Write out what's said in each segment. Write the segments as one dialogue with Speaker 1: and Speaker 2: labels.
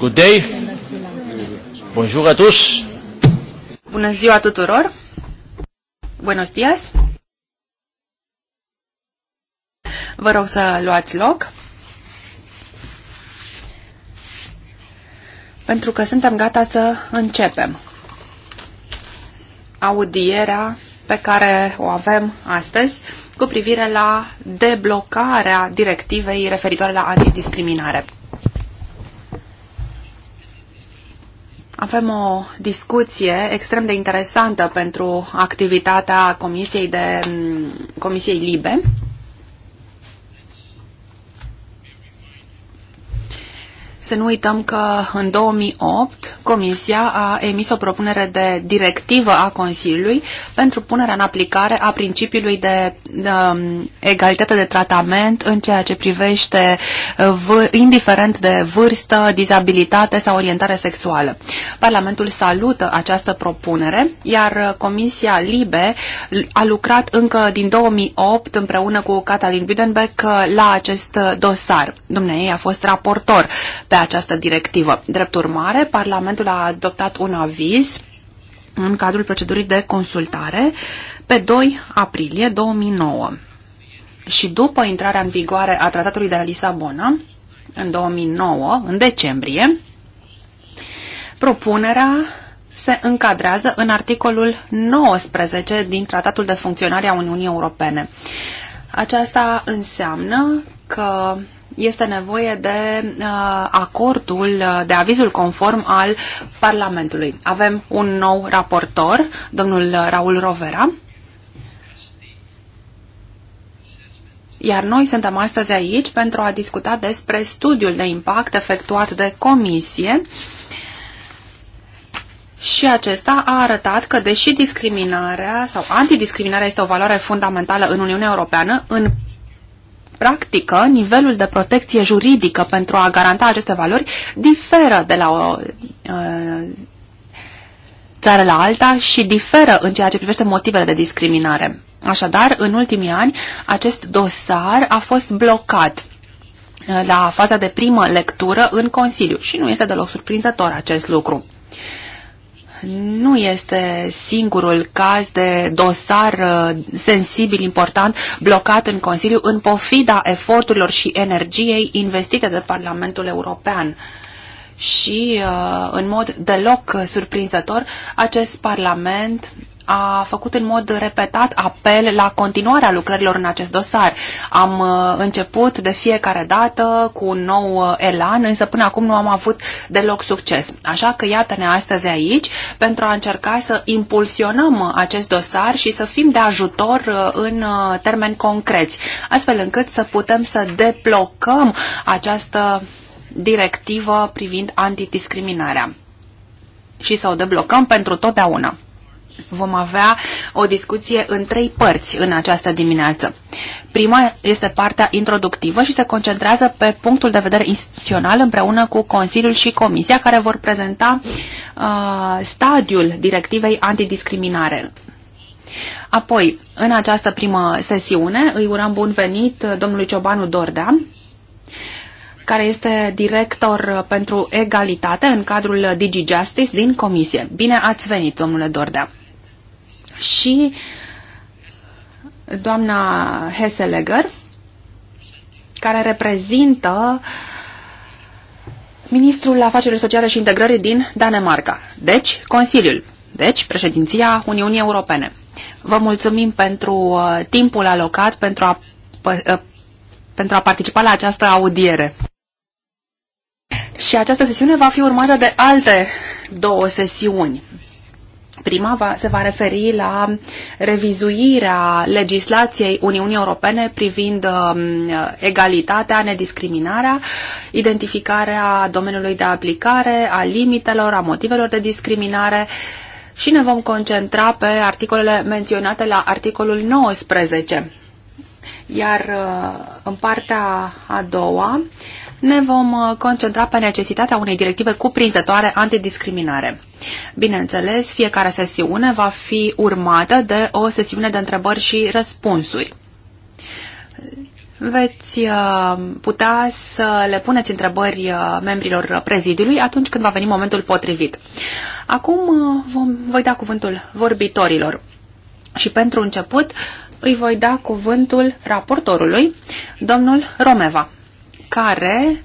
Speaker 1: Good day. Bonjour à tous.
Speaker 2: Bună ziua tuturor. Buenos dias. Vă rog să luați loc. Pentru că suntem gata să începem audierea pe care o avem astăzi cu privire la deblocarea directivei referitoare la antidiscriminare. Avem o discuție extrem de interesantă pentru activitatea Comisiei, de, Comisiei Libe Să nu uităm că în 2008 Comisia a emis o propunere de directivă a Consiliului pentru punerea în aplicare a principiului de um, egalitate de tratament în ceea ce privește uh, indiferent de vârstă, dizabilitate sau orientare sexuală. Parlamentul salută această propunere, iar uh, Comisia LIBE a lucrat încă din 2008 împreună cu Catalin Budenbeck uh, la acest dosar. Dumnezeu a fost raportor pe această directivă. Drept urmare, Parlamentul a adoptat un aviz în cadrul procedurii de consultare pe 2 aprilie 2009. Și după intrarea în vigoare a Tratatului de la Lisabona, în 2009, în decembrie, propunerea se încadrează în articolul 19 din Tratatul de Funcționare a Uniunii Europene. Aceasta înseamnă că este nevoie de uh, acordul, uh, de avizul conform al Parlamentului. Avem un nou raportor, domnul uh, Raul Rovera, iar noi suntem astăzi aici pentru a discuta despre studiul de impact efectuat de comisie și acesta a arătat că, deși discriminarea sau antidiscriminarea este o valoare fundamentală în Uniunea Europeană, în practică, nivelul de protecție juridică pentru a garanta aceste valori diferă de la o uh, țară la alta și diferă în ceea ce privește motivele de discriminare. Așadar, în ultimii ani, acest dosar a fost blocat uh, la faza de primă lectură în Consiliu și nu este deloc surprinzător acest lucru nu este singurul caz de dosar uh, sensibil important blocat în Consiliu în pofida eforturilor și energiei investite de Parlamentul European. Și, uh, în mod deloc surprinzător, acest Parlament a făcut în mod repetat apel la continuarea lucrărilor în acest dosar. Am uh, început de fiecare dată cu un nou uh, elan, însă până acum nu am avut deloc succes. Așa că iată-ne astăzi aici pentru a încerca să impulsionăm acest dosar și să fim de ajutor uh, în termeni concreți, astfel încât să putem să deblocăm această directivă privind antidiscriminarea și să o deblocăm pentru totdeauna vom avea o discuție în trei părți în această dimineață. Prima este partea introductivă și se concentrează pe punctul de vedere instituțional împreună cu Consiliul și Comisia care vor prezenta uh, stadiul directivei antidiscriminare. Apoi, în această primă sesiune, îi urăm bun venit domnului Ciobanu Dordea, care este director pentru egalitate în cadrul DigiJustice din Comisie. Bine ați venit, domnule Dordea! și doamna Hesseleger, care reprezintă ministrul afacerilor sociale și integrării din Danemarca, deci Consiliul, deci președinția Uniunii Europene. Vă mulțumim pentru uh, timpul alocat pentru a, uh, pentru a participa la această audiere. Și această sesiune va fi urmată de alte două sesiuni. Prima va, se va referi la revizuirea legislației Uniunii Europene privind um, egalitatea, nediscriminarea, identificarea domeniului de aplicare, a limitelor, a motivelor de discriminare și ne vom concentra pe articolele menționate la articolul 19. Iar uh, în partea a doua, uh, ne vom uh, concentra pe necesitatea unei directive cuprinzătoare antidiscriminare. Bineînțeles, fiecare sesiune va fi urmată de o sesiune de întrebări și răspunsuri veți uh, putea să le puneți întrebări uh, membrilor prezidiului atunci când va veni momentul potrivit. Acum vom, voi da cuvântul vorbitorilor și pentru început îi voi da cuvântul raportorului, domnul Romeva care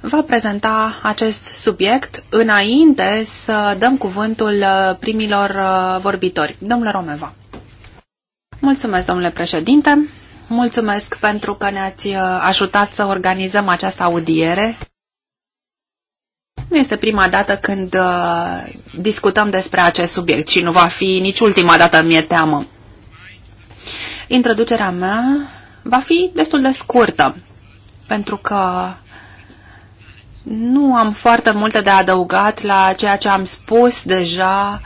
Speaker 2: va prezenta acest subiect înainte să dăm cuvântul uh, primilor uh, vorbitori. Domnule Romeva. Mulțumesc, domnule președinte. Mulțumesc pentru că ne-ați uh, ajutat să organizăm această audiere. Nu este prima dată când discutăm despre acest subiect și nu va fi nici ultima dată, mi-e teamă. Introducerea mea va fi destul de scurtă pentru că nu am foarte multe de adăugat la ceea ce am spus deja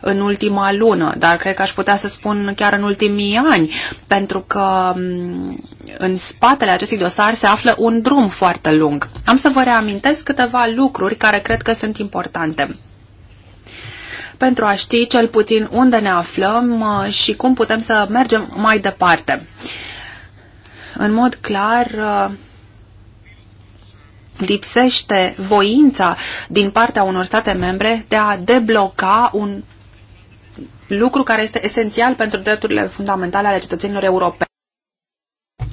Speaker 2: în ultima lună, dar cred că aș putea să spun chiar în ultimii ani, pentru că în spatele acestui dosar se află un drum foarte lung. Am să vă reamintesc câteva lucruri care cred că sunt importante pentru a ști cel puțin unde ne aflăm și cum putem să mergem mai departe. Uh, în mod clar uh, lipsește voința din partea unor state membre de a debloca un lucru care este esențial pentru drepturile fundamentale ale cetățenilor europeni.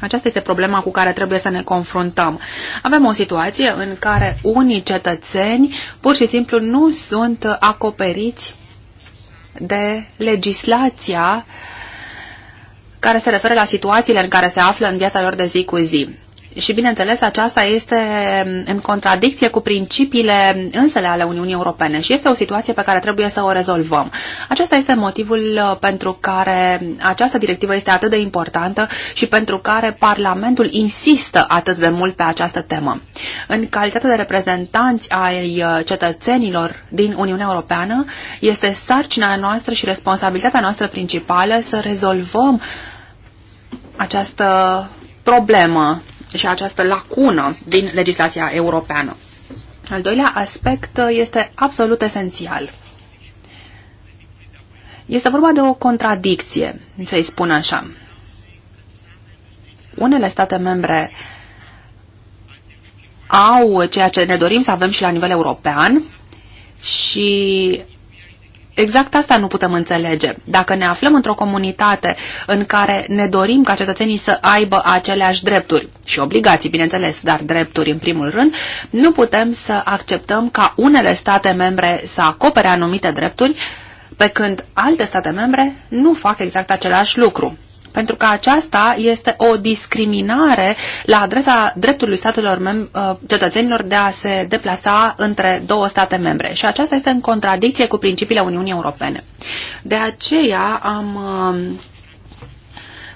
Speaker 2: Aceasta este problema cu care trebuie să ne confruntăm. Avem o situație în care unii cetățeni pur și simplu nu sunt acoperiți de legislația care se referă la situațiile în care se află în viața lor de zi cu zi. Și, bineînțeles, aceasta este în contradicție cu principiile însele ale Uniunii Europene și este o situație pe care trebuie să o rezolvăm. Acesta este motivul uh, pentru care această directivă este atât de importantă și pentru care Parlamentul insistă atât de mult pe această temă. În calitate de reprezentanți ai uh, cetățenilor din Uniunea Europeană, este sarcina noastră și responsabilitatea noastră principală să rezolvăm uh, această problemă și această lacună din legislația europeană. Al doilea aspect este absolut esențial. Este vorba de o contradicție, să-i spun așa. Unele state membre au ceea ce ne dorim să avem și la nivel european și exact asta nu putem înțelege. Dacă ne aflăm într-o comunitate în care ne dorim ca cetățenii să aibă aceleași drepturi și obligații, bineînțeles, dar drepturi în primul rând, nu putem să acceptăm ca unele state membre să acopere anumite drepturi pe când alte state membre nu fac exact același lucru pentru că aceasta este o discriminare la adresa dreptului statelor mem- uh, cetățenilor de a se deplasa între două state membre și aceasta este în contradicție cu principiile Uniunii Europene. De aceea am uh,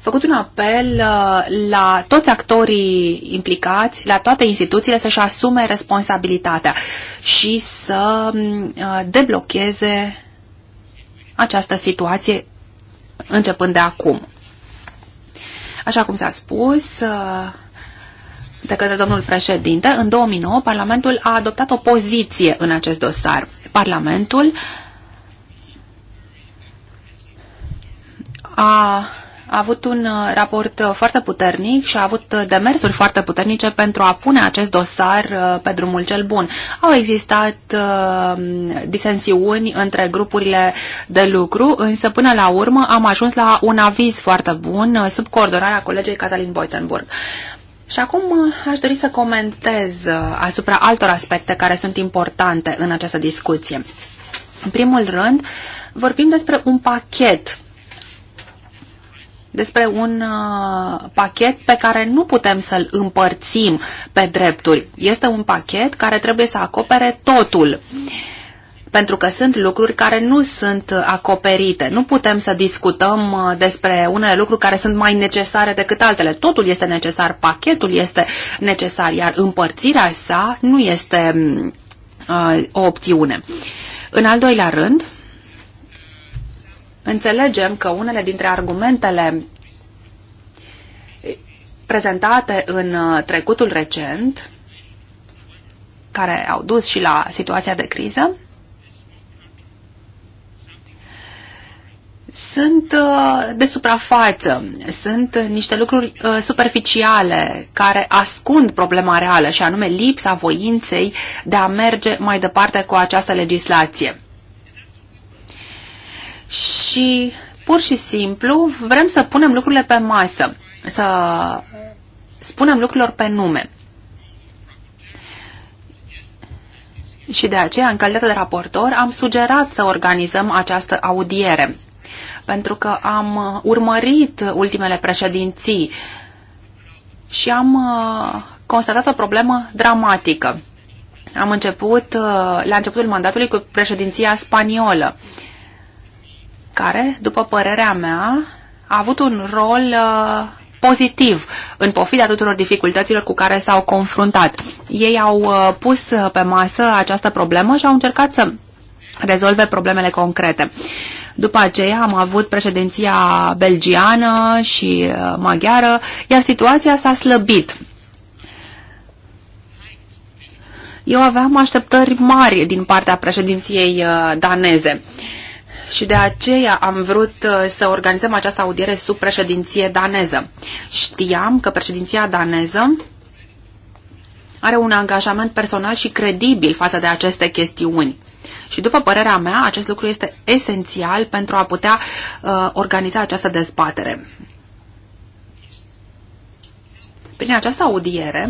Speaker 2: făcut un apel uh, la toți actorii implicați, la toate instituțiile să-și asume responsabilitatea și să um, deblocheze această situație începând de acum. Așa cum s-a spus uh, de către domnul președinte, în 2009 Parlamentul a adoptat o poziție în acest dosar. Parlamentul a a avut un uh, raport uh, foarte puternic și a avut uh, demersuri foarte puternice pentru a pune acest dosar pe drumul cel bun. Au existat disensiuni între grupurile de lucru, însă până la urmă am ajuns la un aviz foarte bun sub coordonarea colegei Catalin Boitenburg. Și acum aș dori să comentez asupra altor aspecte care sunt importante în această discuție. În primul rând, vorbim despre un pachet despre un uh, pachet pe care nu putem să-l împărțim pe drepturi. Este un pachet care trebuie să acopere totul. Pentru că sunt lucruri care nu sunt acoperite. Nu putem să discutăm uh, despre unele lucruri care sunt mai necesare decât altele. Totul este necesar, pachetul este necesar, iar împărțirea sa nu este mm, uh, o opțiune. În al doilea rând, înțelegem că unele dintre argumentele prezentate în uh, trecutul recent, care au dus și la situația de criză, sunt uh, de suprafață, sunt niște lucruri uh, superficiale care ascund problema reală și anume lipsa voinței de a merge mai departe cu această legislație și pur și simplu vrem să punem lucrurile pe masă, să spunem lucrurilor pe nume. Și de aceea, în calitate de raportor, am sugerat să organizăm această audiere, pentru că am uh, urmărit ultimele președinții și am uh, constatat o problemă dramatică. Am început uh, la începutul mandatului cu președinția spaniolă care, după părerea mea, a avut un rol uh, pozitiv în pofida tuturor dificultăților cu care s-au confruntat. Ei au uh, pus uh, pe masă această problemă și au încercat să rezolve problemele concrete. După aceea am avut președinția belgiană și uh, maghiară, iar situația s-a slăbit. Eu aveam așteptări mari din partea președinției uh, daneze. Uh, și de aceea am vrut uh, să organizăm această audiere sub președinție daneză. Știam că președinția daneză are un angajament personal și credibil față de aceste chestiuni. Și după părerea mea, acest lucru este esențial pentru a putea uh, organiza această dezbatere. Prin această audiere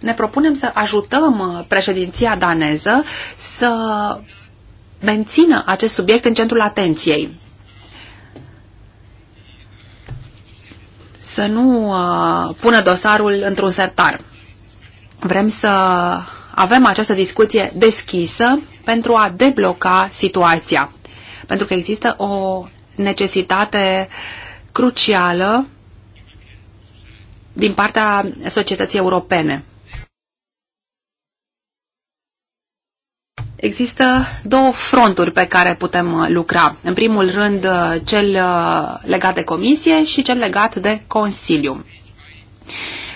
Speaker 2: ne propunem să ajutăm uh, președinția daneză să mențină acest subiect în centrul atenției. Să nu uh, pună dosarul într-un sertar. Vrem să avem această discuție deschisă pentru a debloca situația. Pentru că există o necesitate crucială din partea societății europene. Există două fronturi pe care putem uh, lucra. În primul rând, uh, cel uh, legat de comisie și cel legat de Consiliu.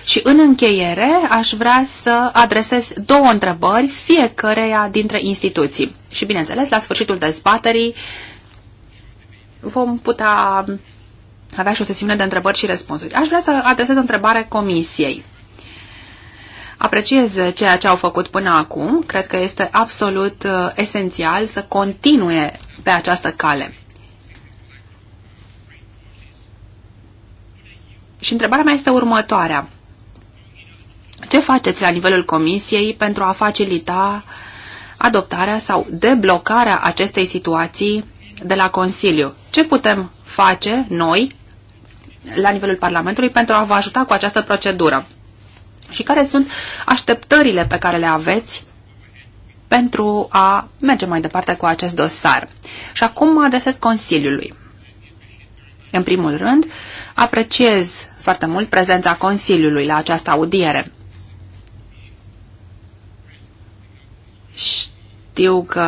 Speaker 2: Și în încheiere aș vrea să adresez două întrebări fiecăreia dintre instituții. Și bineînțeles, la sfârșitul dezbaterii vom putea avea și o sesiune de întrebări și răspunsuri. Aș vrea să adresez o întrebare comisiei. Apreciez ceea ce au făcut până acum. Cred că este absolut uh, esențial să continue pe această cale. Și întrebarea mea este următoarea. Ce faceți la nivelul comisiei pentru a facilita adoptarea sau deblocarea acestei situații de la Consiliu? Ce putem face noi la nivelul Parlamentului pentru a vă ajuta cu această procedură? și care sunt așteptările pe care le aveți pentru a merge mai departe cu acest dosar. Și acum mă adresez Consiliului. În primul rând, apreciez foarte mult prezența Consiliului la această audiere. Știu că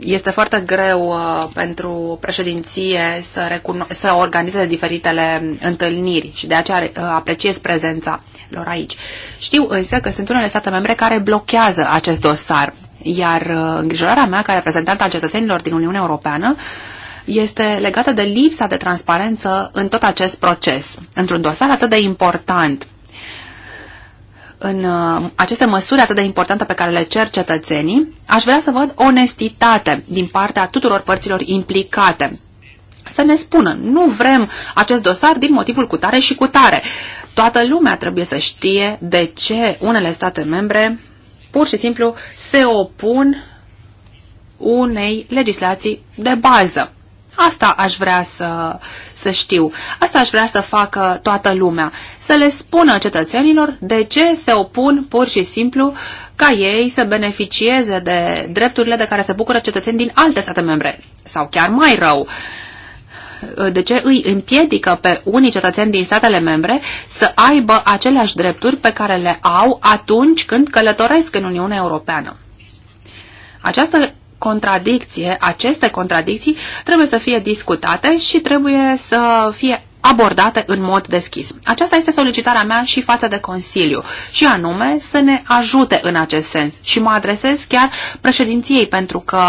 Speaker 2: este foarte greu uh, pentru președinție să, recuno- să organizeze diferitele întâlniri și de aceea uh, apreciez prezența lor aici. Știu însă că sunt unele state membre care blochează acest dosar, iar uh, îngrijorarea mea ca reprezentant al cetățenilor din Uniunea Europeană este legată de lipsa de transparență în tot acest proces, într-un dosar atât de important în uh, aceste măsuri atât de importante pe care le cer cetățenii, aș vrea să văd onestitate din partea tuturor părților implicate. Să ne spună, nu vrem acest dosar din motivul cutare și cutare. Toată lumea trebuie să știe de ce unele state membre pur și simplu se opun unei legislații de bază. Asta aș vrea să, să știu. Asta aș vrea să facă toată lumea. Să le spună cetățenilor de ce se opun pur și simplu ca ei să beneficieze de drepturile de care se bucură cetățeni din alte state membre. Sau chiar mai rău. De ce îi împiedică pe unii cetățeni din statele membre să aibă aceleași drepturi pe care le au atunci când călătoresc în Uniunea Europeană? Această contradicție, aceste contradicții trebuie să fie discutate și trebuie să fie abordate în mod deschis. Aceasta este solicitarea mea și față de Consiliu, și anume să ne ajute în acest sens. Și mă adresez chiar președinției, pentru că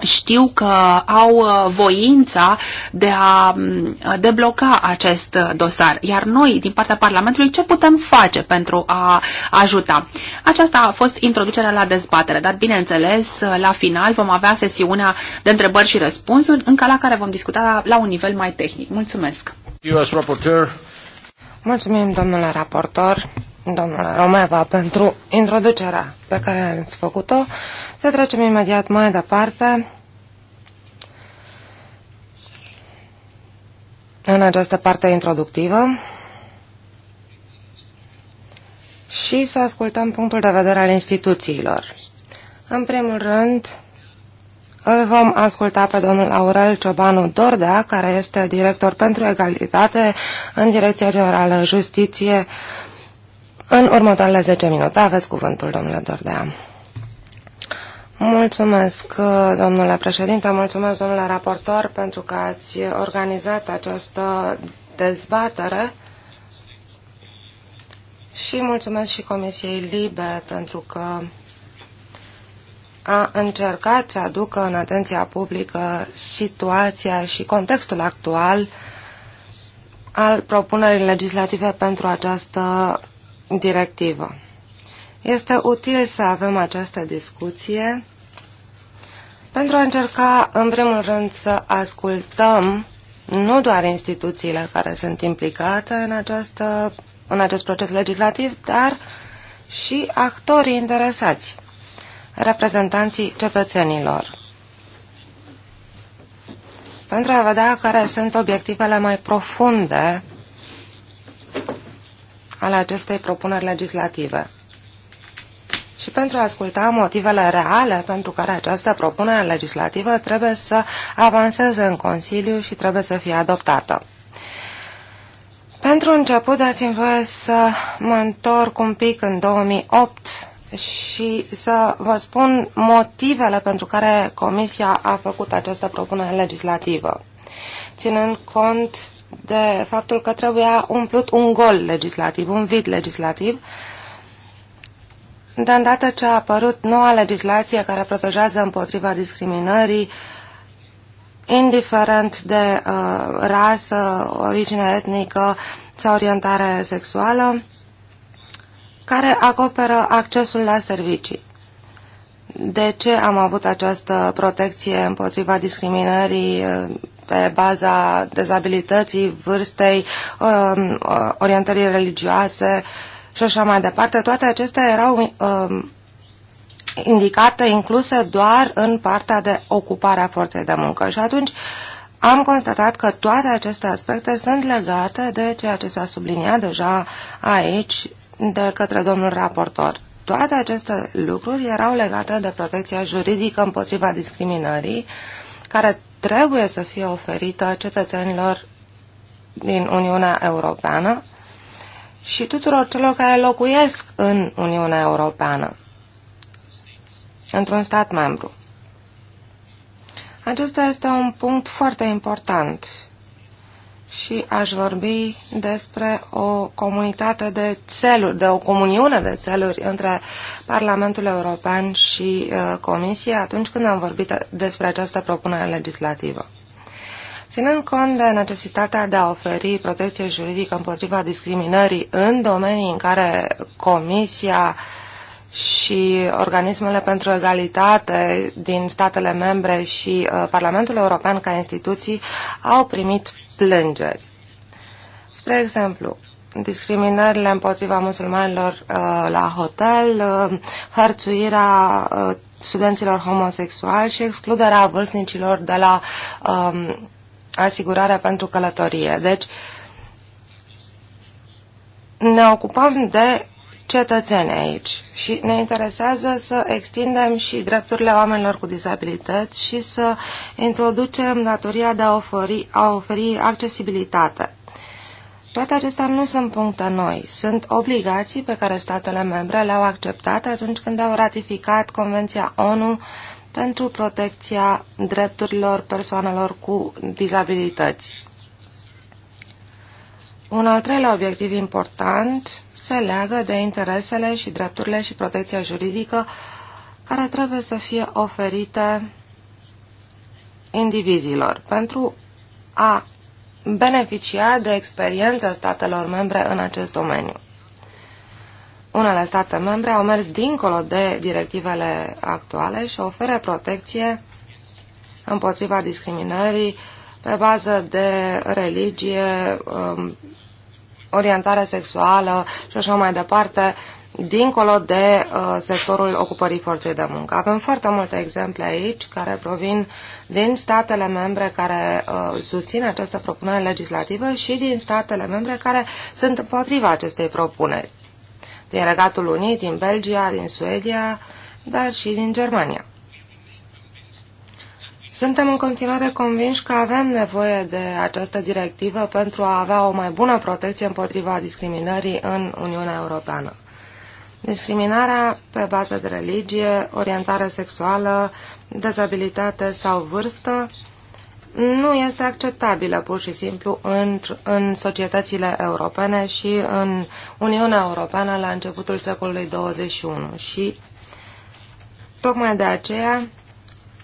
Speaker 2: știu că au uh, voința de a mm, debloca acest uh, dosar. Iar noi, din partea Parlamentului, ce putem face pentru a ajuta? Aceasta a fost introducerea la dezbatere, dar bineînțeles, uh, la final vom avea sesiunea de întrebări și răspunsuri, încă la care vom discuta la un nivel mai tehnic. Mulțumesc!
Speaker 3: Mulțumim, domnule raportor! domnule Romeva, pentru introducerea pe care ați făcut-o. Să trecem imediat mai departe în această parte introductivă și să ascultăm punctul de vedere al instituțiilor. În primul rând, îl vom asculta pe domnul Aurel Ciobanu Dordea, care este director pentru egalitate în Direcția Generală Justiție în următoarele 10 minute aveți cuvântul, domnule Dordea. Mulțumesc, domnule președinte, mulțumesc, domnule raportor, pentru că ați organizat această dezbatere și mulțumesc și Comisiei Libe pentru că a încercat să aducă în atenția publică situația și contextul actual al propunerii legislative pentru această directivă. Este util să avem această discuție pentru a încerca, în primul rând, să ascultăm nu doar instituțiile care sunt implicate în, această, în acest proces legislativ, dar și actorii interesați, reprezentanții cetățenilor, pentru a vedea care sunt obiectivele mai profunde ale acestei propuneri legislative și pentru a asculta motivele reale pentru care această propunere legislativă trebuie să avanseze în Consiliu și trebuie să fie adoptată. Pentru început, dați-mi voie să mă întorc un pic în 2008 și să vă spun motivele pentru care Comisia a făcut această propunere legislativă, ținând cont de faptul că trebuia umplut un gol legislativ, un vid legislativ, de îndată ce a apărut noua legislație care protejează împotriva discriminării, indiferent de uh, rasă, origine etnică sau orientare sexuală, care acoperă accesul la servicii. De ce am avut această protecție împotriva discriminării uh, pe baza dezabilității, vârstei, um, uh, orientării religioase și așa mai departe, toate acestea erau um, indicate, incluse doar în partea de ocupare a forței de muncă. Și atunci am constatat că toate aceste aspecte sunt legate de ceea ce s-a subliniat deja aici de către domnul raportor. Toate aceste lucruri erau legate de protecția juridică împotriva discriminării, care trebuie să fie oferită cetățenilor din Uniunea Europeană și tuturor celor care locuiesc în Uniunea Europeană, într-un stat membru. Acesta este un punct foarte important și aș vorbi despre o comunitate de țeluri, de o comuniune de țeluri între Parlamentul European și uh, Comisie atunci când am vorbit despre această propunere legislativă. Ținând cont de necesitatea de a oferi protecție juridică împotriva discriminării în domenii în care Comisia uh, și organismele pentru egalitate din statele membre și uh, Parlamentul European ca instituții au primit plângeri. Spre exemplu, discriminările împotriva musulmanilor uh, la hotel, uh, hărțuirea uh, studenților homosexuali și excluderea vârstnicilor de la uh, um, asigurarea pentru călătorie. Deci, ne ocupăm de cetățeni aici și ne interesează să extindem și drepturile oamenilor cu dizabilități și să introducem datoria de a oferi, a oferi accesibilitate. Toate acestea nu sunt puncte noi, sunt obligații pe care statele membre le-au acceptat atunci când au ratificat Convenția ONU pentru protecția drepturilor persoanelor cu dizabilități. Un al treilea obiectiv important se leagă de interesele și drepturile și protecția juridică care trebuie să fie oferite indivizilor pentru a beneficia de experiența statelor membre în acest domeniu. Unele state membre au mers dincolo de directivele actuale și oferă protecție împotriva discriminării pe bază de religie, um, orientare sexuală și așa mai departe, dincolo de uh, sectorul ocupării forței de muncă. Avem foarte multe exemple aici care provin din statele membre care uh, susțin această propunere legislativă și din statele membre care sunt împotriva acestei propuneri. Din Regatul Unit, din Belgia, din Suedia, dar și din Germania. Suntem în continuare convinși că avem nevoie de această directivă pentru a avea o mai bună protecție împotriva discriminării în Uniunea Europeană. Discriminarea pe bază de religie, orientare sexuală, dezabilitate sau vârstă nu este acceptabilă pur și simplu în, în societățile europene și în Uniunea Europeană la începutul secolului 21 și tocmai de aceea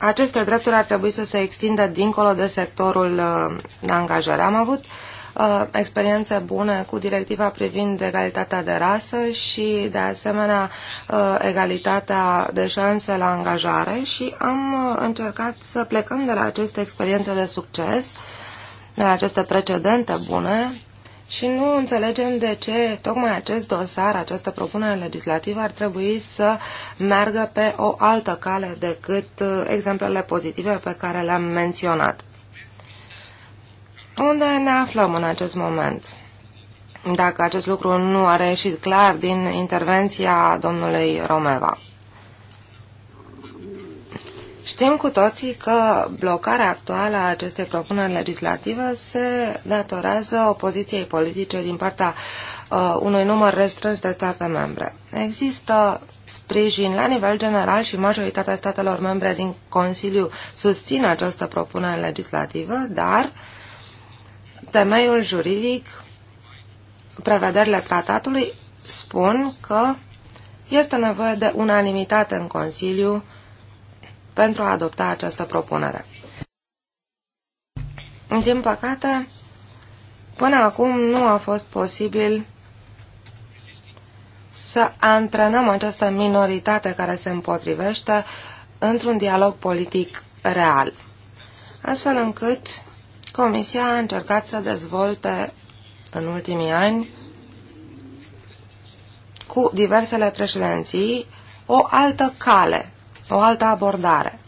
Speaker 3: aceste drepturi ar trebui să se extindă dincolo de sectorul uh, de angajare. Am avut uh, experiențe bune cu directiva privind egalitatea de rasă și, de asemenea, uh, egalitatea de șanse la angajare și am încercat să plecăm de la aceste experiențe de succes, de la aceste precedente bune, și nu înțelegem de ce tocmai acest dosar, această propunere legislativă ar trebui să meargă pe o altă cale decât uh, exemplele pozitive pe care le-am menționat. Unde ne aflăm în acest moment? Dacă acest lucru nu a reieșit clar din intervenția domnului Romeva. Știm cu toții că blocarea actuală a acestei propuneri legislative se datorează opoziției politice din partea uh, unui număr restrâns de state membre. Există sprijin la nivel general și majoritatea statelor membre din Consiliu susțin această propunere legislativă, dar temeiul juridic, prevederile tratatului spun că este nevoie de unanimitate în Consiliu uh, pentru a adopta această propunere. Din păcate, până acum nu a fost posibil să antrenăm această minoritate care se împotrivește într-un dialog politic real, astfel încât Comisia a încercat să dezvolte în ultimii ani cu diversele președinții o altă cale o altă abordare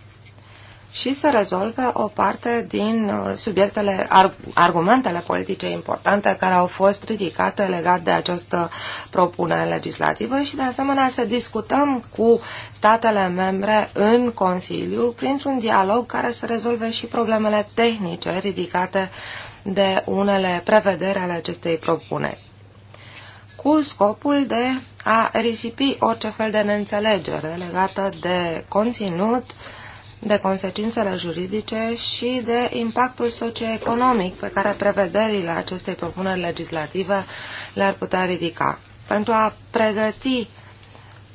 Speaker 3: și să rezolve o parte din uh, subiectele, argumentele politice importante care au fost ridicate legat de această propunere legislativă și de asemenea să discutăm cu statele membre în Consiliu printr-un dialog care să rezolve și problemele tehnice ridicate de unele prevederi ale acestei propuneri cu scopul de a risipi orice fel de neînțelegere legată de conținut, de consecințele juridice și de impactul socioeconomic pe care prevederile acestei propuneri legislative le-ar putea ridica, pentru a pregăti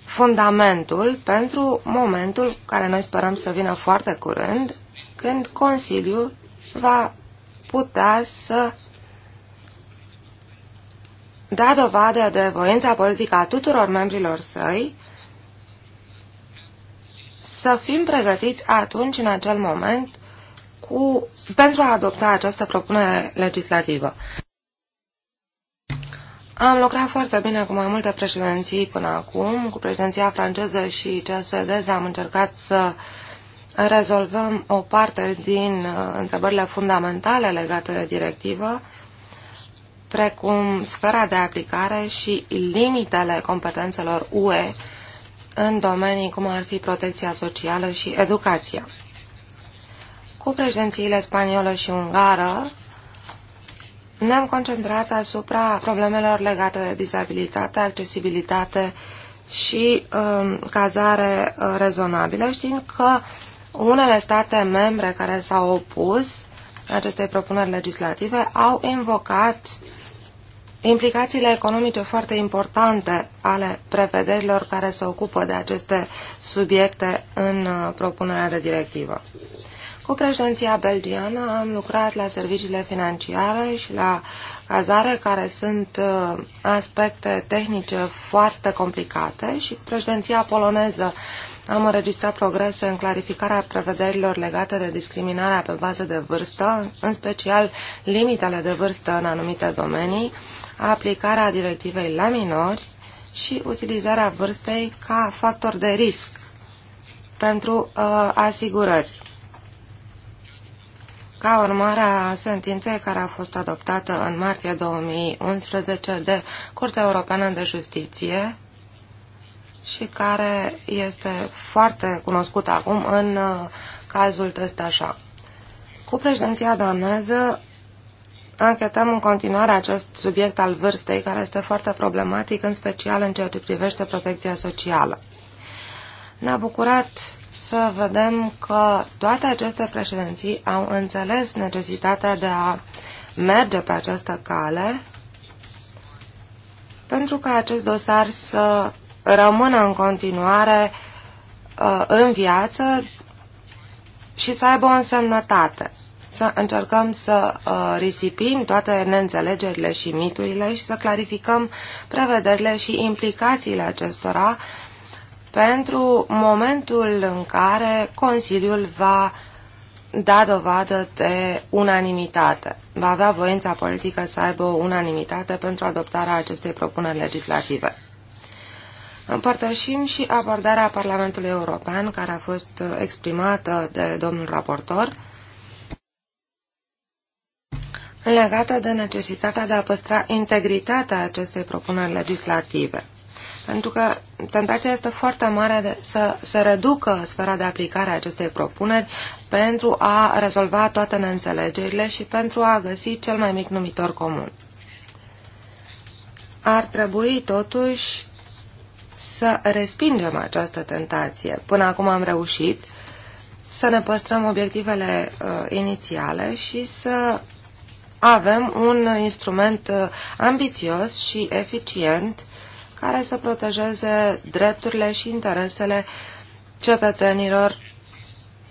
Speaker 3: fundamentul pentru momentul care noi sperăm să vină foarte curând, când Consiliul va putea să da dovadă de voința politică a tuturor membrilor săi să fim pregătiți atunci, în acel moment, cu, pentru a adopta această propunere legislativă. Am lucrat foarte bine cu mai multe președinții până acum. Cu președinția franceză și cea suedeză am încercat să rezolvăm o parte din uh, întrebările fundamentale legate de directivă precum sfera de aplicare și limitele competențelor UE în domenii cum ar fi protecția socială și educația. Cu președințiile spaniolă și ungară, ne-am concentrat asupra problemelor legate de dizabilitate, accesibilitate și um, cazare uh, rezonabilă, știind că unele state membre care s-au opus acestei propuneri legislative au invocat uh, implicațiile economice foarte importante ale prevederilor care se ocupă de aceste subiecte în uh, propunerea de directivă. Cu președinția belgiană am lucrat la serviciile financiare și la cazare, care sunt uh, aspecte tehnice foarte complicate și cu președinția poloneză am înregistrat progrese în clarificarea prevederilor legate de discriminarea pe bază de vârstă, în special limitele de vârstă în anumite domenii, aplicarea directivei la minori și utilizarea vârstei ca factor de risc pentru uh, asigurări. Ca urmare a sentinței care a fost adoptată în martie 2011 de Curtea Europeană de Justiție și care este foarte cunoscută acum în uh, cazul Testașa. Cu președinția daneză anchetăm în continuare acest subiect al vârstei, care este foarte problematic, în special în ceea ce privește protecția socială. Ne-a bucurat să vedem că toate aceste președinții au înțeles necesitatea de a merge pe această cale pentru ca acest dosar să rămână în continuare uh, în viață și să aibă o însemnătate să încercăm să uh, risipim toate neînțelegerile și miturile și să clarificăm prevederile și implicațiile acestora pentru momentul în care Consiliul va da dovadă de unanimitate. Va avea voința politică să aibă o unanimitate pentru adoptarea acestei propuneri legislative. Împărtășim și abordarea Parlamentului European, care a fost exprimată de domnul raportor, legată de necesitatea de a păstra integritatea acestei propuneri legislative. Pentru că tentația este foarte mare de să se reducă sfera de aplicare a acestei propuneri pentru a rezolva toate neînțelegerile și pentru a găsi cel mai mic numitor comun. Ar trebui totuși să respingem această tentație. Până acum am reușit să ne păstrăm obiectivele uh, inițiale și să avem un instrument uh, ambițios și eficient care să protejeze drepturile și interesele cetățenilor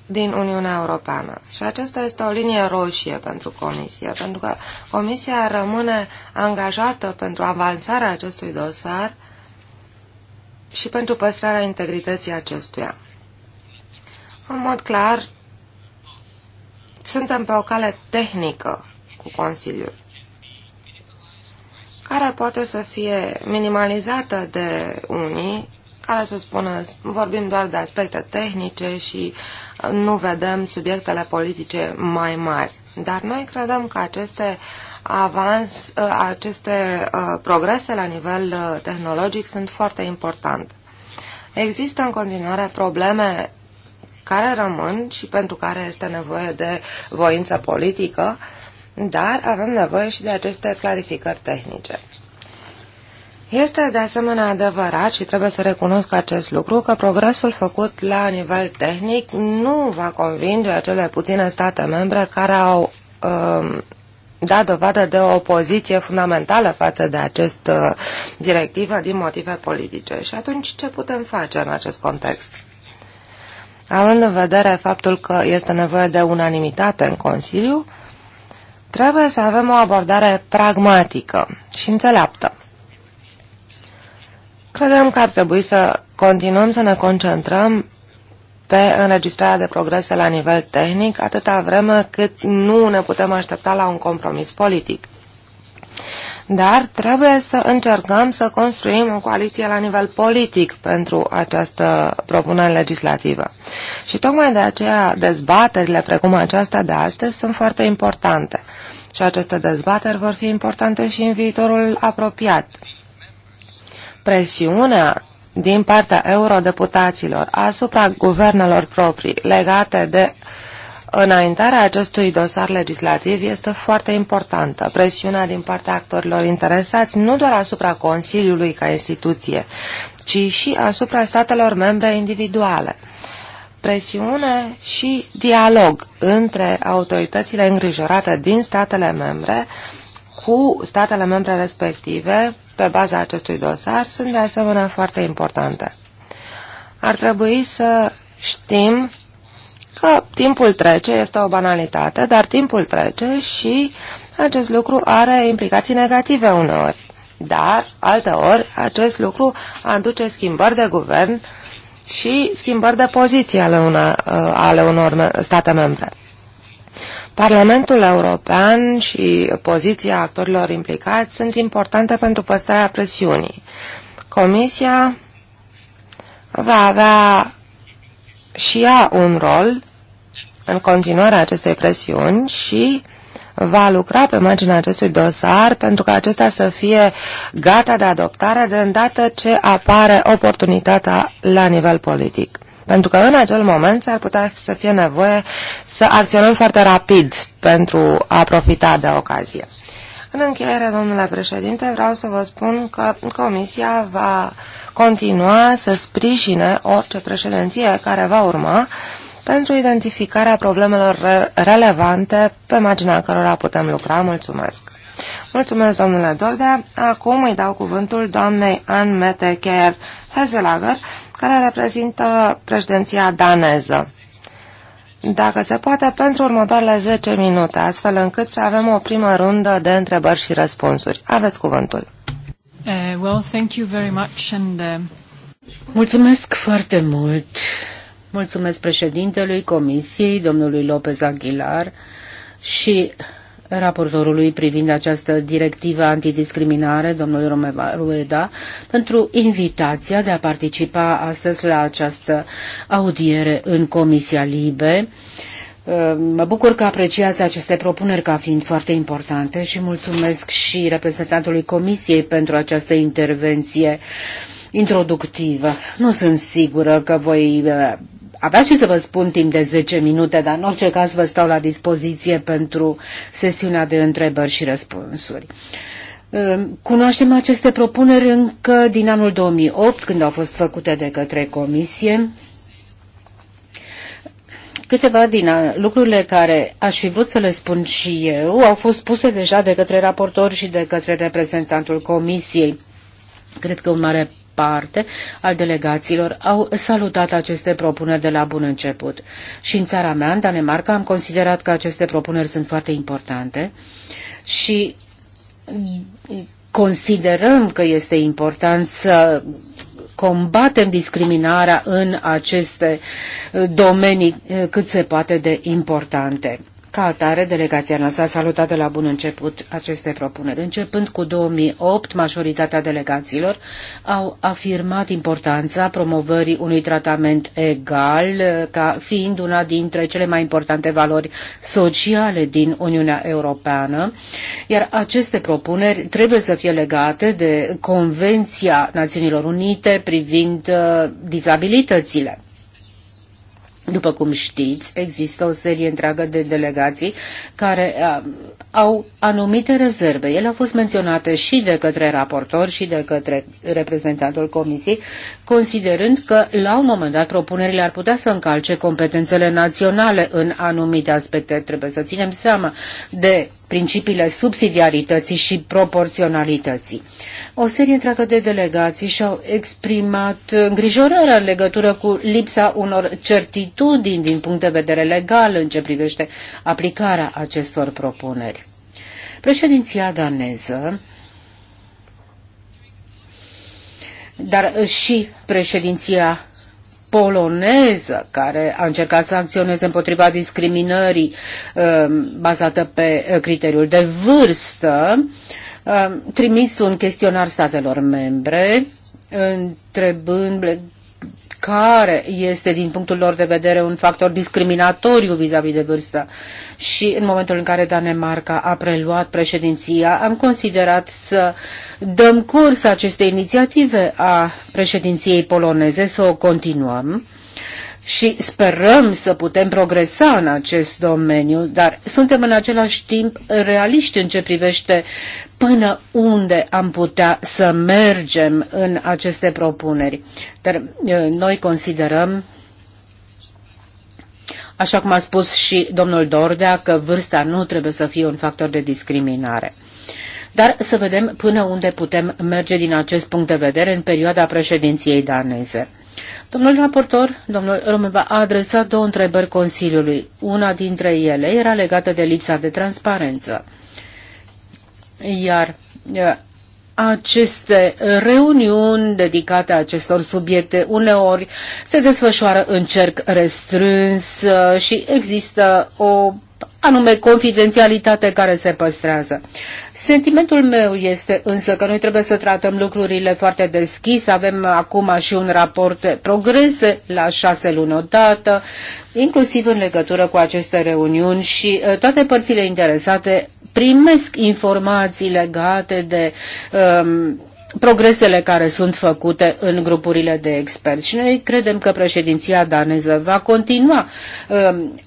Speaker 3: din Uniunea Europeană. Și aceasta este o linie roșie pentru Comisie, pentru că Comisia rămâne angajată pentru avansarea acestui dosar și pentru păstrarea integrității acestuia. În mod clar, suntem pe o cale tehnică cu Consiliul, care poate să fie minimalizată de unii, care să spună, vorbim doar de aspecte tehnice și uh, nu vedem subiectele politice mai mari. Dar noi credem că aceste avans, uh, aceste uh, progrese la nivel tehnologic sunt foarte importante. Există în continuare probleme care rămân și pentru care este nevoie de voință politică dar avem nevoie și de aceste clarificări tehnice. Este de asemenea adevărat și trebuie să recunosc acest lucru că progresul făcut la nivel tehnic nu va convinge acele puține state membre care au uh, dat dovadă de o poziție fundamentală față de acest uh, directivă din motive politice. Și atunci ce putem face în acest context? Având în vedere faptul că este nevoie de unanimitate în Consiliu, uh, Trebuie să avem o abordare pragmatică și înțeleaptă. Credem că ar trebui să continuăm să ne concentrăm pe înregistrarea de progrese la nivel tehnic atâta vreme cât nu ne putem aștepta la un compromis politic dar trebuie să încercăm să construim o coaliție la nivel politic pentru această propunere legislativă. Și tocmai de aceea dezbaterile precum aceasta de astăzi sunt foarte importante. Și aceste dezbateri vor fi importante și în viitorul apropiat. Presiunea din partea eurodeputaților asupra guvernelor proprii legate de uh, înaintarea acestui dosar legislativ este foarte importantă. Presiunea din partea actorilor interesați nu doar asupra Consiliului ca instituție, ci și asupra statelor membre individuale. Presiune și dialog între autoritățile îngrijorate din statele membre cu statele membre respective pe baza acestui dosar sunt de asemenea foarte importante. Ar trebui să știm că timpul trece, este o banalitate, dar timpul trece și acest lucru are implicații negative uneori. Dar, alteori, acest lucru aduce schimbări de guvern și schimbări de poziție ale, una, uh, ale unor state membre. Parlamentul European și poziția actorilor implicați sunt importante pentru păstrarea presiunii. Comisia va avea și ea un rol în continuarea acestei presiuni și va lucra pe marginea acestui dosar pentru ca acesta să fie gata de adoptare de îndată ce apare oportunitatea la nivel politic. Pentru că în acel moment s-ar putea să fie nevoie să acționăm foarte rapid pentru a profita de ocazie. În încheiere, domnule președinte, vreau să vă spun că Comisia va continua să sprijine orice președinție care va urma pentru identificarea problemelor re relevante pe marginea cărora putem lucra. Mulțumesc! Mulțumesc, domnule Dordea. Acum îi dau cuvântul doamnei Anne Mette Keer care reprezintă președinția daneză dacă se poate, pentru următoarele 10 minute, astfel încât să avem o primă rundă de întrebări și răspunsuri. Aveți cuvântul.
Speaker 4: Uh, well, thank you very much and, uh... Mulțumesc foarte mult. Mulțumesc președintelui Comisiei, domnului Lopez Aguilar și raportorului privind această directivă antidiscriminare, domnul Romeva Rueda, pentru invitația de a participa astăzi la această audiere în Comisia Libe. Uh, mă bucur că apreciați aceste propuneri ca fiind foarte importante și mulțumesc și reprezentantului Comisiei pentru această intervenție introductivă. Nu sunt sigură că voi uh, avea și să vă spun timp de 10 minute, dar în orice caz vă stau la dispoziție pentru sesiunea de întrebări și răspunsuri. Cunoaștem aceste propuneri încă din anul 2008, când au fost făcute de către Comisie. Câteva din lucrurile care aș fi vrut să le spun și eu au fost spuse deja de către raportor și de către reprezentantul Comisiei. Cred că un mare parte al delegațiilor au salutat aceste propuneri de la bun început. Și în țara mea, în Danemarca, am considerat că aceste propuneri sunt foarte importante și considerăm că este important să combatem discriminarea în aceste domenii cât se poate de importante. Ca atare, delegația noastră a salutat de la bun început aceste propuneri. Începând cu 2008, majoritatea delegațiilor au afirmat importanța promovării unui tratament egal eh, ca fiind una dintre cele mai importante valori sociale din Uniunea Europeană, iar aceste propuneri trebuie să fie legate de Convenția Națiunilor Unite privind uh, dizabilitățile. După cum știți, există o serie întreagă de delegații care au anumite rezerve. Ele au fost menționate și de către raportor și de către reprezentantul comisiei, considerând că la un moment dat propunerile ar putea să încalce competențele naționale în anumite aspecte. Trebuie să ținem seama de principiile subsidiarității și proporționalității. O serie întreagă de delegații și-au exprimat îngrijorarea în legătură cu lipsa unor certitudini din punct de vedere legal în ce privește aplicarea acestor propuneri. Președinția daneză dar și președinția poloneză care a încercat să acționeze împotriva discriminării um, bazată pe uh, criteriul de vârstă, um, trimis un chestionar statelor membre întrebând care este din punctul lor de vedere un factor discriminatoriu vis-a-vis -vis de vârstă. Și în momentul în care Danemarca a preluat președinția, am considerat să dăm curs acestei inițiative a președinției poloneze, să o continuăm și sperăm să putem progresa în acest domeniu, dar suntem în același timp realiști în ce privește până unde am putea să mergem în aceste propuneri. Dar eh, noi considerăm Așa cum a spus și domnul Dordea, că vârsta nu trebuie să fie un factor de discriminare dar să vedem până unde putem merge din acest punct de vedere în perioada președinției daneze. Domnul raportor, domnul Romeva a adresat două întrebări Consiliului. Una dintre ele era legată de lipsa de transparență. Iar aceste reuniuni dedicate acestor subiecte uneori se desfășoară în cerc restrâns și există o anume confidențialitate care se păstrează. Sentimentul meu este însă că noi trebuie să tratăm lucrurile foarte deschis. Avem acum și un raport de progrese la șase luni odată, inclusiv în legătură cu aceste reuniuni și uh, toate părțile interesate primesc informații legate de um, progresele care sunt făcute în grupurile de experți. Și noi credem că președinția daneză va continua um,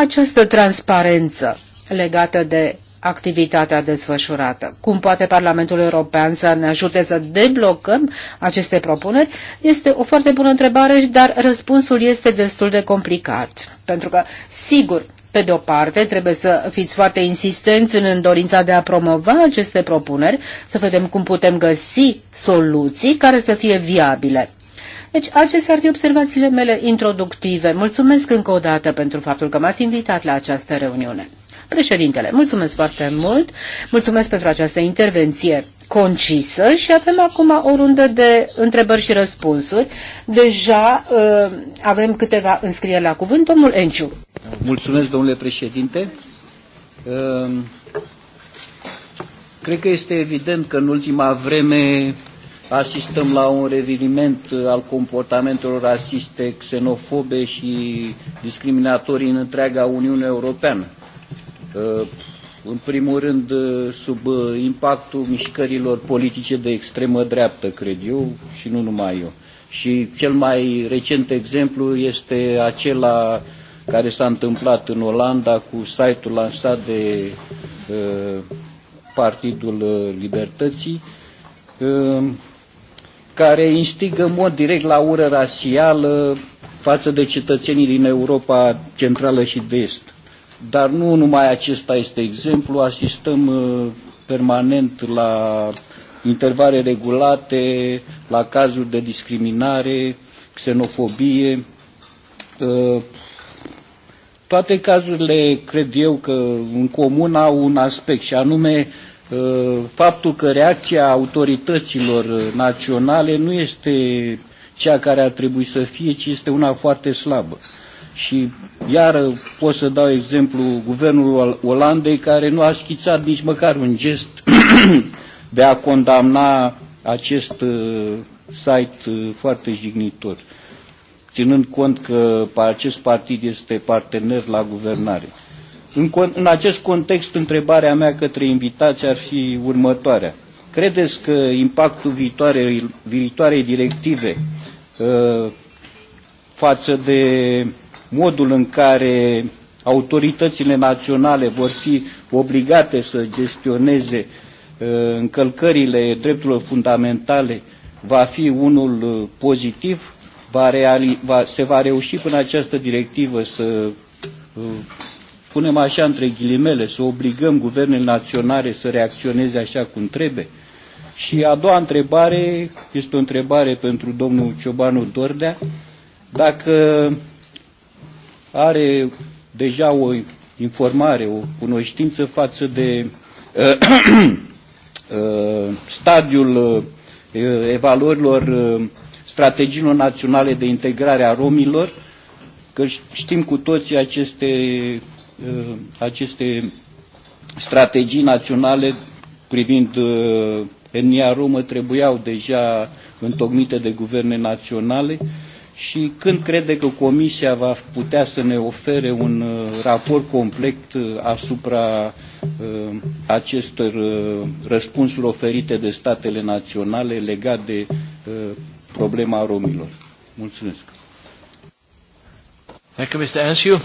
Speaker 4: această transparență legată de activitatea desfășurată. Cum poate Parlamentul European să ne ajute să deblocăm aceste propuneri? Este o foarte bună întrebare, dar răspunsul este destul de complicat. Pentru că, sigur, pe de o parte, trebuie să fiți foarte insistenți în dorința de a promova aceste propuneri, să vedem cum putem găsi soluții care să fie viabile. Deci acestea ar fi observațiile mele introductive. Mulțumesc încă o dată pentru faptul că m-ați invitat la această reuniune. Președintele, mulțumesc foarte mult, mulțumesc pentru această intervenție concisă și avem acum o rundă de întrebări și răspunsuri. Deja uh, avem câteva înscrieri la cuvânt. Domnul Enciu.
Speaker 1: Mulțumesc, domnule președinte. Uh, cred că este evident că în ultima vreme asistăm la un reviniment al comportamentelor rasiste, xenofobe și discriminatorii în întreaga Uniune Europeană. Uh, în primul rând, uh, sub uh, impactul mișcărilor politice de extremă dreaptă, cred eu, și nu numai eu. Și cel mai recent exemplu este acela care s-a întâmplat în Olanda cu site-ul lansat de Partidul Libertății, care instigă în mod direct la ură rasială față de cetățenii din Europa Centrală și de Est. Dar nu numai acesta este exemplu, asistăm uh, permanent la intervale regulate, la cazuri de discriminare, xenofobie. Uh, toate cazurile, cred eu, că în comun au un aspect și anume Uh, faptul că reacția autorităților naționale nu este cea care ar trebui să fie, ci este una foarte slabă. Și iar pot să dau exemplu guvernul Olandei care nu a schițat nici măcar un gest de a condamna acest uh, site uh, foarte jignitor, ținând cont că acest partid este partener la guvernare. În, în acest context, întrebarea mea către invitați ar fi următoarea. Credeți că impactul viitoare, viitoarei directive uh, față de modul în care autoritățile naționale vor fi obligate să gestioneze uh, încălcările drepturilor fundamentale va fi unul uh, pozitiv? Va reali, va, se va reuși până această directivă să spunem așa între ghilimele, să obligăm guvernele naționale să reacționeze așa cum trebuie? Și a doua întrebare este o întrebare pentru domnul Ciobanu Dordea. Dacă are deja o informare, o cunoștință față de uh, uh, stadiul uh, evaluărilor uh, strategiilor naționale de integrare a romilor, că știm cu toții aceste Uh, aceste strategii naționale privind uh, etnia romă trebuiau deja întocmite de guverne naționale și când crede că Comisia va putea să ne ofere un uh, raport complet asupra acestor răspunsuri oferite de statele naționale legat de problema romilor. Mulțumesc.
Speaker 4: Thank you, Mr. Anshu.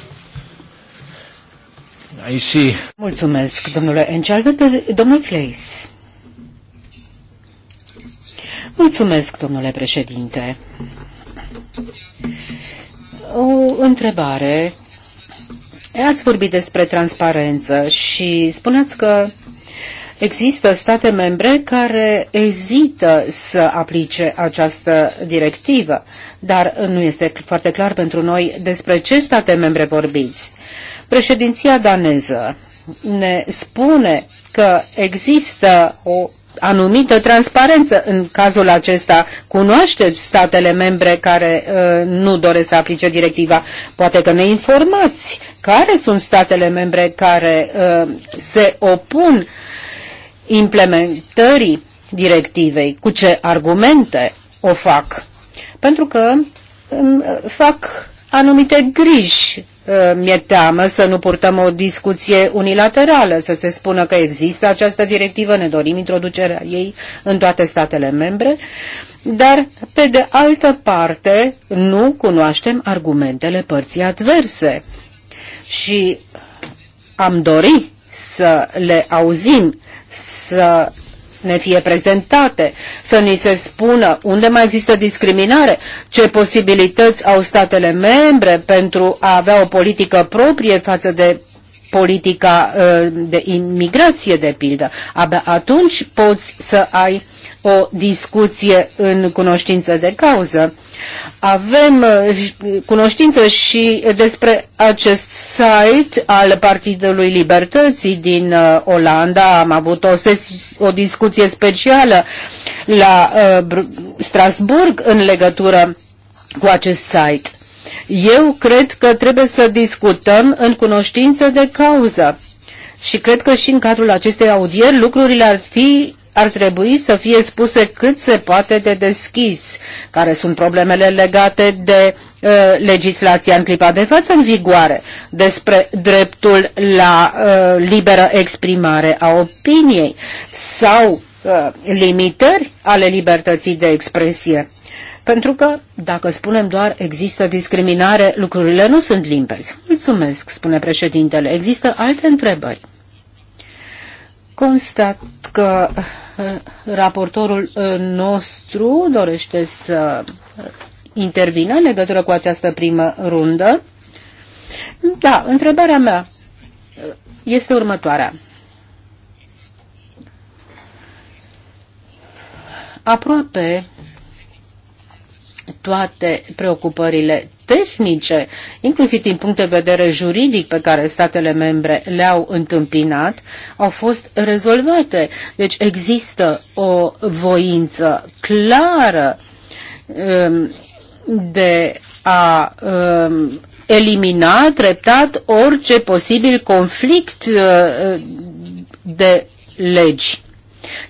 Speaker 4: I see. Mulțumesc, domnule Encel. domnul Fleis. Mulțumesc, domnule președinte. O întrebare. Ați vorbit despre transparență și spuneați că Există state membre care ezită să aplice această directivă, dar nu este foarte clar pentru noi despre ce state membre vorbiți. Președinția daneză ne spune că există o anumită transparență în cazul acesta. Cunoașteți statele membre care uh, nu doresc să aplice directiva. Poate că ne informați care sunt statele membre care uh, se opun implementării directivei, cu ce argumente o fac. Pentru că uh, fac anumite griji Eh, mi-e teamă să nu purtăm o discuție unilaterală, să se spună că există această directivă, ne dorim introducerea ei în toate statele membre, dar, pe de altă parte, nu cunoaștem argumentele părții adverse și am dori să le auzim, să ne fie prezentate, să ni se spună unde mai există discriminare, ce posibilități au statele membre pentru a avea o politică proprie față de politica uh, de imigrație, de pildă. Abia atunci poți să ai o discuție în cunoștință de cauză. Avem uh, cunoștință și despre acest site al Partidului Libertății din uh, Olanda. Am avut o, o discuție specială la uh, Strasburg în legătură cu acest site. Eu cred că trebuie să discutăm în cunoștință de cauză. Și cred că și în cadrul acestei audieri lucrurile ar fi ar trebui să fie spuse cât se poate de deschis, care sunt problemele legate de uh, legislația în clipa de față în vigoare despre dreptul la uh, liberă exprimare a opiniei sau uh, limitări ale libertății de expresie. Pentru că, dacă spunem doar există discriminare, lucrurile nu sunt limpezi. Mulțumesc, spune președintele. Există alte întrebări. Constat că uh, raportorul uh, nostru dorește să intervină în legătură cu această primă rundă. Da, întrebarea mea uh, este următoarea. Aproape toate preocupările tehnice, inclusiv din punct de vedere juridic pe care statele membre le-au întâmpinat, au fost rezolvate. Deci există o voință clară um, de a um, elimina treptat orice posibil conflict uh, de legi.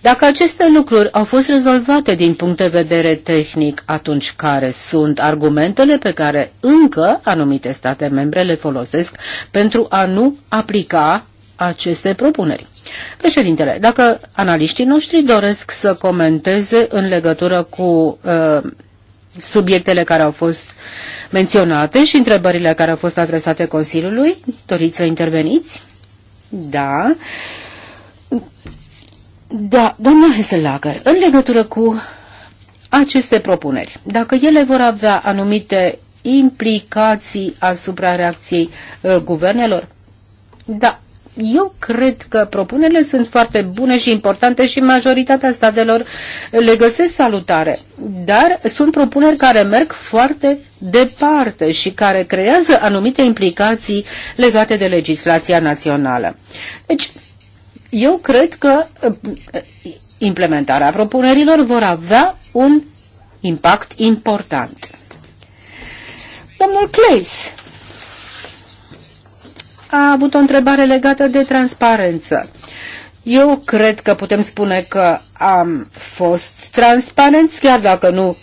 Speaker 4: Dacă aceste lucruri au fost rezolvate din punct de vedere tehnic, atunci care sunt argumentele pe care încă anumite state membre le folosesc pentru a nu aplica aceste propuneri. Președintele, dacă analiștii noștri doresc să comenteze în legătură cu uh, subiectele care au fost menționate și întrebările care au fost adresate Consiliului, doriți să interveniți? Da. Da, doamna Heselager, în legătură cu aceste propuneri, dacă ele vor avea anumite implicații asupra reacției uh, guvernelor? Da, eu cred că propunerile sunt foarte bune și importante și majoritatea statelor le găsesc salutare, dar sunt propuneri care merg foarte departe și care creează anumite implicații legate de legislația națională. Deci, eu cred că uh, implementarea propunerilor vor avea un impact important. Domnul Cleis a avut o întrebare legată de transparență. Eu cred că putem spune că am fost transparenți, chiar dacă nu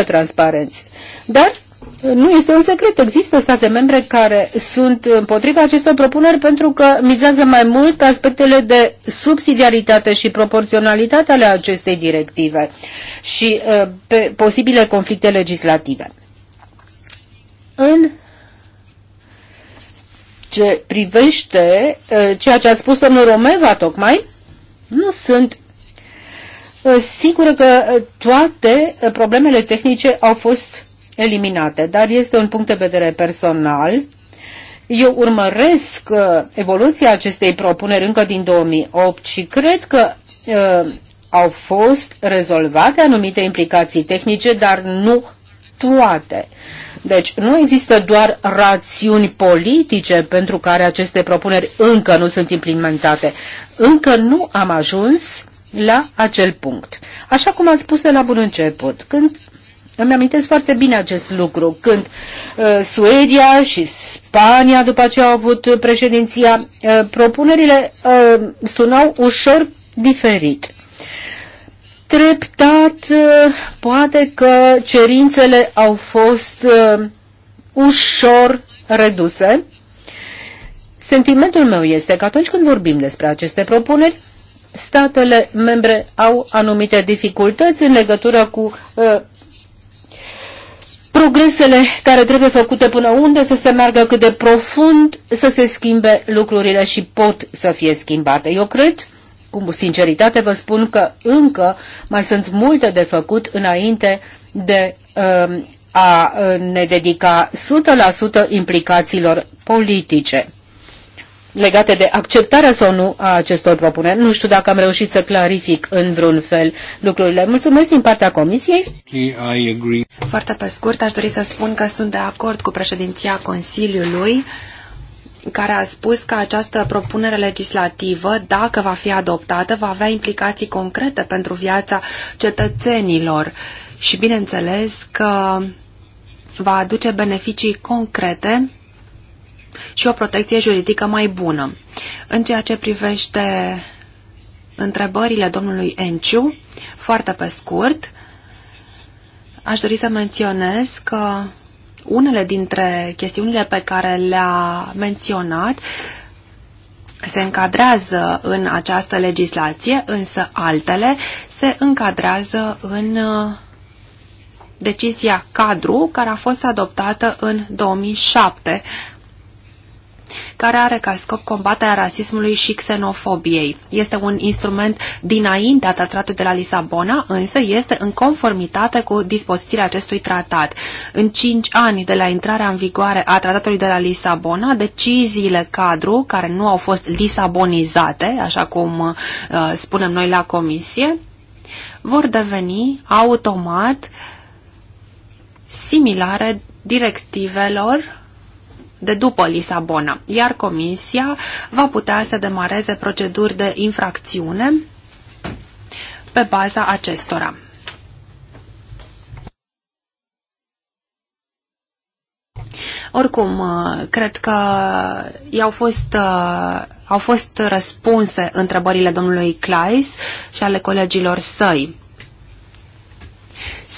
Speaker 4: 100% transparenți. Dar nu este un secret, există state membre care sunt împotriva acestor propuneri pentru că mizează mai mult pe aspectele de subsidiaritate și proporționalitate ale acestei directive și uh, pe posibile conflicte legislative. În ce privește uh, ceea ce a spus domnul Romeva tocmai, nu sunt uh, sigură că toate problemele tehnice au fost eliminate. Dar este un punct de vedere personal. Eu urmăresc uh, evoluția acestei propuneri încă din 2008 și cred că uh, au fost rezolvate anumite implicații tehnice, dar nu toate. Deci nu există doar rațiuni politice pentru care aceste propuneri încă nu sunt implementate. Încă nu am ajuns la acel punct. Așa cum ați spus de la bun început, când îmi amintesc foarte bine acest lucru, când uh, Suedia și Spania după ce au avut președinția, uh, propunerile uh, sunau ușor diferit. Treptat, uh, poate că cerințele au fost uh, ușor reduse. Sentimentul meu este că atunci când vorbim despre aceste propuneri, statele membre au anumite dificultăți în legătură cu uh, progresele care trebuie făcute până unde, să se meargă cât de profund, să se schimbe lucrurile și pot să fie schimbate. Eu cred, cu sinceritate vă spun că încă mai sunt multe de făcut înainte de uh, a ne dedica 100% implicațiilor politice legate de acceptarea sau nu a acestor propuneri. Nu știu dacă am reușit să clarific în vreun fel lucrurile. Mulțumesc din partea Comisiei.
Speaker 2: Foarte pe scurt, aș dori să spun că sunt de acord cu președinția Consiliului care a spus că această propunere legislativă, dacă va fi adoptată, va avea implicații concrete pentru viața cetățenilor. Și bineînțeles că va aduce beneficii concrete și o protecție juridică mai bună. În ceea ce privește întrebările domnului Enciu, foarte pe scurt, aș dori să menționez că unele dintre chestiunile pe care le-a menționat se încadrează în această legislație, însă altele se încadrează în uh, decizia cadru care a fost adoptată în 2007 care are ca scop combaterea rasismului și xenofobiei. Este un instrument dinaintea tratatului de la Lisabona, însă este în conformitate cu dispozițiile acestui tratat. În cinci ani de la intrarea în vigoare a tratatului de la Lisabona, deciziile cadru, care nu au fost lisabonizate, așa cum uh, spunem noi la comisie, vor deveni automat similare directivelor de după Lisabona, iar Comisia va putea să demareze proceduri de infracțiune pe baza acestora. Oricum, cred că i-au fost, au fost răspunse întrebările domnului Clais și ale colegilor săi.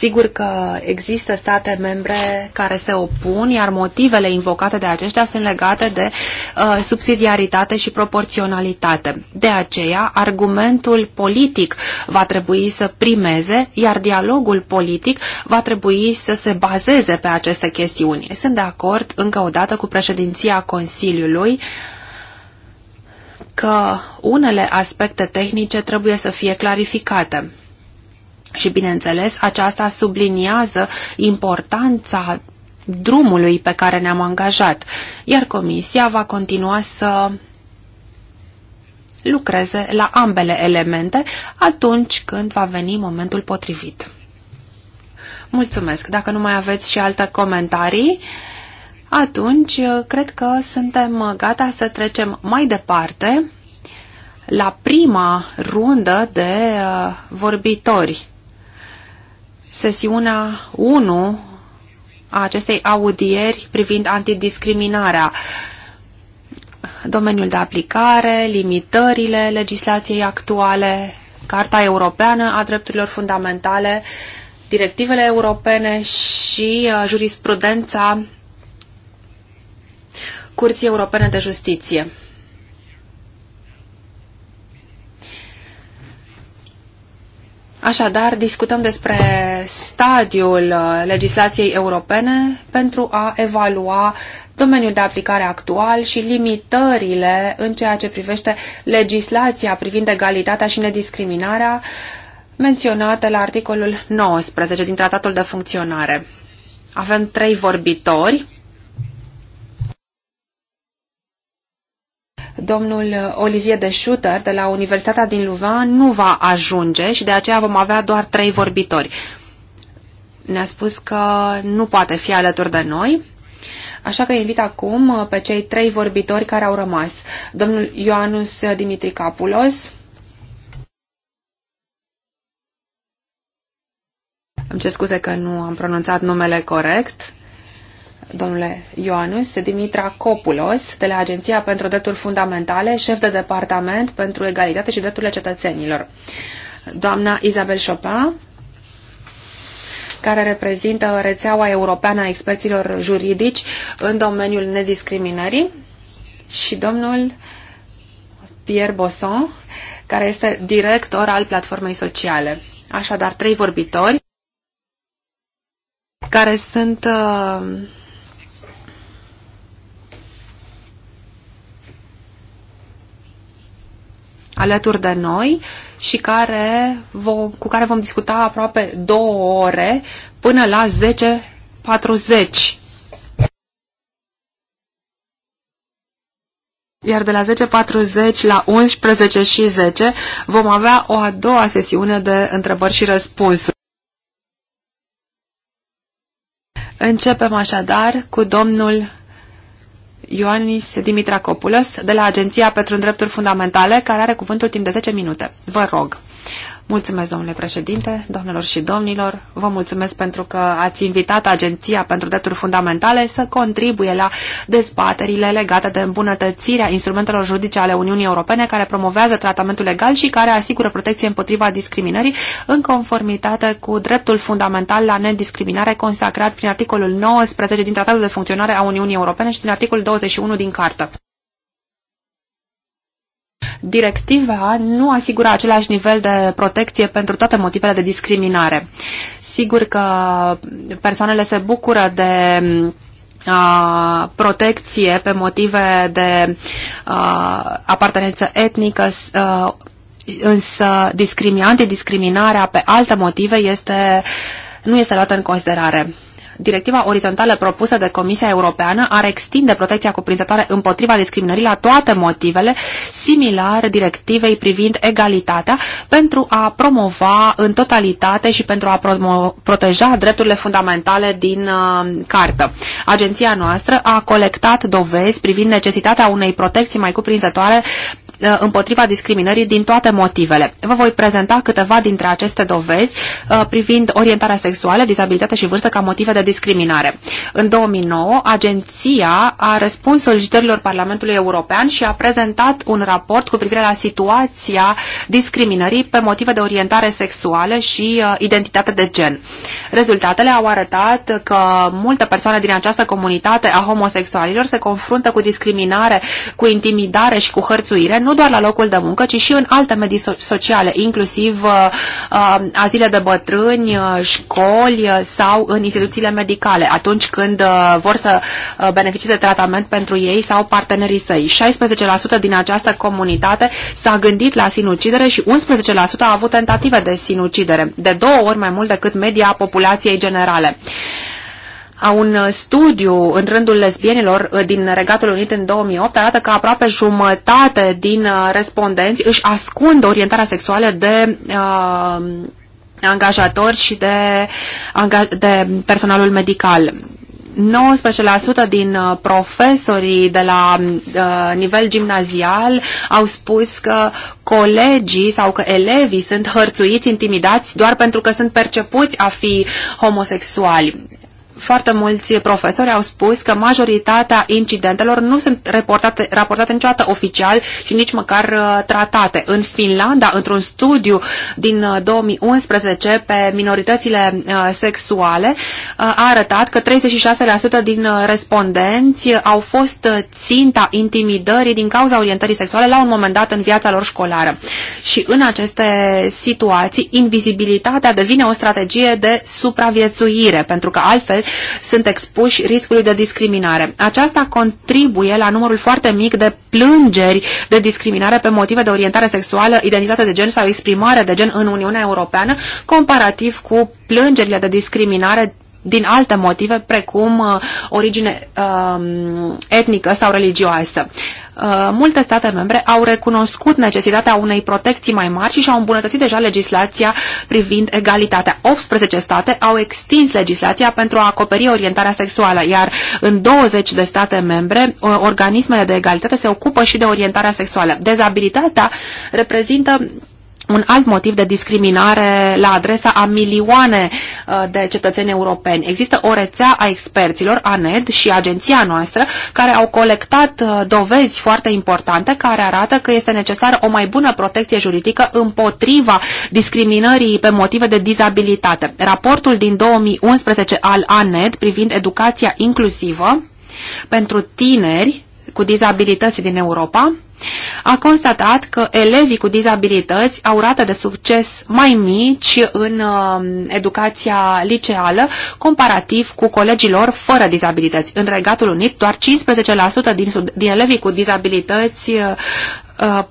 Speaker 2: Sigur că există state membre care se opun, iar motivele invocate de aceștia sunt legate de uh, subsidiaritate și proporționalitate. De aceea, argumentul politic va trebui să primeze, iar dialogul politic va trebui să se bazeze pe aceste chestiuni. Sunt de acord încă o dată cu președinția Consiliului că unele aspecte tehnice trebuie să fie clarificate și, bineînțeles, aceasta subliniază importanța drumului pe care ne-am angajat, iar Comisia va continua să lucreze la ambele elemente atunci când va veni momentul potrivit. Mulțumesc! Dacă nu mai aveți și alte comentarii, atunci uh, cred că suntem uh, gata să trecem mai departe la prima rundă de uh, vorbitori sesiunea 1 a acestei audieri privind antidiscriminarea, domeniul de aplicare, limitările legislației actuale, Carta Europeană a Drepturilor Fundamentale, directivele europene și uh, jurisprudența Curții Europene de Justiție. Așadar, discutăm despre stadiul uh, legislației europene pentru a evalua domeniul de aplicare actual și limitările în ceea ce privește legislația privind egalitatea și nediscriminarea menționate la articolul 19 din Tratatul de Funcționare. Avem trei vorbitori domnul Olivier de Schutter de la Universitatea din Louvain nu va ajunge și de aceea vom avea doar trei vorbitori. Ne-a spus că nu poate fi alături de noi, așa că invit acum pe cei trei vorbitori care au rămas. Domnul Ioanus Dimitri Capulos, Îmi cer scuze că nu am pronunțat numele corect domnule Ioanus, Dimitra Copulos, de la Agenția pentru Drepturi Fundamentale, șef de departament pentru egalitate și drepturile cetățenilor. Doamna Isabel Chopin, care reprezintă rețeaua europeană a experților juridici în domeniul nediscriminării și domnul Pierre Bosson, care este director al platformei sociale. Așadar, trei vorbitori care sunt uh, alături de noi și care vom, cu care vom discuta aproape două ore până la 10.40. Iar de la 10.40 la 11.10 și vom avea o a doua sesiune de întrebări și răspunsuri. Începem așadar cu domnul Ioannis Dimitracopoulos de la Agenția pentru Drepturi Fundamentale, care are cuvântul timp de 10 minute. Vă rog. Mulțumesc, domnule președinte, domnilor și domnilor. Vă mulțumesc pentru că ați invitat Agenția pentru Drepturi Fundamentale să contribuie la dezbaterile legate de îmbunătățirea instrumentelor juridice ale Uniunii Europene care promovează tratamentul legal și care asigură protecție împotriva discriminării în conformitate cu dreptul fundamental la nediscriminare consacrat prin articolul 19 din Tratatul de Funcționare a Uniunii Europene și din articolul 21 din Cartă. Directiva nu asigură același nivel de protecție pentru toate motivele de discriminare. Sigur că persoanele se bucură de a, protecție pe motive de a, apartenență etnică, a, însă discrimi, antidiscriminarea pe alte motive este, nu este luată în considerare directiva orizontală propusă de Comisia Europeană ar extinde protecția cuprinzătoare împotriva discriminării la toate motivele, similar directivei privind egalitatea, pentru a promova în totalitate și pentru a proteja drepturile fundamentale din uh, cartă. Agenția noastră a colectat dovezi privind necesitatea unei protecții mai cuprinzătoare Eh, împotriva discriminării din toate motivele. Vă voi prezenta câteva dintre aceste dovezi eh, privind orientarea sexuală, dizabilitate și vârstă ca motive de discriminare. În 2009, agenția a răspuns solicitărilor Parlamentului European și a prezentat un raport cu privire la situația discriminării pe motive de orientare sexuală și eh, identitate de gen. Rezultatele au arătat că multe persoane din această comunitate a homosexualilor se confruntă cu discriminare, cu intimidare și cu hărțuire, nu nu doar la locul de muncă, ci și în alte medii sociale, inclusiv uh, uh, azile de bătrâni, uh, școli uh, sau în instituțiile medicale, atunci când vor să beneficieze tratament pentru ei sau partenerii săi. 16% din această comunitate s-a gândit la sinucidere și 11% a avut tentative de sinucidere, de două ori mai mult decât media populației generale a un uh, studiu în rândul lesbienilor uh, din Regatul Unit în 2008 arată că aproape jumătate din uh, respondenți își ascund orientarea sexuală de uh, angajatori și de, de personalul medical. 19% din profesorii de la uh, nivel gimnazial au spus că colegii sau că elevii sunt hărțuiți, intimidați doar pentru că sunt percepuți a fi homosexuali foarte mulți profesori au spus că majoritatea incidentelor nu sunt reportate, raportate niciodată oficial și nici măcar uh, tratate. În Finlanda, într-un studiu din 2011 uh, pe minoritățile uh, sexuale, a arătat că 36% din respondenți au fost ținta intimidării din cauza orientării sexuale la un moment dat în viața lor școlară. Și în aceste situații, invizibilitatea devine o strategie de supraviețuire, pentru că altfel lucrători sunt expuși riscului de discriminare. Aceasta contribuie la numărul foarte mic de plângeri de discriminare pe motive de orientare sexuală, identitate de gen sau exprimare de gen în Uniunea Europeană, comparativ cu plângerile de discriminare din alte motive, precum uh, origine um, etnică sau religioasă. Uh, multe state membre au recunoscut necesitatea unei protecții mai mari și și-au îmbunătățit deja legislația privind egalitatea. 18 state au extins legislația pentru a acoperi orientarea sexuală, iar în 20 de state membre, organismele de egalitate se ocupă și de orientarea sexuală. Dezabilitatea reprezintă un alt motiv de discriminare la adresa a milioane uh, de cetățeni europeni. Există o rețea a experților, ANED și agenția noastră, care au colectat uh, dovezi foarte importante care arată că este necesară o mai bună protecție juridică împotriva discriminării pe motive de dizabilitate. Raportul din 2011 al ANED privind educația inclusivă pentru tineri cu dizabilități din Europa a constatat că elevii cu dizabilități au rată de succes mai mici în uh, educația liceală comparativ cu colegii lor fără dizabilități. În Regatul Unit, doar 15% din, din elevii cu dizabilități uh, uh,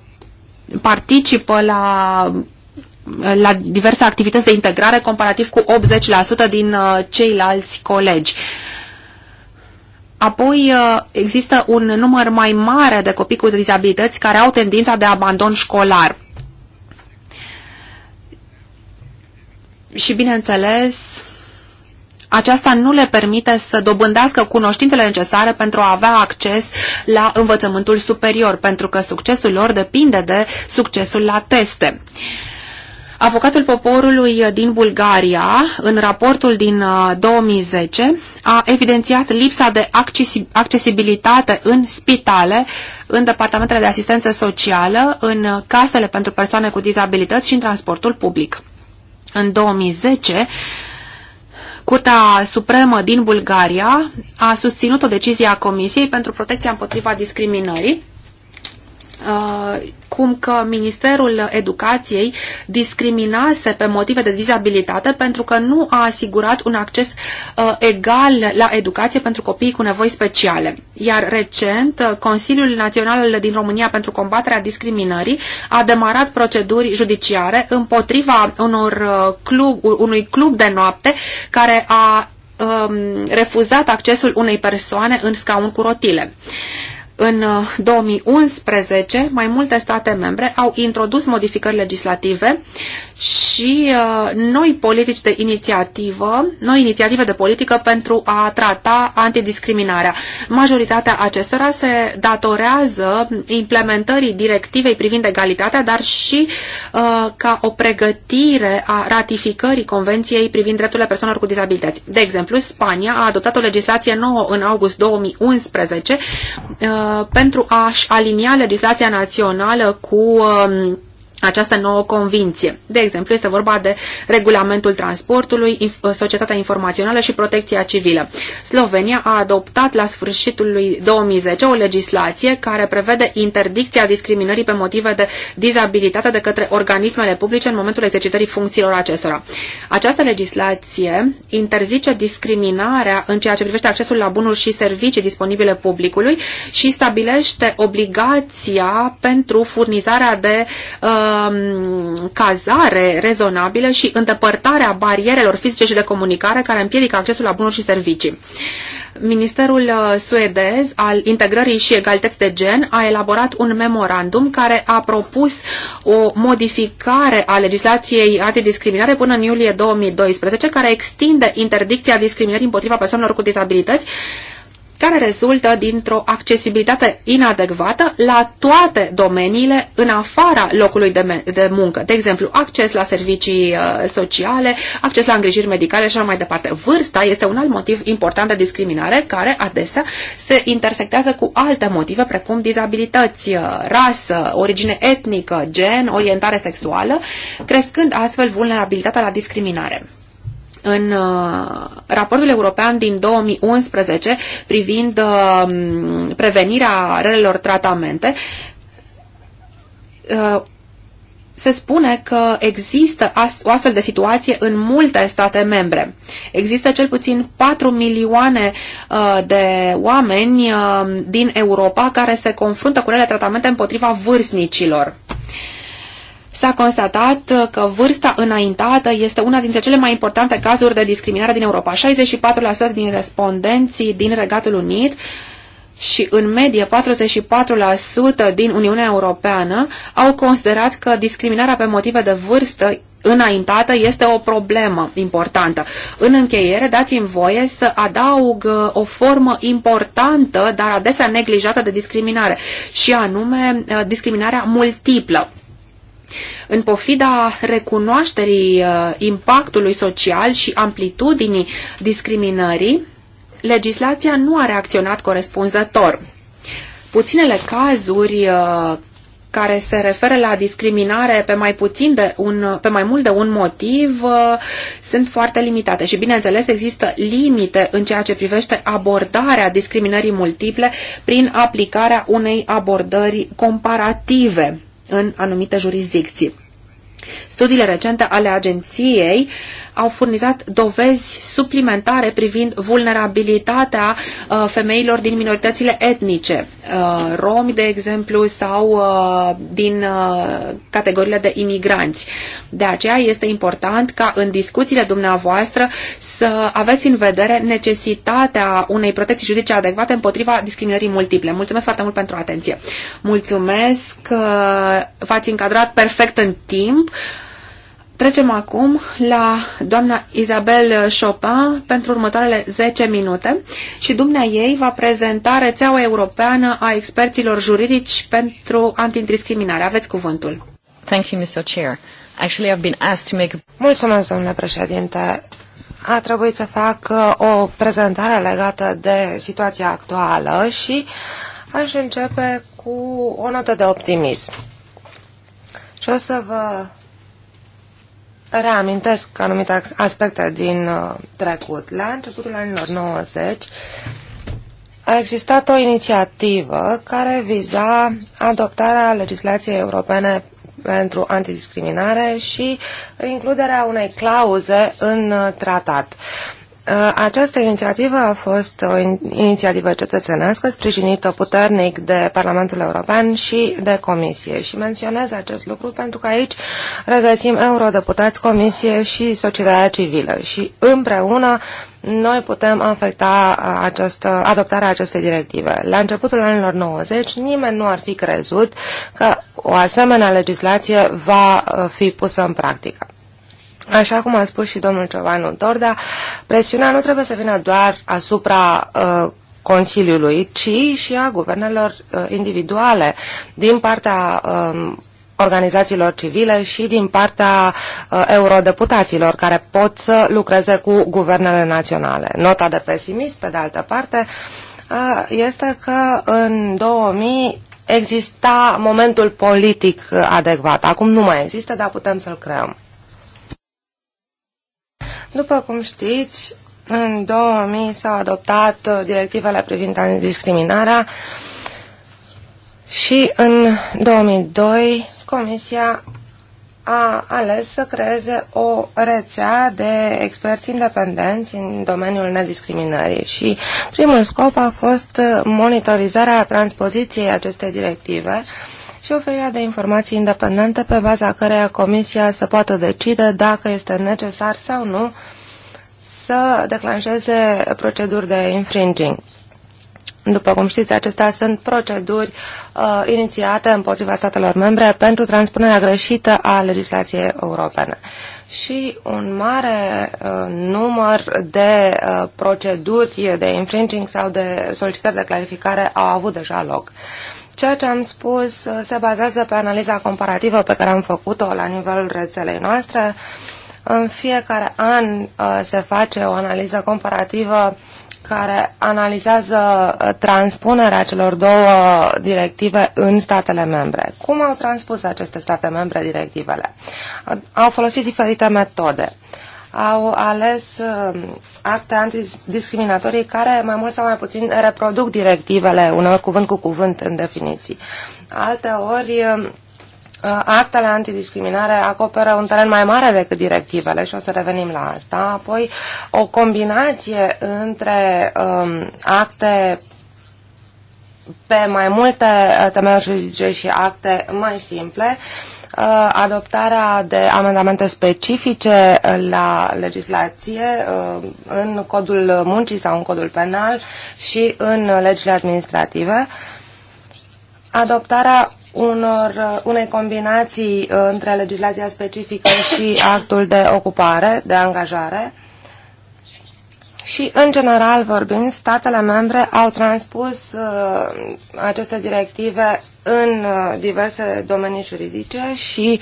Speaker 2: participă la la diverse activități de integrare comparativ cu 80% din uh, ceilalți colegi. Uh, Apoi uh, există un număr mai mare de copii cu dizabilități care au tendința de abandon școlar. Și bineînțeles, aceasta nu le permite să dobândească cunoștințele necesare pentru a avea acces la învățământul superior, pentru că succesul lor depinde de succesul la teste. Uh, Avocatul poporului din Bulgaria, în raportul din 2010, uh, a evidențiat lipsa de accesibilitate în spitale, în departamentele de asistență socială, în casele pentru persoane cu dizabilități și în transportul public. În 2010, Curtea Supremă din Bulgaria a susținut o decizie a Comisiei pentru protecția împotriva discriminării, Uh, cum că Ministerul Educației discriminase pe motive de dizabilitate pentru că nu a asigurat un acces uh, egal la educație pentru copiii cu nevoi speciale. Iar recent, uh, Consiliul Național din România pentru combaterea discriminării a demarat proceduri judiciare împotriva unor club, unui club de noapte care a um, refuzat accesul unei persoane în scaun cu rotile. Uh, în 2011, uh, mai multe state membre au introdus modificări legislative și uh, noi politici de inițiativă, noi inițiative de politică pentru a trata antidiscriminarea. Majoritatea acestora se datorează implementării directivei privind egalitatea, dar și uh, ca o pregătire a ratificării Convenției privind drepturile persoanelor cu dizabilități. De exemplu, Spania a adoptat o legislație nouă în august 2011 pentru a-și alinia legislația națională cu uh, această nouă convinție. De exemplu, este vorba de regulamentul transportului, societatea informațională și protecția civilă. Slovenia a adoptat la sfârșitul lui 2010 o legislație care prevede interdicția discriminării pe motive de dizabilitate de către organismele publice în momentul exercitării funcțiilor acestora. Această legislație interzice discriminarea în ceea ce privește accesul la bunuri și servicii disponibile publicului și stabilește obligația pentru furnizarea de uh, Um, cazare rezonabilă și îndepărtarea barierelor fizice și de comunicare care împiedică accesul la bunuri și servicii. Ministerul uh, suedez al integrării și egalității de gen a elaborat un memorandum care a propus o modificare a legislației antidiscriminare până în iulie 2012, care extinde interdicția discriminării împotriva persoanelor cu dizabilități care rezultă dintr-o accesibilitate inadecvată la toate domeniile în afara locului de, de muncă. De exemplu, acces la servicii uh, sociale, acces la îngrijiri medicale și așa mai departe. Vârsta este un alt motiv important de discriminare care adesea se intersectează cu alte motive precum dizabilități, uh, rasă, origine etnică, gen, orientare sexuală, crescând astfel vulnerabilitatea la discriminare în uh, raportul european din 2011 privind uh, prevenirea relelor tratamente, uh, se spune că există o astfel de situație în multe state membre. Există cel puțin 4 milioane de oameni din Europa care se confruntă cu rele tratamente împotriva vârstnicilor s-a constatat că vârsta înaintată este una dintre cele mai importante cazuri de discriminare din Europa. 64% din respondenții din Regatul Unit și în medie 44% din Uniunea Europeană au considerat că discriminarea pe motive de vârstă înaintată este o problemă importantă. În încheiere, dați-mi voie să adaug o formă importantă, dar adesea neglijată de discriminare, și anume discriminarea multiplă. În pofida recunoașterii uh, impactului social și amplitudinii discriminării, legislația nu a reacționat corespunzător. Puținele cazuri uh, care se referă la discriminare pe mai, puțin de un, pe mai mult de un motiv uh, sunt foarte limitate și, bineînțeles, există limite în ceea ce privește abordarea discriminării multiple prin aplicarea unei abordări comparative în anumite jurisdicții. Studiile recente ale agenției au furnizat dovezi suplimentare privind vulnerabilitatea uh, femeilor din minoritățile etnice, uh, romi, de exemplu, sau uh, din uh, categoriile de imigranți. De aceea este important ca în discuțiile dumneavoastră să aveți în vedere necesitatea unei protecții judice adecvate împotriva discriminării multiple. Mulțumesc foarte mult pentru atenție. Mulțumesc că uh, v-ați încadrat perfect în timp. Uh, Trecem acum la doamna Isabel Chopin pentru următoarele 10 minute și dumnea ei va prezenta rețeaua europeană a experților juridici pentru antidiscriminare. Aveți cuvântul.
Speaker 1: Thank you,
Speaker 3: Mr. Chair. Actually, I've been asked to make... Mulțumesc, domnule președinte. A trebuit să fac uh, o prezentare legată de situația actuală și aș începe cu o notă de optimism. Și o să vă reamintesc anumite aspecte din uh, trecut. La începutul anilor 90 a existat o inițiativă care viza adoptarea legislației europene pentru antidiscriminare și includerea unei clauze în uh, tratat. Uh, Uh, această inițiativă a fost o inițiativă cetățenească sprijinită puternic de Parlamentul European și de Comisie. Și menționez acest lucru pentru că aici regăsim eurodeputați, Comisie și societatea civilă. Și împreună noi putem afecta uh, această, adoptarea acestei directive. La începutul anilor 90, nimeni nu ar fi crezut că o asemenea legislație va uh, fi pusă în practică. Așa cum a spus și domnul Ciovanu Dorda, presiunea nu trebuie să vină doar asupra uh, Consiliului, ci și a guvernelor uh, individuale din partea uh, organizațiilor civile și din partea uh, eurodeputaților care pot să lucreze cu guvernele naționale. Nota de pesimist, pe de altă parte, uh, este că în 2000 exista momentul politic uh, adecvat. Acum nu mai există, dar putem să-l creăm. După cum știți, în 2000 s-au adoptat uh, directivele privind discriminarea și în 2002 Comisia a ales să creeze o rețea de experți independenți în domeniul nediscriminării și primul scop a fost uh, monitorizarea transpoziției acestei directive uh, și oferirea de informații independente pe baza căreia Comisia să poată decide dacă este necesar sau nu să declanșeze proceduri de infringing. După cum știți, acestea sunt proceduri uh, inițiate împotriva statelor membre pentru transpunerea greșită a legislației europene. Și un mare uh, număr de uh, proceduri de infringing sau de solicitări de clarificare au avut deja loc. Ceea ce am spus uh, se bazează pe analiza comparativă pe care am făcut-o la nivelul rețelei noastre. În fiecare an uh, se face o analiză comparativă care analizează uh, transpunerea celor două directive în statele membre. Cum au transpus aceste state membre directivele? Au folosit diferite metode. Uh, au ales uh, acte antidiscriminatorii care mai mult sau mai puțin reproduc directivele, uneori cuvânt cu cuvânt în definiții. Alteori, uh, actele antidiscriminare acoperă un teren mai mare decât directivele și o să revenim la asta. Apoi, o combinație între um, acte pe mai multe uh, temeiuri juridice și acte mai simple uh, Uh, adoptarea de amendamente specifice la legislație uh, în codul muncii sau în codul penal și în legile administrative, adoptarea unor, uh, unei combinații între legislația specifică și actul de ocupare, de angajare, și, în general vorbind, statele membre au transpus uh, aceste directive în uh, diverse domenii juridice și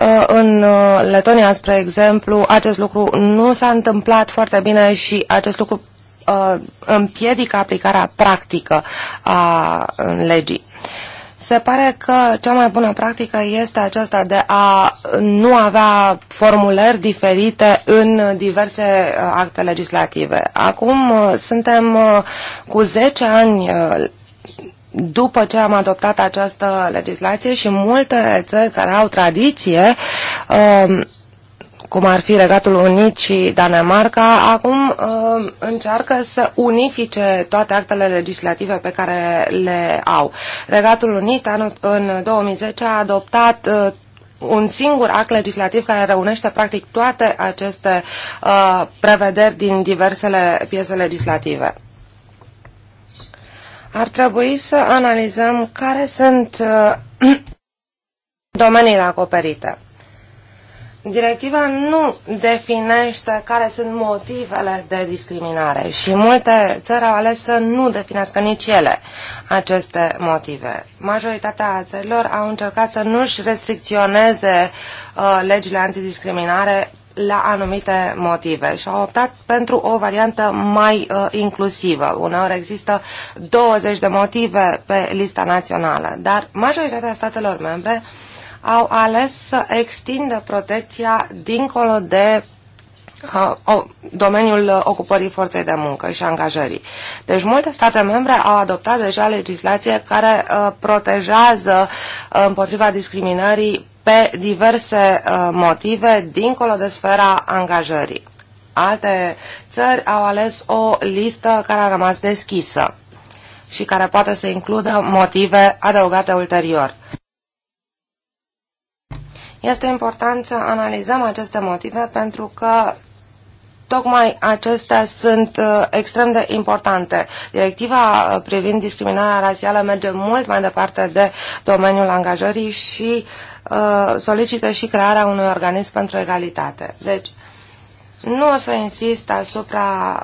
Speaker 3: uh, în uh, Letonia, spre exemplu, acest lucru nu s-a întâmplat foarte bine și acest lucru uh, împiedică aplicarea practică a uh, legii. Uh, se pare că cea mai bună practică este aceasta de a nu avea formulări diferite în diverse uh, acte legislative. Acum uh, suntem uh, cu 10 ani după ce am adoptat această legislație și multe țări care au tradiție cum ar fi Regatul Unit și Danemarca, acum uh, încearcă să unifice toate actele legislative pe care le au. Regatul Unit în 2010 a adoptat uh, un singur act legislativ care reunește practic toate aceste uh, prevederi din diversele piese legislative. Ar trebui să analizăm care sunt uh, domeniile acoperite. Directiva nu definește care sunt motivele de discriminare și multe țări au ales să nu definească nici ele aceste motive. Majoritatea țărilor au încercat să nu-și restricționeze uh, legile antidiscriminare la anumite motive și au optat pentru o variantă mai uh, inclusivă. Uneori există 20 de motive pe lista națională, dar majoritatea statelor membre uh, au ales să extindă protecția dincolo de uh, domeniul ocupării forței de muncă și angajării. Deci multe state membre au adoptat deja legislație care uh, protejează uh, împotriva discriminării pe diverse motive dincolo de sfera angajării. Alte țări au ales o listă care a rămas deschisă și care poate să includă motive adăugate ulterior. Este important să analizăm aceste motive pentru că tocmai acestea sunt uh, extrem de importante. Directiva uh, privind discriminarea rasială merge mult mai departe de domeniul angajării și uh, solicită și crearea unui organism pentru egalitate. Deci, nu o să insist asupra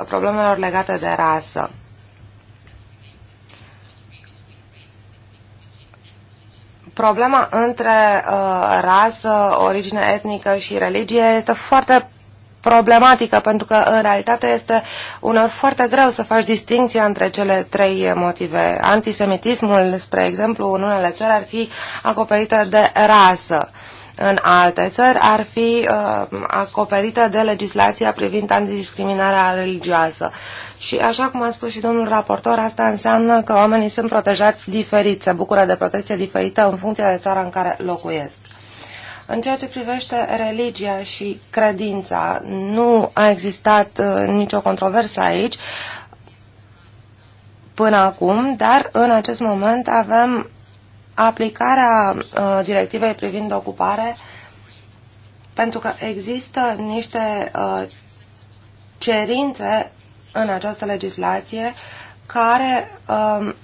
Speaker 3: problemelor legate de rasă. problema între uh, rasă, origine etnică și religie este foarte problematică, pentru că în realitate este unor foarte greu să faci distinția între cele trei motive. Antisemitismul, spre exemplu, în unele țări ar fi acoperită de rasă. Uh, în alte țări ar fi uh, acoperită de legislația privind antidiscriminarea religioasă. Și așa cum a spus și domnul raportor, asta înseamnă că oamenii sunt protejați diferit, se bucură de protecție diferită în funcție de țara în care locuiesc. În ceea ce privește religia și credința, nu a existat uh, nicio controversă aici până acum, dar în acest moment avem aplicarea uh, directivei privind ocupare, pentru că există niște uh, cerințe în această legislație care uh,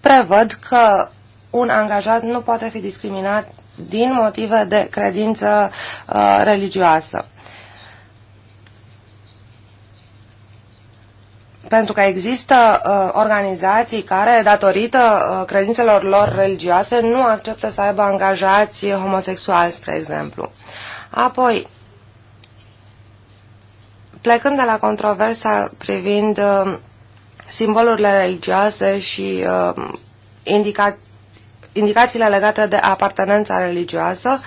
Speaker 3: prevăd că un angajat nu poate fi discriminat din motive de credință uh, religioasă. Pentru că există uh, organizații care, datorită uh, credințelor lor religioase, nu acceptă să aibă angajați homosexuali, spre exemplu. Apoi, plecând de la controversa privind uh, simbolurile religioase și uh, indica indicațiile legate de apartenența religioasă,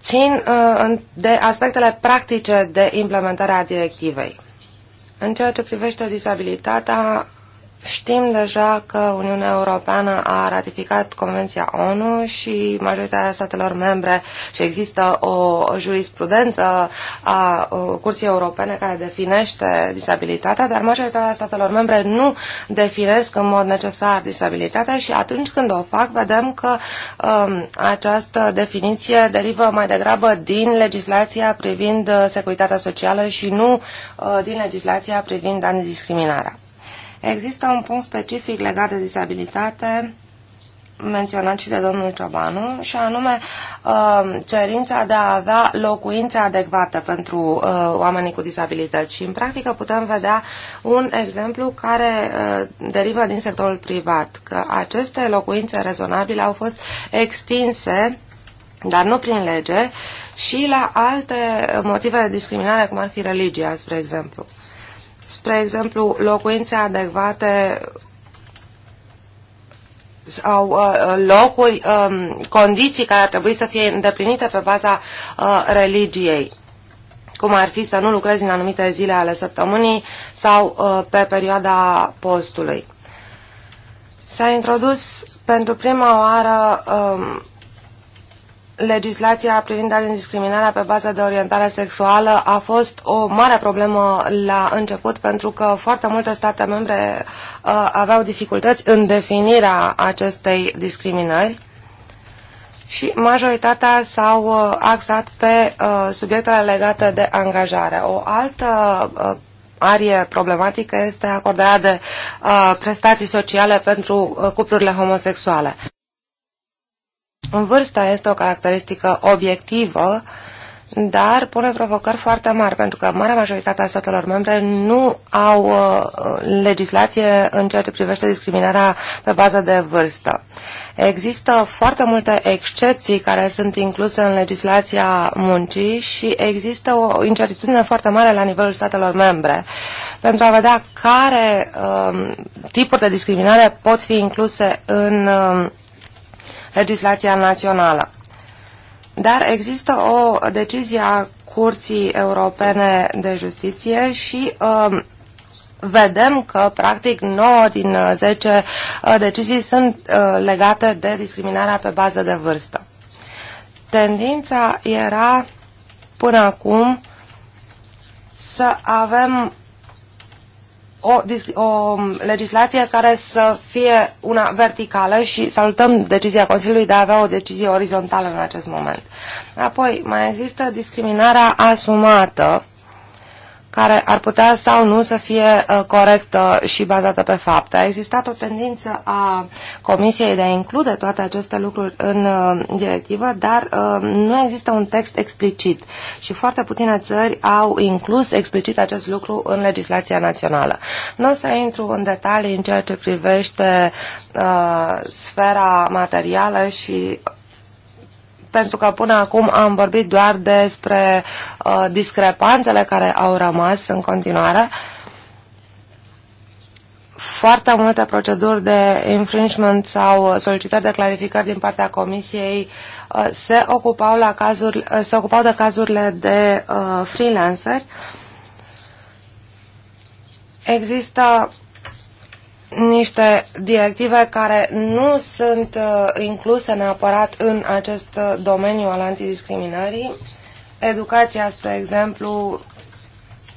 Speaker 3: țin uh, de aspectele practice de implementare a directivei. În ceea ce privește disabilitatea, Știm deja că Uniunea Europeană a ratificat Convenția ONU și majoritatea statelor membre și există o jurisprudență a uh, Curții Europene care definește disabilitatea, dar majoritatea statelor membre nu definesc în mod necesar disabilitatea și atunci când o fac vedem că um, această definiție derivă mai degrabă din legislația privind uh, securitatea socială și nu uh, din legislația privind antidiscriminarea. Există un punct specific legat de disabilitate menționat și de domnul Ciobanu, și anume uh, cerința de a avea locuințe adecvate pentru uh, oamenii cu dizabilități. Și în practică putem vedea un exemplu care uh, derivă din sectorul privat, că aceste locuințe rezonabile au fost extinse, dar nu prin lege, și la alte motive de discriminare, cum ar fi religia, spre exemplu. Spre exemplu, locuințe adecvate sau uh, uh, locuri, um, condiții care ar trebui să fie îndeplinite pe baza uh, religiei cum ar fi să nu lucrezi în anumite zile ale săptămânii sau pe perioada postului. S-a introdus pentru prima oară Uh, legislația privind discriminarea pe bază de orientare sexuală a fost o mare problemă la început pentru că foarte multe state membre uh, aveau dificultăți în definirea acestei discriminări și majoritatea s-au uh, axat pe uh, subiectele legate de angajare. O altă uh, arie problematică este acordarea de uh, prestații sociale pentru uh, cuplurile homosexuale. Vârsta este o caracteristică obiectivă, dar pune provocări foarte mari, pentru că marea majoritate a statelor membre nu au uh, legislație în ceea ce privește discriminarea pe bază de vârstă. Există foarte multe excepții care sunt incluse în legislația muncii și există o incertitudine foarte mare la nivelul statelor membre pentru a vedea care uh, tipuri de discriminare pot fi incluse în uh, legislația națională. Dar există o decizie a Curții Europene de Justiție și uh, vedem că, practic, 9 din 10 uh, decizii sunt uh, legate de discriminarea pe bază de vârstă. Tendința era, până acum, să avem o, o um, legislație care să fie una verticală și salutăm decizia Consiliului de a avea o decizie orizontală în acest moment. Apoi, mai există discriminarea asumată care ar putea sau nu să fie uh, corectă și bazată pe fapte. A existat o tendință a Comisiei de a include toate aceste lucruri în uh, directivă, dar uh, nu există un text explicit și foarte puține țări au inclus explicit acest lucru în legislația națională. Nu o să intru în detalii în ceea ce privește sfera materială și pentru că până acum am vorbit doar despre uh, discrepanțele care au rămas în continuare. Foarte multe proceduri de infringement sau solicitări de clarificări din partea Comisiei uh, se, ocupau la cazuri, uh, se ocupau de cazurile de uh, freelanceri. Există niște directive care nu sunt uh, incluse neapărat în acest uh, domeniu al antidiscriminării. Educația, spre exemplu,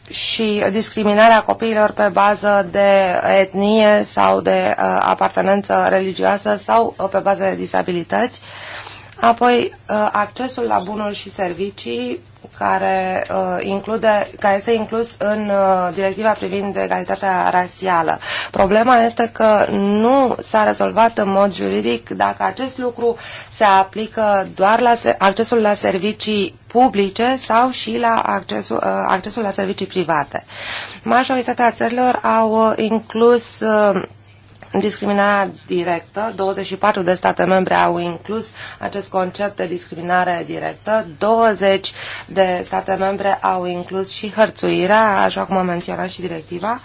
Speaker 3: și discriminarea copiilor pe bază de etnie sau de uh, apartenență religioasă sau uh, pe bază de disabilități. Apoi, uh, accesul la bunuri și servicii, care, uh, include, care este inclus în uh, directiva privind egalitatea rasială. Problema este că nu s-a rezolvat în mod juridic dacă acest lucru se aplică doar la accesul la servicii publice sau și la accesul, uh, accesul la servicii private. Majoritatea țărilor au uh, inclus uh, în Discriminarea directă, 24 de state membre au inclus acest concept de discriminare directă, 20 de state membre au inclus și hărțuirea, așa cum a menționat și directiva,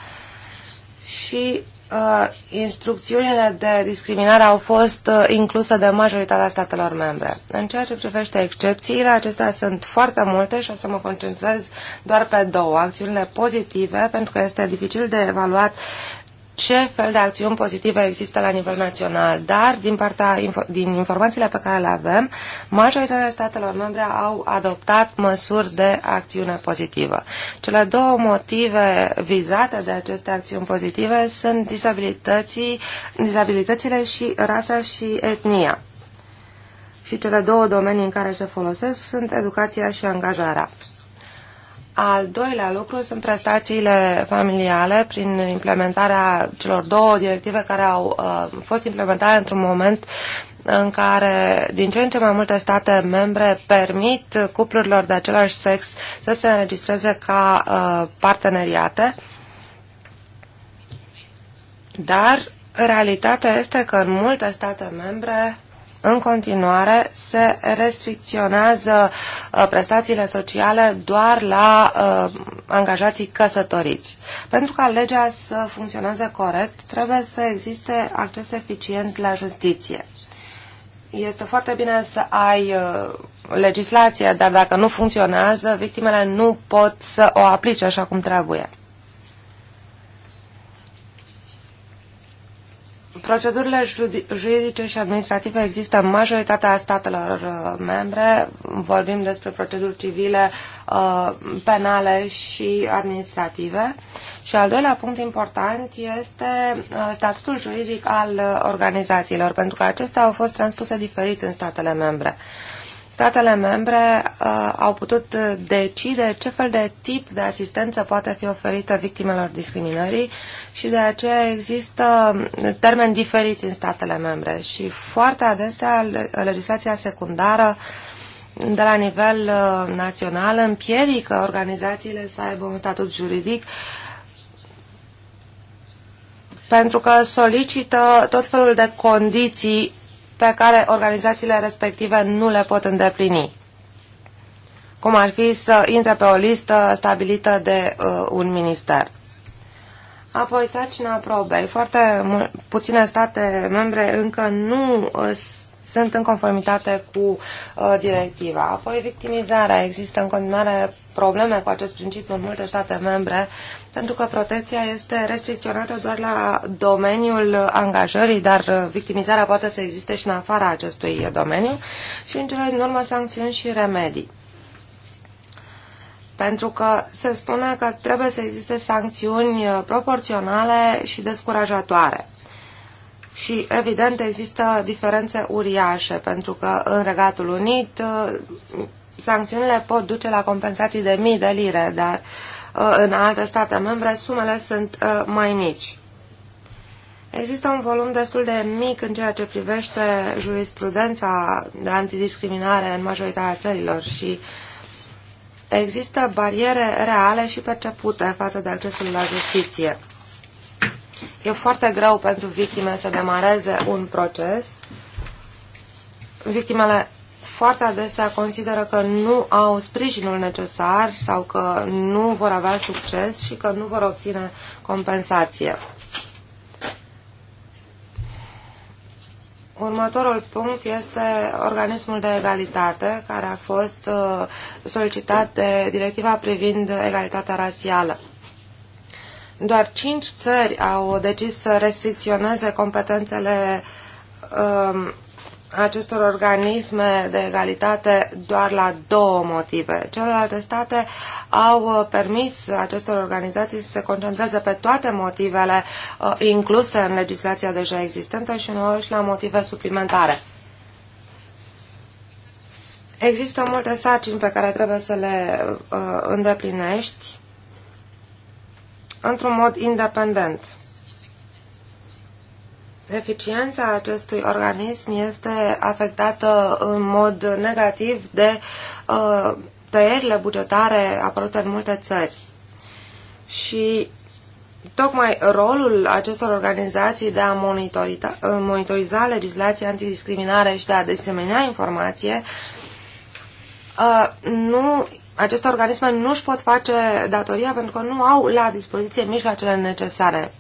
Speaker 3: și uh, instrucțiunile de discriminare au fost uh, incluse de majoritatea statelor membre. În ceea ce privește excepțiile, acestea sunt foarte multe și o să mă concentrez doar pe două, acțiunile pozitive, pentru că este dificil de evaluat ce fel de acțiuni pozitive există la nivel național, dar din, partea, din informațiile pe care le avem, majoritatea statelor membre au adoptat măsuri de acțiune pozitivă. Cele două motive vizate de aceste acțiuni pozitive sunt disabilității, dizabilitățile și rasa și etnia. Și cele două domenii în care se folosesc sunt educația și angajarea. Al doilea lucru sunt prestațiile familiale prin implementarea celor două directive care au uh, fost implementate într-un moment în care din ce în ce mai multe state membre permit cuplurilor de același sex să se înregistreze ca uh, parteneriate, dar realitatea este că în multe state membre în continuare se restricționează uh, prestațiile sociale doar la uh, angajații căsătoriți. Pentru ca legea să funcționeze corect, trebuie să existe acces eficient la justiție. Este foarte bine să ai uh, legislație, dar dacă nu funcționează, victimele nu pot să o aplice așa cum trebuie. Procedurile juridice și administrative există în majoritatea statelor uh, membre. Vorbim despre proceduri civile, uh, penale și administrative. Și al doilea punct important este uh, statutul juridic al organizațiilor, pentru că acestea au fost transpuse diferit în statele membre statele membre uh, au putut uh, decide ce fel de tip de asistență poate fi oferită victimelor discriminării și de aceea există uh, termeni diferiți în statele membre și foarte adesea uh, legislația secundară de la nivel uh, național împiedică organizațiile să aibă un statut juridic pentru că solicită tot felul de condiții pe care organizațiile respective nu le pot îndeplini, cum ar fi să intre pe o listă stabilită de uh, un minister. Apoi, sarcina probei. Foarte puține state membre încă nu uh, sunt în conformitate cu uh, directiva. Apoi, victimizarea. Există în continuare probleme cu acest principiu în multe state membre uh, pentru că protecția este restricționată doar la domeniul angajării, dar victimizarea poate să existe și în afara acestui domeniu și în cele din urmă sancțiuni și remedii. Pentru că se spune că trebuie să existe sancțiuni proporționale și descurajatoare. Și, evident, există diferențe uriașe, pentru că în Regatul Unit uh, sancțiunile pot duce la compensații de mii de lire, dar uh, Uh, în alte state membre, sumele sunt uh, mai mici. Există un volum destul de mic în ceea ce privește jurisprudența de antidiscriminare în majoritatea țărilor și există bariere reale și percepute față de accesul la justiție. E foarte greu pentru victime să demareze un proces. Victimele foarte adesea consideră că nu au sprijinul necesar sau că nu vor avea succes și că nu vor obține compensație. Următorul punct este organismul de egalitate, care a fost uh, solicitat de directiva privind egalitatea rasială. Doar cinci țări au decis să restricționeze competențele um, acestor organisme de egalitate doar la două motive. Celelalte state au uh, permis acestor organizații să se concentreze pe toate motivele uh, incluse în legislația deja existentă și uneori și la motive suplimentare. Există multe sarcini pe care trebuie să le uh, îndeplinești într-un mod independent. Eficiența acestui organism este afectată în mod negativ de uh, tăierile bugetare apărute în multe țări. Și tocmai rolul acestor organizații de a monitoriza, uh, monitoriza legislația antidiscriminare și de a disemina informație, uh, nu, aceste organisme nu își pot face datoria pentru că nu au la dispoziție mijloacele necesare.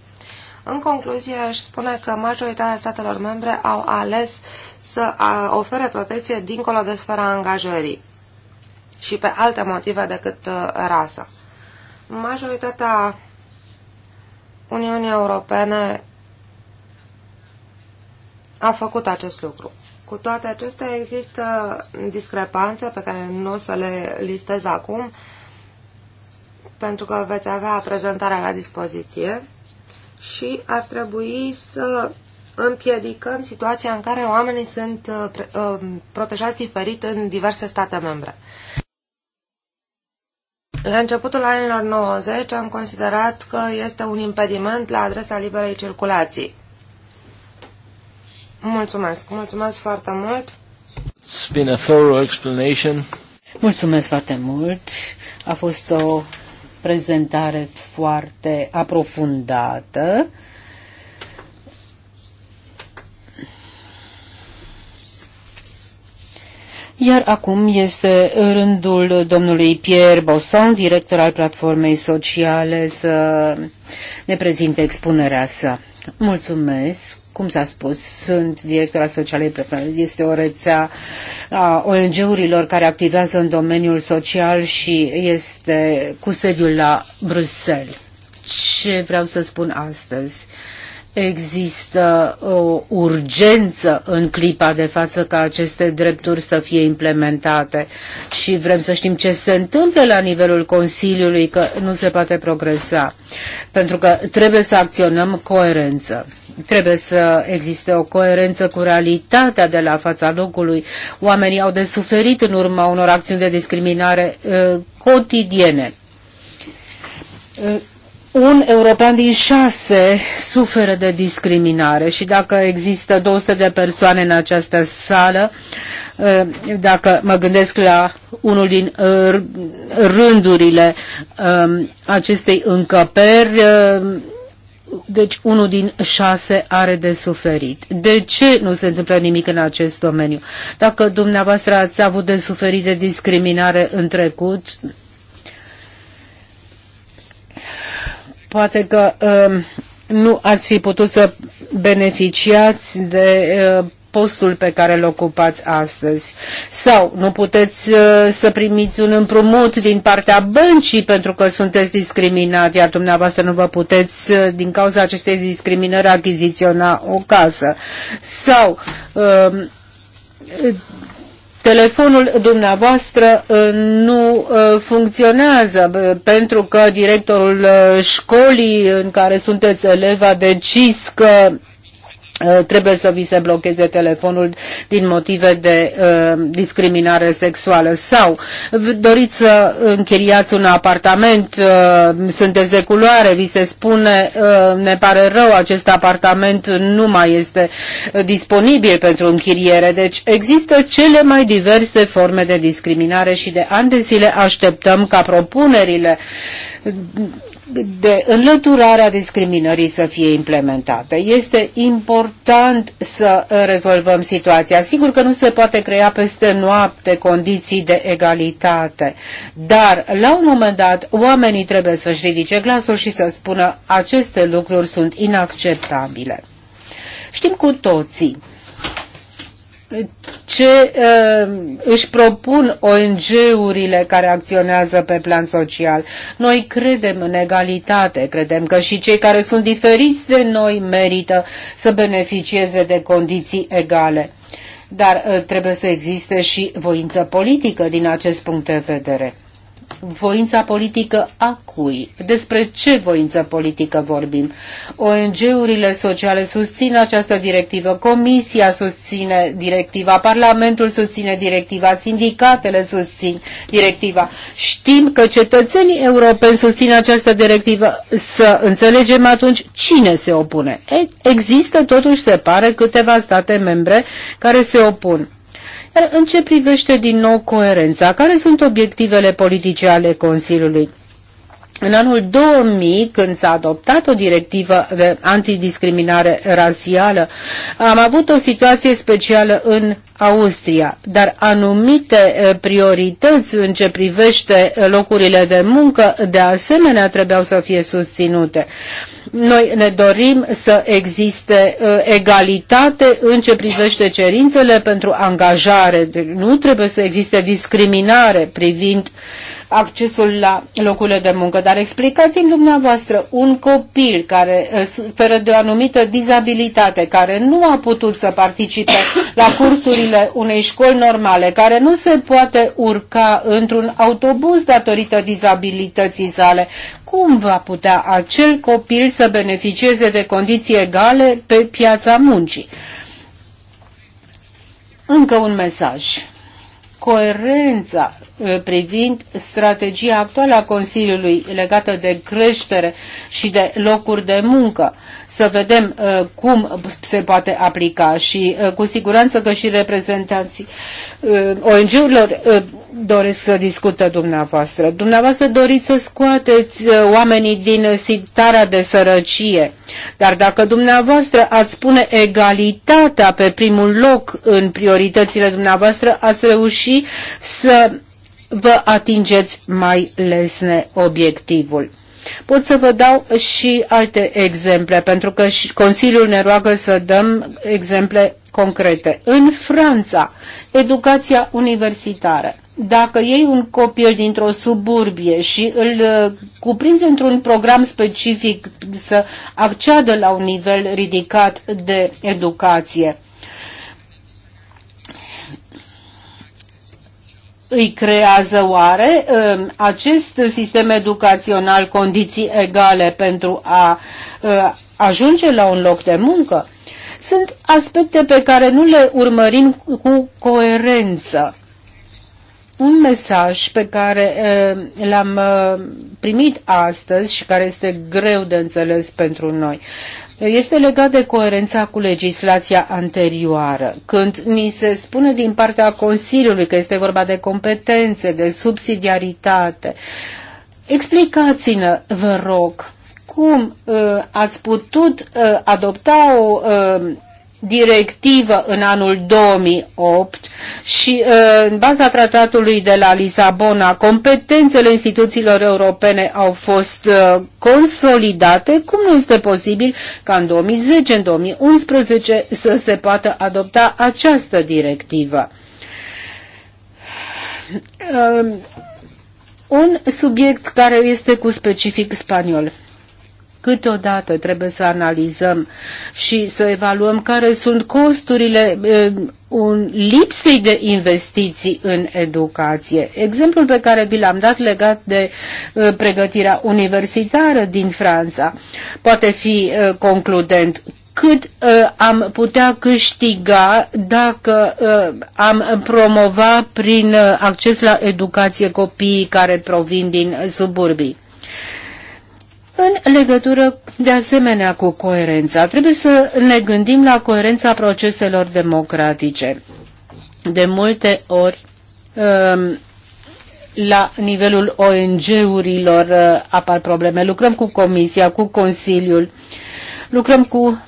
Speaker 3: În concluzie, aș spune că majoritatea statelor membre au ales să ofere protecție dincolo de sfera angajării și pe alte motive decât uh, rasă. Majoritatea Uniunii Europene a făcut acest lucru. Cu toate acestea există discrepanțe pe care nu o să le listez acum, pentru că veți avea prezentarea la dispoziție și ar trebui să împiedicăm situația în care oamenii sunt uh, uh, protejați diferit în diverse state membre. La începutul anilor 90 am considerat că este un impediment la adresa liberei circulații. Mulțumesc, mulțumesc foarte mult.
Speaker 1: It's been a thorough explanation.
Speaker 4: Mulțumesc foarte mult. A fost o prezentare foarte aprofundată. Iar acum este rândul domnului Pierre Bosson, director al platformei sociale, să ne prezinte expunerea sa. Mulțumesc! cum s-a spus, sunt directora socialei, este o rețea a ONG-urilor care activează în domeniul social și este cu sediul la Bruxelles. Ce vreau să spun astăzi? Există o urgență în clipa de față ca aceste drepturi să fie implementate și vrem să știm ce se întâmplă la nivelul Consiliului, că nu se poate progresa, pentru că trebuie să acționăm coerență Trebuie să existe o coerență cu realitatea de la fața locului. Oamenii au de suferit în urma unor acțiuni de discriminare uh, cotidiene. Uh, un european din șase suferă de discriminare și dacă există 200 de persoane în această sală, uh, dacă mă gândesc la unul din uh, rândurile um, acestei încăperi, uh, deci unul din șase are de suferit. De ce nu se întâmplă nimic în acest domeniu? Dacă dumneavoastră ați avut de suferit de discriminare în trecut, poate că uh, nu ați fi putut să beneficiați de uh, postul pe care îl ocupați astăzi. Sau nu puteți uh, să primiți un împrumut din partea băncii pentru că sunteți discriminat, iar dumneavoastră nu vă puteți, uh, din cauza acestei discriminări, achiziționa o casă. Sau uh, telefonul dumneavoastră uh, nu uh, funcționează uh, pentru că directorul școlii în care sunteți elev a decis că Uh, trebuie să vi se blocheze telefonul din motive de uh, discriminare sexuală sau doriți să închiriați un apartament, uh, sunteți de culoare, vi se spune uh, ne pare rău, acest apartament nu mai este uh, disponibil pentru închiriere. Deci există cele mai diverse forme de discriminare și de ani de zile așteptăm ca propunerile de înlăturarea discriminării să fie implementată. Este important să rezolvăm situația. Sigur că nu se poate crea peste noapte condiții de egalitate, dar la un moment dat oamenii trebuie să-și ridice glasul și să spună aceste lucruri sunt inacceptabile. Știm cu toții ce uh, își propun ONG-urile care acționează pe plan social. Noi credem în egalitate, credem că și cei care sunt diferiți de noi merită să beneficieze de condiții egale. Dar uh, trebuie să existe și voință politică din acest punct de vedere voința politică a cui? Despre ce voință politică vorbim? ONG-urile sociale susțin această directivă, Comisia susține directiva, Parlamentul susține directiva, sindicatele susțin directiva. Știm că cetățenii europeni susțin această directivă. Să înțelegem atunci cine se opune. Există totuși, se pare, câteva state membre care se opun. În ce privește din nou coerența, care sunt obiectivele politice ale Consiliului? În anul 2000, când s-a adoptat o directivă de antidiscriminare rasială, am avut o situație specială în Austria, dar anumite eh, priorități în ce privește eh, locurile de muncă, de asemenea, trebuiau să fie susținute. Noi ne dorim să existe eh, egalitate în ce privește cerințele pentru angajare. Deci nu trebuie să existe discriminare privind uh, accesul la locurile de muncă. Dar explicați-mi dumneavoastră, un copil care eh, suferă de o anumită dizabilitate, care nu a putut să participe la cursurile unei școli normale, care nu se poate urca într-un autobuz datorită dizabilității sale, cum va putea acel copil să beneficieze de condiții egale pe piața muncii? Încă un mesaj. Coerența Uh, privind strategia actuală a Consiliului legată de creștere și de locuri de muncă. Să vedem uh, cum se poate aplica și uh, cu siguranță că și reprezentanții uh, ONG-urilor uh, doresc să discută dumneavoastră. Dumneavoastră doriți să scoateți uh, oamenii din starea de sărăcie, dar dacă dumneavoastră ați pune egalitatea pe primul loc în prioritățile dumneavoastră, ați reuși să vă atingeți mai lesne obiectivul. Pot să vă dau și alte exemple, pentru că și Consiliul ne roagă să dăm exemple concrete. În Franța, educația universitară. Dacă iei un copil dintr-o suburbie și îl uh, cuprinzi într-un program specific să acceadă la un nivel ridicat de educație, îi creează oare um, acest sistem educațional condiții egale pentru a uh, ajunge la un loc de muncă? Sunt aspecte pe care nu le urmărim cu coerență. Un mesaj pe care uh, l-am uh, primit astăzi și care este greu de înțeles pentru noi este legat de coerența cu legislația anterioară. Când ni se spune din partea Consiliului că este vorba de competențe, de subsidiaritate, explicați-ne, vă rog, cum uh, ați putut uh, adopta o uh, directivă în anul 2008 și uh, în baza tratatului de la Lisabona, competențele instituțiilor europene au fost uh, consolidate, cum nu este posibil ca în 2010, în 2011 să se poată adopta această directivă. Um, un subiect care este cu specific spaniol. Câteodată trebuie să analizăm și să evaluăm care sunt costurile un lipsei de investiții în educație. Exemplul pe care vi l-am dat legat de pregătirea universitară din Franța poate fi concludent cât uh, am putea câștiga dacă uh, am promova prin uh, acces la educație copiii care provin din suburbii. În legătură de asemenea cu coerența, trebuie să ne gândim la coerența proceselor democratice. De multe ori, um, la nivelul ONG-urilor uh, apar probleme. Lucrăm cu Comisia, cu Consiliul, lucrăm cu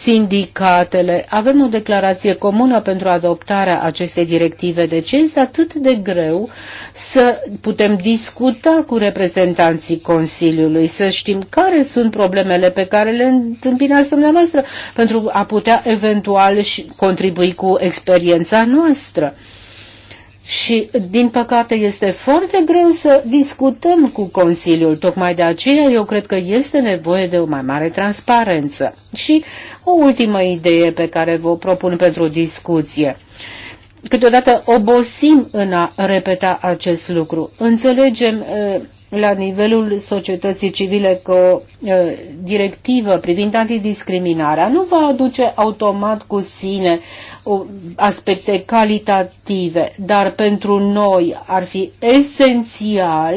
Speaker 4: sindicatele. Avem o declarație comună pentru adoptarea acestei directive. De deci ce este atât de greu să putem discuta cu reprezentanții Consiliului, să știm care sunt problemele pe care le întâmpinați dumneavoastră pentru a putea eventual și contribui cu experiența noastră? Și, din păcate, este foarte greu să discutăm cu Consiliul. Tocmai de aceea eu cred că este nevoie de o mai mare transparență. Și o ultimă idee pe care vă propun pentru discuție. Câteodată obosim în a repeta acest lucru. Înțelegem eh, la nivelul societății civile că o directivă privind antidiscriminarea nu va aduce automat cu sine aspecte calitative, dar pentru noi ar fi esențial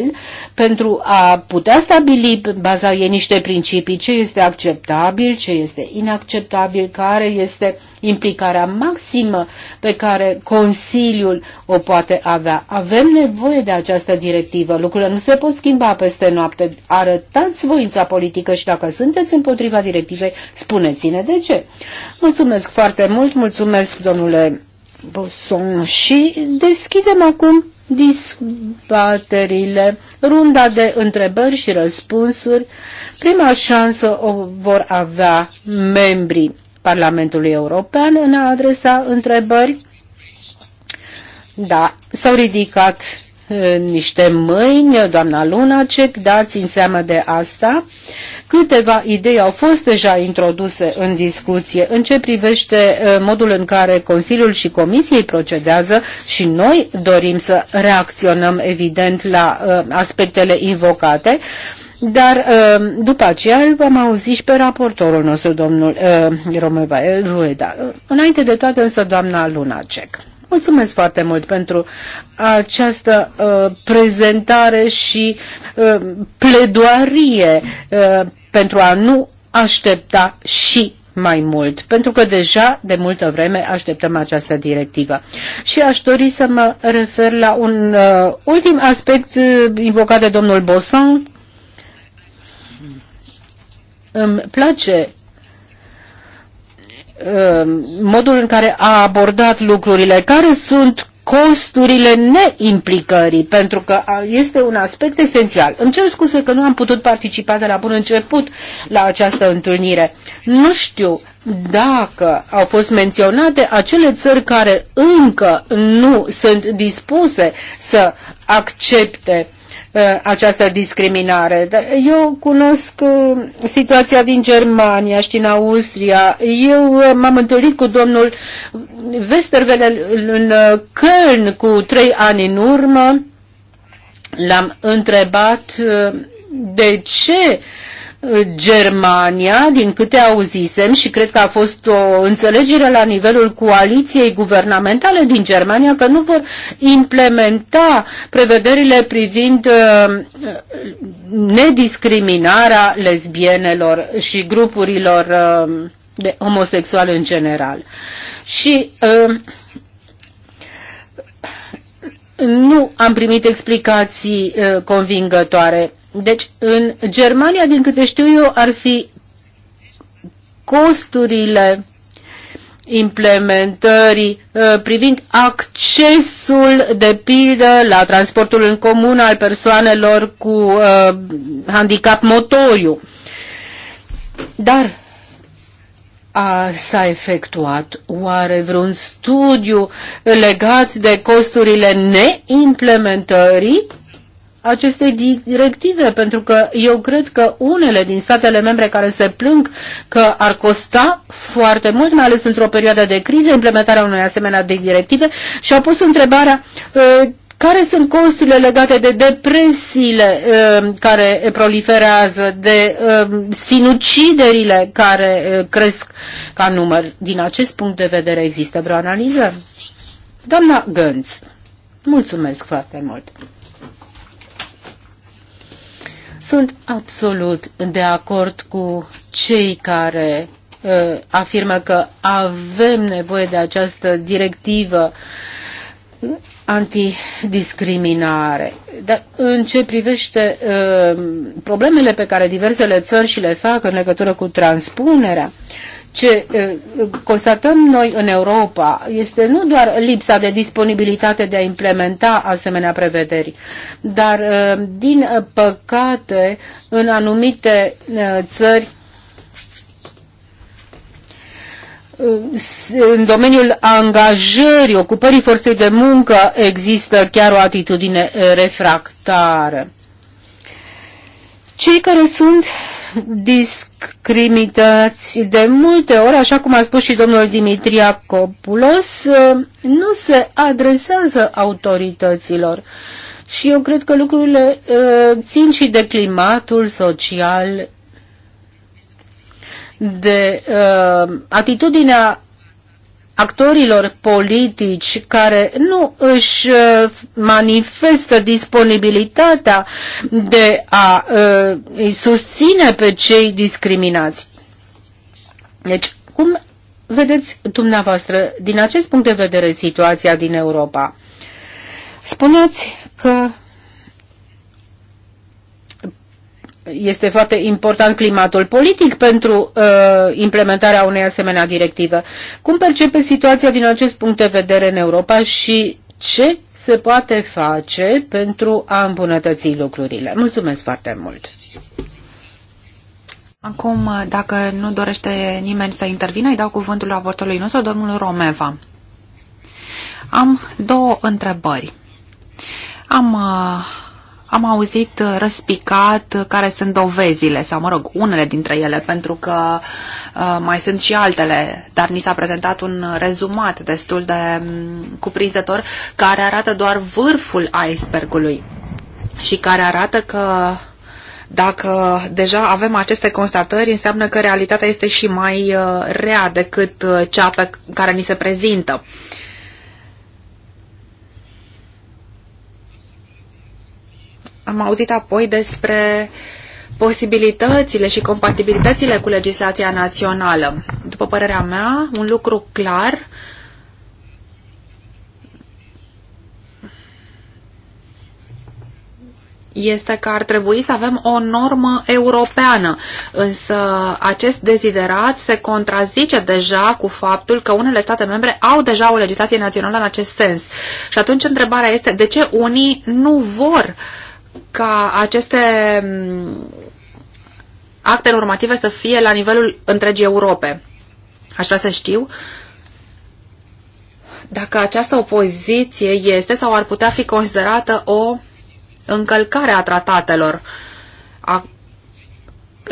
Speaker 4: pentru a putea stabili baza ei niște principii, ce este acceptabil, ce este inacceptabil, care este implicarea maximă pe care Consiliul o poate avea. Avem nevoie de această directivă. Lucrurile nu se pot schimba peste noapte. Arătați voința politică și dacă sunteți împotriva directivei, spuneți-ne de ce. Mulțumesc foarte mult, mulțumesc domnule Boson și deschidem acum dezbaterile, runda de întrebări și răspunsuri. Prima șansă o vor avea membrii Parlamentului European în a adresa întrebări. Da, s-au ridicat niște mâini, doamna Lunacek, dați în seamă de asta. Câteva idei au fost deja introduse în discuție în ce privește uh, modul în care Consiliul și Comisiei procedează și noi dorim să reacționăm evident la uh, aspectele invocate. Dar uh, după aceea îl vom auzi și pe raportorul nostru, domnul Romeva Rueda. Înainte de toate însă, doamna Lunacek. Mulțumesc foarte mult pentru această uh, prezentare și uh, pledoarie uh, pentru a nu aștepta și mai mult, pentru că deja de multă vreme așteptăm această directivă. Și aș dori să mă refer la un uh, ultim aspect uh, invocat de domnul Bosan. Îmi place Uh, modul în care a abordat lucrurile, care sunt costurile neimplicării, pentru că este un aspect esențial. Îmi cer scuze că nu am putut participa de la bun început la această întâlnire. Nu știu dacă au fost menționate acele țări care încă nu sunt dispuse să accepte uh, Uh, această discriminare. eu cunosc uh, situația din Germania și din Austria. Eu uh, m-am întâlnit cu domnul Westerwelle în Köln cu trei ani în urmă. L-am întrebat de ce Germania, din câte auzisem și cred că a fost o înțelegere la nivelul coaliției guvernamentale din Germania că nu vor implementa prevederile privind uh, nediscriminarea lesbienelor și grupurilor uh, de homosexuali în general. Și uh, nu am primit explicații convingătoare deci, în Germania, din câte știu eu, ar fi costurile implementării uh, privind accesul de pildă la transportul în comun al persoanelor cu uh, handicap motoriu. Dar a, s-a efectuat oare vreun studiu legat de costurile neimplementării acestei directive, pentru că eu cred că unele din statele membre care se plâng că ar costa foarte mult, mai ales într-o perioadă de criză, implementarea unei asemenea de directive și au pus întrebarea uh, care sunt costurile legate de depresiile uh, care proliferează, de uh, sinuciderile care cresc ca număr. Din acest punct de vedere există vreo analiză? Doamna Gânț, mulțumesc foarte mult. Sunt absolut de acord cu cei care uh, afirmă că avem nevoie de această directivă antidiscriminare. Dar în ce privește uh, problemele pe care diversele țări și le fac în legătură cu transpunerea, ce constatăm noi în Europa este nu doar lipsa de disponibilitate de a implementa asemenea prevederi, dar din păcate în anumite țări în domeniul angajării, ocupării forței de muncă, există chiar o atitudine refractară. Cei care sunt discriminați de multe ori, așa cum a spus și domnul Dimitria Copulos, nu se adresează autorităților. Și eu cred că lucrurile țin și de climatul social, de atitudinea actorilor politici care nu își uh, manifestă disponibilitatea de a uh, îi susține pe cei discriminați. Deci, cum vedeți dumneavoastră, din acest punct de vedere, situația din Europa? Spuneți că este foarte important climatul politic pentru uh, implementarea unei asemenea directivă. Cum percepe situația din acest punct de vedere în Europa și ce se poate face pentru a îmbunătăți lucrurile? Mulțumesc foarte mult!
Speaker 2: Acum, dacă nu dorește nimeni să intervină, îi dau cuvântul raportului nostru, domnul Romeva. Am două întrebări. Am uh, am auzit uh, răspicat uh, care sunt dovezile, sau mă rog, unele dintre ele, pentru că uh, mai sunt și altele, dar ni s-a prezentat un rezumat destul de mm, cuprinzător care arată doar vârful icebergului și care arată că dacă deja avem aceste constatări, înseamnă că realitatea este și mai uh, rea decât cea pe care ni se prezintă. Uh, Am auzit apoi despre posibilitățile și compatibilitățile cu legislația națională. După părerea mea, un lucru clar este că ar trebui să avem o normă europeană, însă acest deziderat se contrazice deja cu faptul că unele state membre au deja o legislație națională în acest sens. Și atunci întrebarea este de ce unii nu vor uh, ca aceste mm, acte normative să fie la nivelul întregii Europe. Aș vrea să știu dacă această opoziție este sau ar putea fi considerată o încălcare a tratatelor, a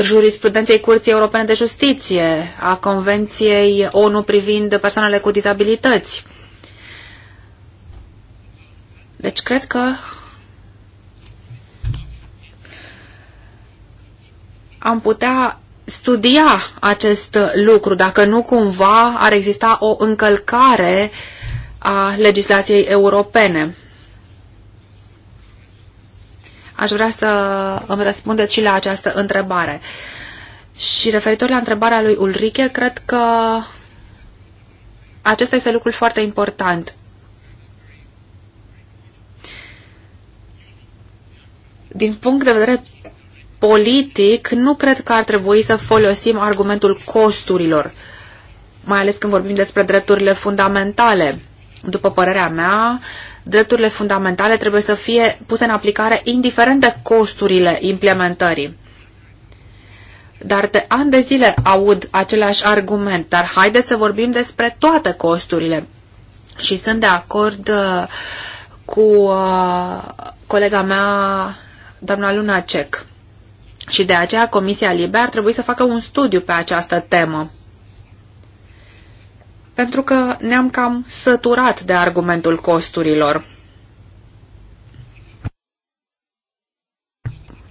Speaker 2: jurisprudenței Curții Europene de Justiție, a Convenției ONU privind persoanele cu dizabilități. Deci cred că am putea studia acest lucru, dacă nu cumva ar exista o încălcare a legislației europene. Aș vrea să îmi răspundeți și la această întrebare. Și referitor la întrebarea lui Ulrike, cred că acesta este lucrul foarte important. Din punct de vedere politic, nu cred că ar trebui să folosim argumentul costurilor, mai ales când vorbim despre drepturile fundamentale. După părerea mea, drepturile fundamentale trebuie să fie puse în aplicare indiferent de costurile implementării. Dar de ani de zile aud același argument, dar haideți să vorbim despre toate costurile. Și sunt de acord uh, cu uh, colega mea, doamna Luna Cec. Și de aceea Comisia Libe ar trebui să facă un studiu pe această temă. Pentru că ne-am cam săturat de argumentul costurilor.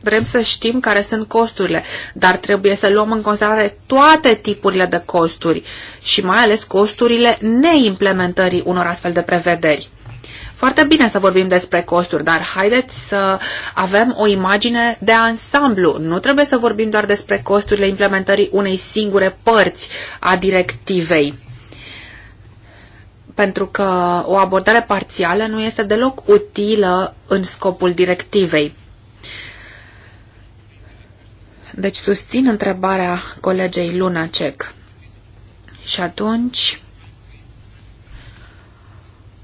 Speaker 2: Vrem să știm care sunt costurile, dar trebuie să luăm în considerare toate tipurile de costuri și mai ales costurile neimplementării unor astfel de prevederi. Foarte bine să vorbim despre costuri, dar haideți să avem o imagine de ansamblu. Nu trebuie să vorbim doar despre costurile implementării unei singure părți a directivei pentru că o abordare parțială nu este deloc utilă în scopul directivei. Deci susțin întrebarea colegei Lunacek. Și atunci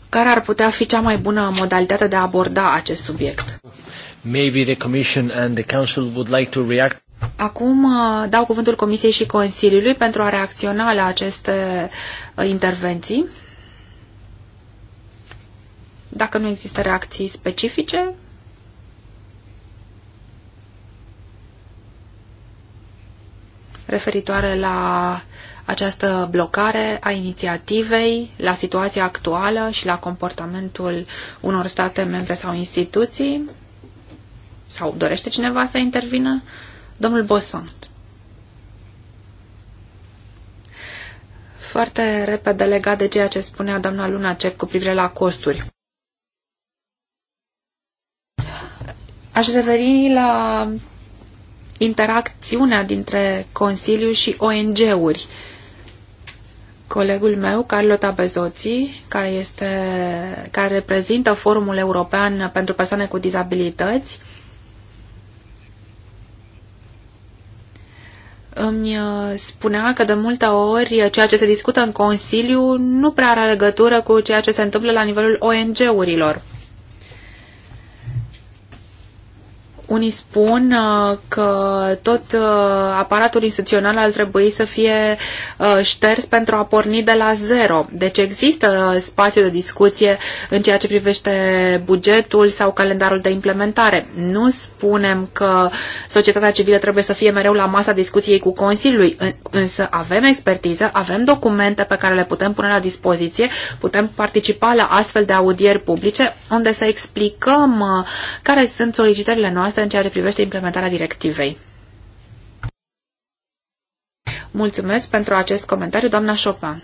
Speaker 2: care ar putea fi cea mai bună modalitate de a aborda acest subiect.
Speaker 1: Maybe the Commission and the Council would like to react.
Speaker 2: Acum uh, dau cuvântul Comisiei și Consiliului pentru a reacționa la aceste uh, intervenții. Dacă nu există reacții specifice, referitoare la această blocare a inițiativei la situația actuală și la comportamentul unor state membre sau instituții? Sau dorește cineva să intervină? Domnul Bosant. Foarte repede legat de ceea ce spunea doamna Luna Cep cu privire la costuri. Aș reveni la interacțiunea dintre Consiliu și ONG-uri colegul meu, Carlo Tabezotti, care, este, care reprezintă Forumul European pentru Persoane cu Dizabilități, îmi uh, spunea că de multe ori ceea ce se discută în Consiliu nu prea are legătură cu ceea ce se întâmplă la nivelul ONG-urilor. Unii spun uh, că tot uh, aparatul instituțional ar trebui să fie uh, șters pentru a porni de la zero. Deci există spațiu de discuție în ceea ce privește bugetul sau calendarul de implementare. Nu spunem că societatea civilă trebuie să fie mereu la masa discuției cu Consiliului, însă avem expertiză, avem documente pe care le putem pune la dispoziție, putem participa la astfel de audieri publice unde să explicăm care sunt solicitările noastre asta în ceea ce privește implementarea directivei. Mulțumesc pentru acest comentariu, doamna Șopa.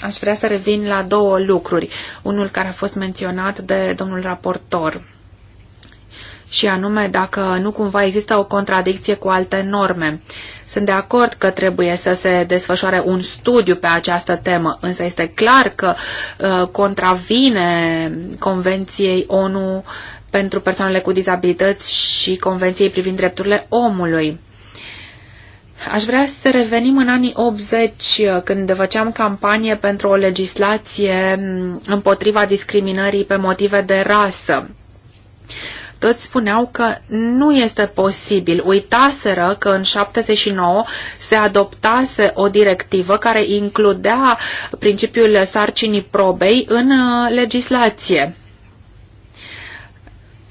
Speaker 2: Aș vrea să revin la două lucruri. Unul care a fost menționat de domnul raportor și anume dacă nu cumva există o contradicție cu alte norme. Sunt de acord că trebuie să se desfășoare un studiu pe această temă, însă este clar că uh, contravine Convenției ONU pentru persoanele cu dizabilități și Convenției privind drepturile omului. Aș vrea să revenim în anii 80, când făceam campanie pentru o legislație împotriva discriminării pe motive de rasă. Toți spuneau că nu este posibil. Uitaseră că în 79 se adoptase o directivă care includea principiul sarcinii probei în uh, legislație.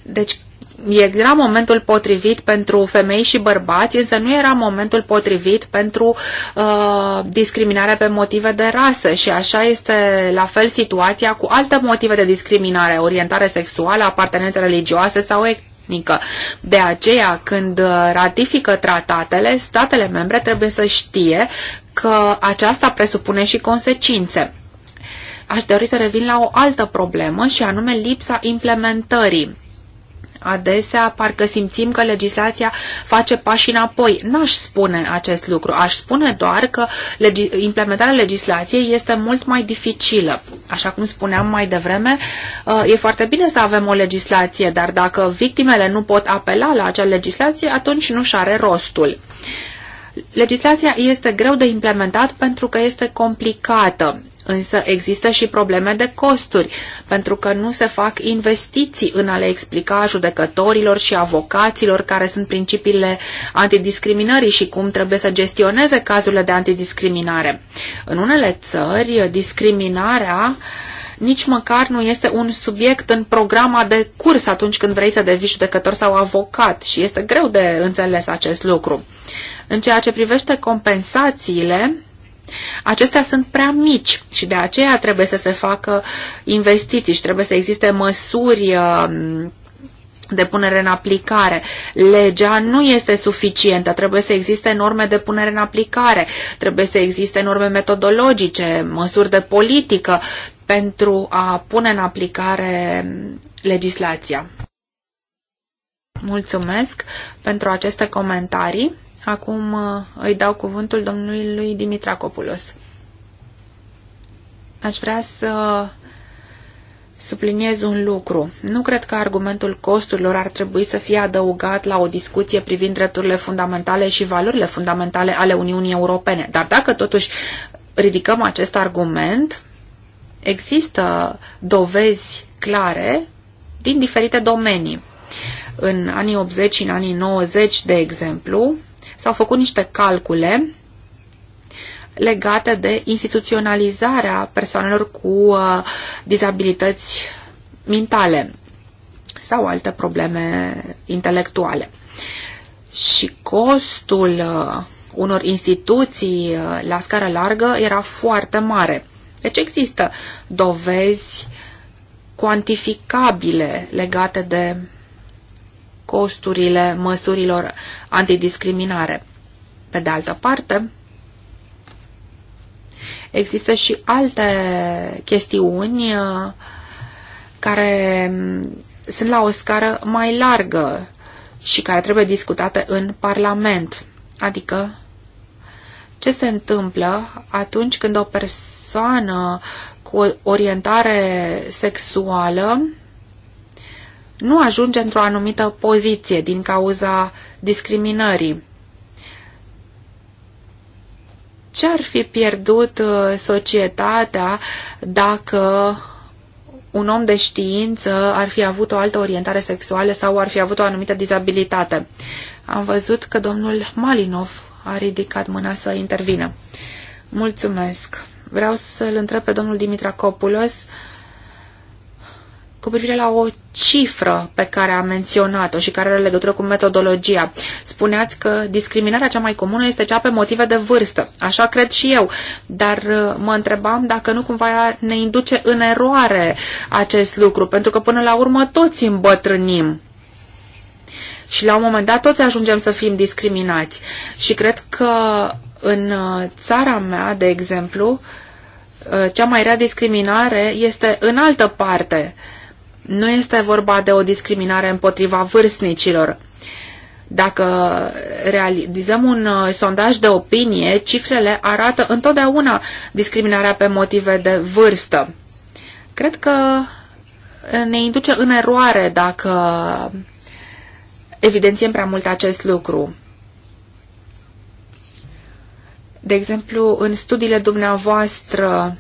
Speaker 2: Deci era momentul potrivit pentru femei și bărbați, însă nu era momentul potrivit pentru uh, discriminare pe motive de rasă și așa este la fel situația cu alte motive de discriminare, orientare sexuală, apartenență religioase sau etnică. De aceea, când ratifică tratatele, statele membre trebuie să știe că aceasta presupune și consecințe. Aș dori să revin la o altă problemă și anume lipsa implementării Adesea parcă simțim că legislația face pași înapoi. N-aș spune acest lucru, aș spune doar că legi implementarea legislației este mult mai dificilă. Așa cum spuneam mai devreme, uh, e foarte bine să avem o legislație, dar dacă victimele nu pot apela la acea legislație, atunci nu-și are rostul. Legislația este greu de implementat pentru că este complicată Însă există și probleme de costuri, pentru că nu se fac investiții în a le explica judecătorilor și avocaților care sunt principiile antidiscriminării și cum trebuie să gestioneze cazurile de antidiscriminare. În unele țări, discriminarea nici măcar nu este un subiect în programa de curs atunci când vrei să devii judecător sau avocat și este greu de înțeles acest lucru. În ceea ce privește compensațiile, Acestea sunt prea mici și de aceea trebuie să se facă investiții și trebuie să existe măsuri um, de punere în aplicare. Legea nu este suficientă, trebuie să existe norme de punere în aplicare, trebuie să existe norme metodologice, măsuri de politică pentru a pune în aplicare legislația. Mulțumesc pentru aceste comentarii. Acum uh, îi dau cuvântul domnului lui Dimitracopoulos. Aș vrea să subliniez un lucru. Nu cred că argumentul costurilor ar trebui să fie adăugat la o discuție privind drepturile fundamentale și valorile fundamentale ale Uniunii Europene. Dar dacă totuși ridicăm acest argument, există dovezi clare din diferite domenii. În anii 80 și în anii 90, de exemplu, S-au făcut niște calcule legate de instituționalizarea persoanelor cu uh, dizabilități mentale sau alte probleme intelectuale. Și costul uh, unor instituții uh, la scară largă era foarte mare. Deci există dovezi cuantificabile legate de costurile măsurilor antidiscriminare. Pe de altă parte, există și alte chestiuni uh, care mm, sunt la o scară mai largă și care trebuie discutate în Parlament. Adică, ce se întâmplă atunci când o persoană cu orientare sexuală nu ajunge într-o anumită poziție din cauza discriminării. Ce ar fi pierdut uh, societatea dacă un om de știință ar fi avut o altă orientare sexuală sau ar fi avut o anumită dizabilitate? Am văzut că domnul Malinov a ridicat mâna să intervină. Mulțumesc. Vreau să-l întreb pe domnul Dimitra Copulos uh, cu privire la o cifră pe care am menționat-o și care are legătură cu metodologia. Spuneați că discriminarea cea mai comună este cea pe motive de vârstă. Așa cred și eu, dar uh, mă întrebam dacă nu cumva ne induce în eroare acest lucru, pentru că până la urmă toți îmbătrânim. Și la un moment dat toți ajungem să fim discriminați. Și cred că în uh, țara mea, de exemplu, uh, cea mai rea discriminare este în altă parte nu este vorba de o discriminare împotriva vârstnicilor. Dacă realizăm un uh, sondaj de opinie, cifrele arată întotdeauna discriminarea pe motive de vârstă. Cred că ne induce în eroare dacă evidențiem prea mult acest lucru. De exemplu, în studiile dumneavoastră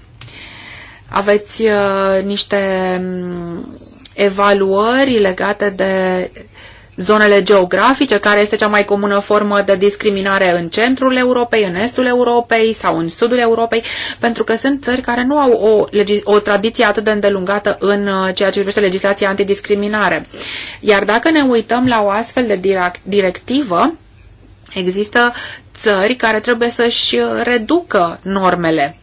Speaker 2: aveți uh, niște mm, evaluări legate de zonele geografice, care este cea mai comună formă de discriminare în centrul Europei, în estul Europei sau în sudul Europei, pentru că sunt țări care nu au o, o tradiție atât de îndelungată în uh, ceea ce privește legislația antidiscriminare. Iar dacă ne uităm la o astfel de directivă, există țări care trebuie să-și uh, reducă normele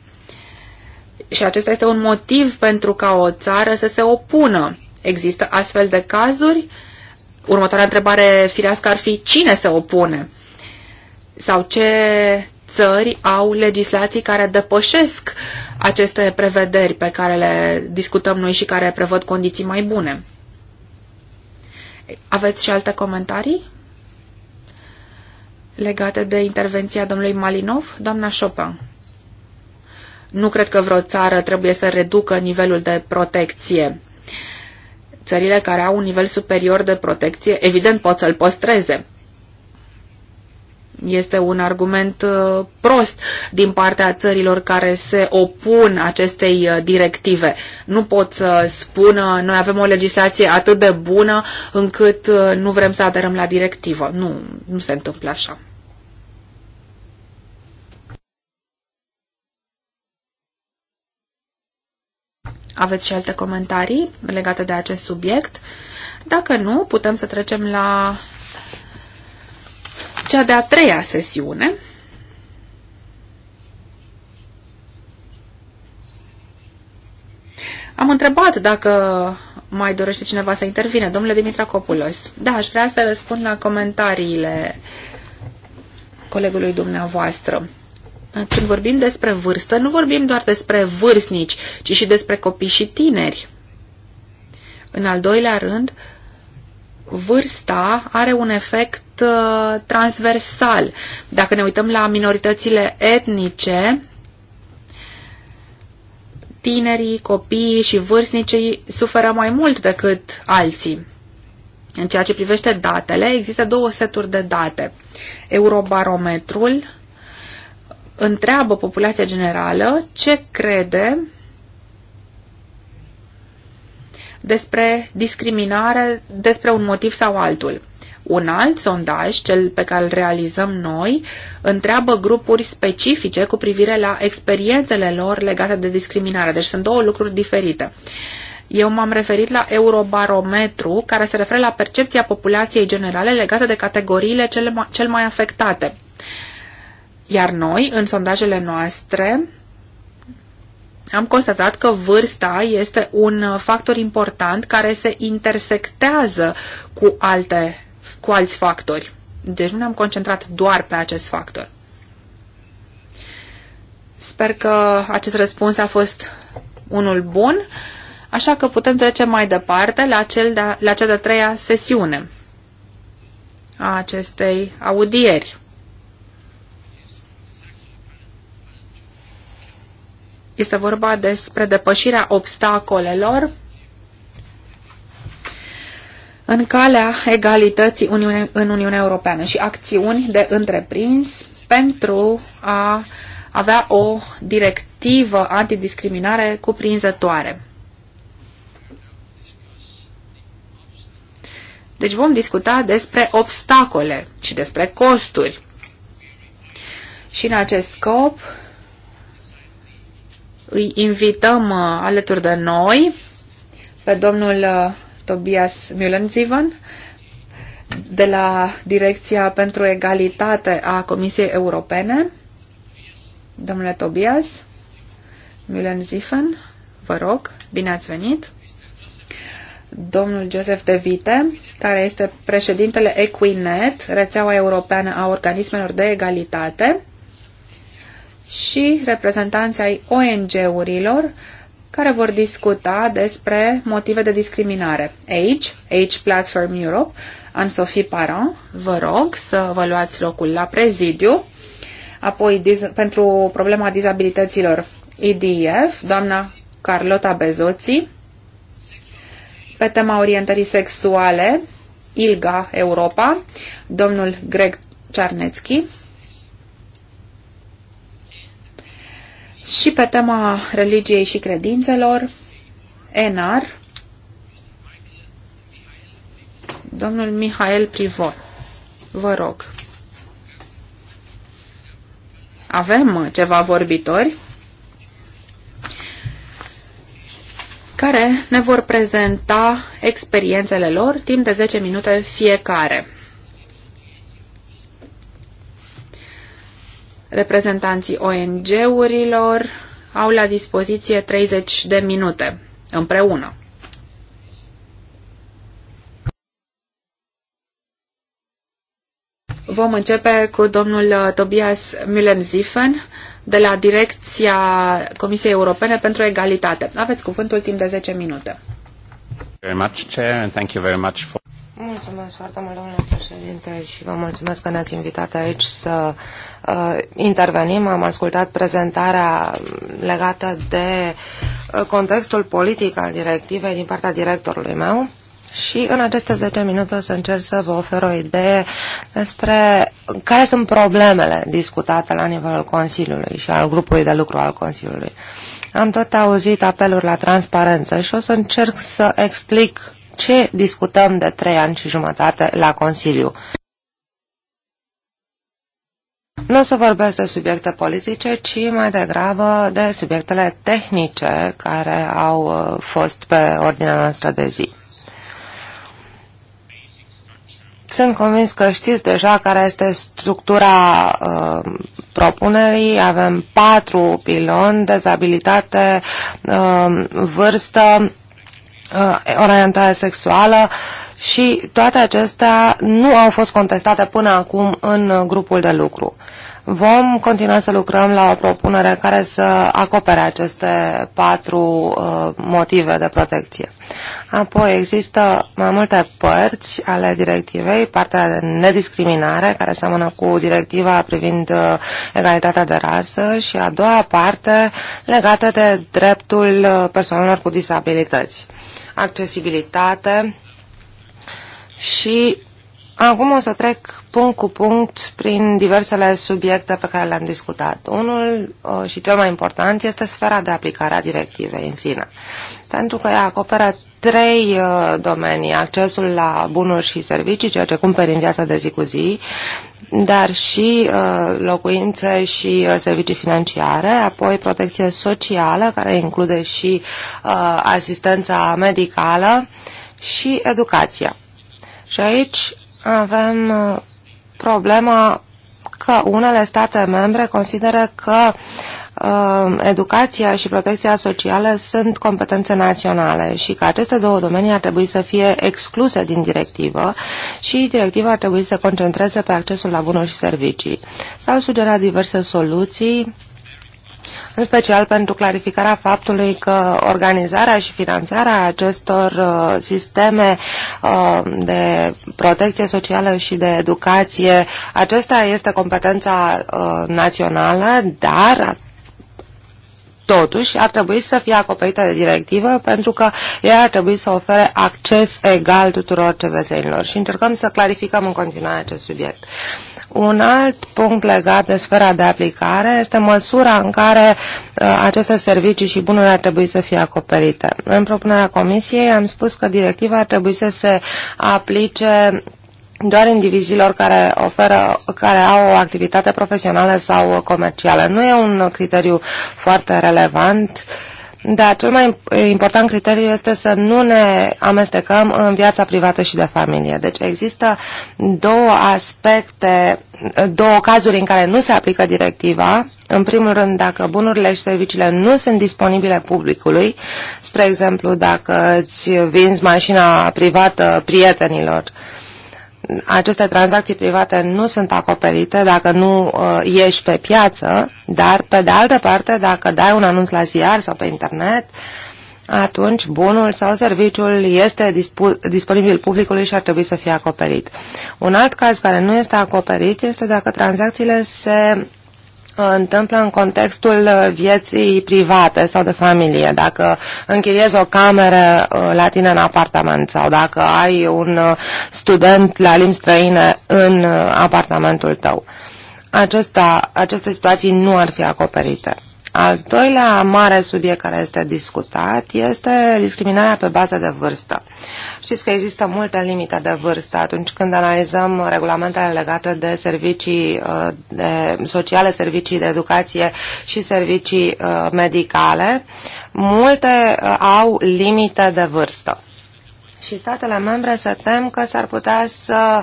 Speaker 2: și acesta este un motiv pentru ca o țară să se opună. Există astfel de cazuri? Următoarea întrebare firească ar fi cine se opune? Sau ce țări au legislații care depășesc aceste prevederi pe care le discutăm noi și care prevăd condiții mai bune? Aveți și alte comentarii legate de intervenția domnului Malinov? Doamna Chopin. Nu cred că vreo țară trebuie să reducă nivelul de protecție. Țările care au un nivel superior de protecție, evident, pot să-l păstreze. Este un argument uh, prost din partea țărilor care se opun acestei uh, directive. Nu pot să spună, uh, noi avem o legislație atât de bună încât nu vrem să aderăm la directivă. Nu, nu se întâmplă așa. aveți și alte comentarii legate de acest subiect. Dacă nu, putem să trecem la cea de-a treia sesiune. Am întrebat dacă mai dorește cineva să intervine. Domnule Dimitra Copulos, da, aș vrea să răspund la comentariile colegului dumneavoastră. Când vorbim despre vârstă, nu vorbim doar despre vârstnici, ci și despre copii și tineri. În al doilea rând, vârsta are un efect uh, transversal. Dacă ne uităm la minoritățile etnice, tinerii, copiii și vârstnicii suferă mai mult decât alții. În ceea ce privește datele, există două seturi de date. Eurobarometrul întreabă populația generală ce crede despre discriminare, despre un motiv sau altul. Un alt sondaj, cel pe care îl realizăm noi, întreabă grupuri specifice cu privire la experiențele lor legate de discriminare. Deci sunt două lucruri diferite. Eu m-am referit la Eurobarometru, care se referă la percepția populației generale legată de categoriile cele mai, cel mai afectate. Iar noi, în sondajele noastre, am constatat că vârsta este un factor important care se intersectează cu, alte, cu alți factori. Deci nu ne-am concentrat doar pe acest factor. Sper că acest răspuns a fost unul bun, așa că putem trece mai departe la, cel de, la cea de-a treia sesiune a acestei audieri. Este vorba despre depășirea obstacolelor în calea egalității Uniune, în Uniunea Europeană și acțiuni de întreprins pentru a avea o directivă antidiscriminare cuprinzătoare. Deci vom discuta despre obstacole și despre costuri. Și în acest scop îi invităm uh, alături de noi pe domnul uh, Tobias Mühlenzivan de la Direcția pentru Egalitate a Comisiei Europene. Domnule Tobias Mühlenzivan, vă rog, bine ați venit! domnul Joseph De Vite, care este președintele Equinet, rețeaua europeană a organismelor de egalitate, și reprezentanții ai ONG-urilor care vor discuta despre motive de discriminare. Age, Age Platform Europe, Anne-Sophie Paran, vă rog să vă luați locul la prezidiu. Apoi, pentru problema dizabilităților, IDF, doamna Carlota Bezoți, pe tema orientării sexuale, ILGA Europa, domnul Greg Czarnecki, și pe tema religiei și credințelor, ENAR, domnul Mihail Privon. Vă rog. Avem ceva vorbitori care ne vor prezenta experiențele lor timp de 10 minute fiecare. Reprezentanții ONG-urilor au la dispoziție 30 de minute împreună. Vom începe cu domnul uh, Tobias Müllem-Ziffen de la Direcția Comisiei Europene pentru Egalitate. Aveți cuvântul timp de 10 minute.
Speaker 1: Very much, Chair, and thank you very much for...
Speaker 3: Mulțumesc foarte mult, domnule președinte, și vă mulțumesc că ne-ați invitat aici să uh, intervenim. Am ascultat prezentarea legată de uh, contextul politic al directivei din partea directorului meu și în aceste 10 minute o să încerc să vă ofer o idee despre care sunt problemele discutate la nivelul Consiliului și al grupului de lucru al Consiliului. Am tot auzit apeluri la transparență și o să încerc să explic ce discutăm de trei ani și jumătate la Consiliu. Nu o să vorbesc de subiecte politice, ci mai degrabă de subiectele tehnice care au uh, fost pe ordinea noastră de zi. Sunt convins că știți deja care este structura uh, propunerii. Avem patru piloni, dezabilitate, uh, vârstă, Uh, orientare sexuală și toate acestea nu au fost contestate până acum în grupul de lucru. Vom continua să lucrăm la o propunere care să acopere aceste patru uh, motive de protecție. Apoi există mai multe părți ale directivei, partea de nediscriminare, care seamănă cu directiva privind uh, egalitatea de rasă și a doua parte legată de dreptul uh, persoanelor cu disabilități accesibilitate și acum o să trec punct cu punct prin diversele subiecte pe care le-am discutat. Unul uh, și cel mai important este sfera de aplicare a directivei în sine, pentru că ea acoperă trei uh, domenii, accesul la bunuri și servicii, ceea ce cumperi în viața de zi cu zi, dar și uh, locuințe și uh, servicii financiare, apoi protecție socială, care include și asistența medicală și educația. Și aici avem problema că unele state membre consideră că uh, Um, educația și protecția socială sunt competențe naționale și că aceste două domenii ar trebui să fie excluse din directivă și directiva ar trebui să concentreze pe accesul la bunuri și servicii. S-au sugerat diverse soluții în special pentru clarificarea faptului că organizarea și finanțarea acestor uh, sisteme uh, de protecție socială și de educație, acesta este competența uh, națională, dar totuși ar trebui să fie acoperită de directivă pentru că ea ar trebui să ofere acces egal tuturor cetățenilor și încercăm să clarificăm în continuare acest subiect. Un alt punct legat de sfera de aplicare este măsura în care uh, aceste servicii și bunuri ar trebui să fie acoperite. În propunerea Comisiei am spus că directiva ar trebui să se aplice doar indivizilor care, oferă, care au o activitate profesională sau comercială. Nu e un criteriu foarte relevant, dar cel mai important criteriu este să nu ne amestecăm în viața privată și de familie. Deci există două aspecte, două cazuri în care nu se aplică directiva. În primul rând, dacă bunurile și serviciile nu sunt disponibile publicului, spre exemplu, dacă îți vinzi mașina privată prietenilor, uh, aceste tranzacții private nu sunt acoperite dacă nu uh, ieși pe piață, dar pe de altă parte, dacă dai un anunț la ziar sau pe internet, atunci bunul sau serviciul este disponibil publicului și ar trebui să fie acoperit. Un alt caz care nu este acoperit este dacă tranzacțiile se Uh, întâmplă în contextul uh, vieții private sau de familie. Dacă închiriezi o cameră uh, la tine în apartament sau dacă ai un student la limbi străine în apartamentul tău. Acesta, aceste situații nu ar fi acoperite. Al doilea mare subiect care este discutat este discriminarea pe bază de vârstă. Știți că există multe limite de vârstă atunci când analizăm regulamentele legate de servicii uh, de sociale, servicii de educație și servicii uh, medicale. Multe uh, au limite de vârstă și statele membre se tem că s-ar putea să,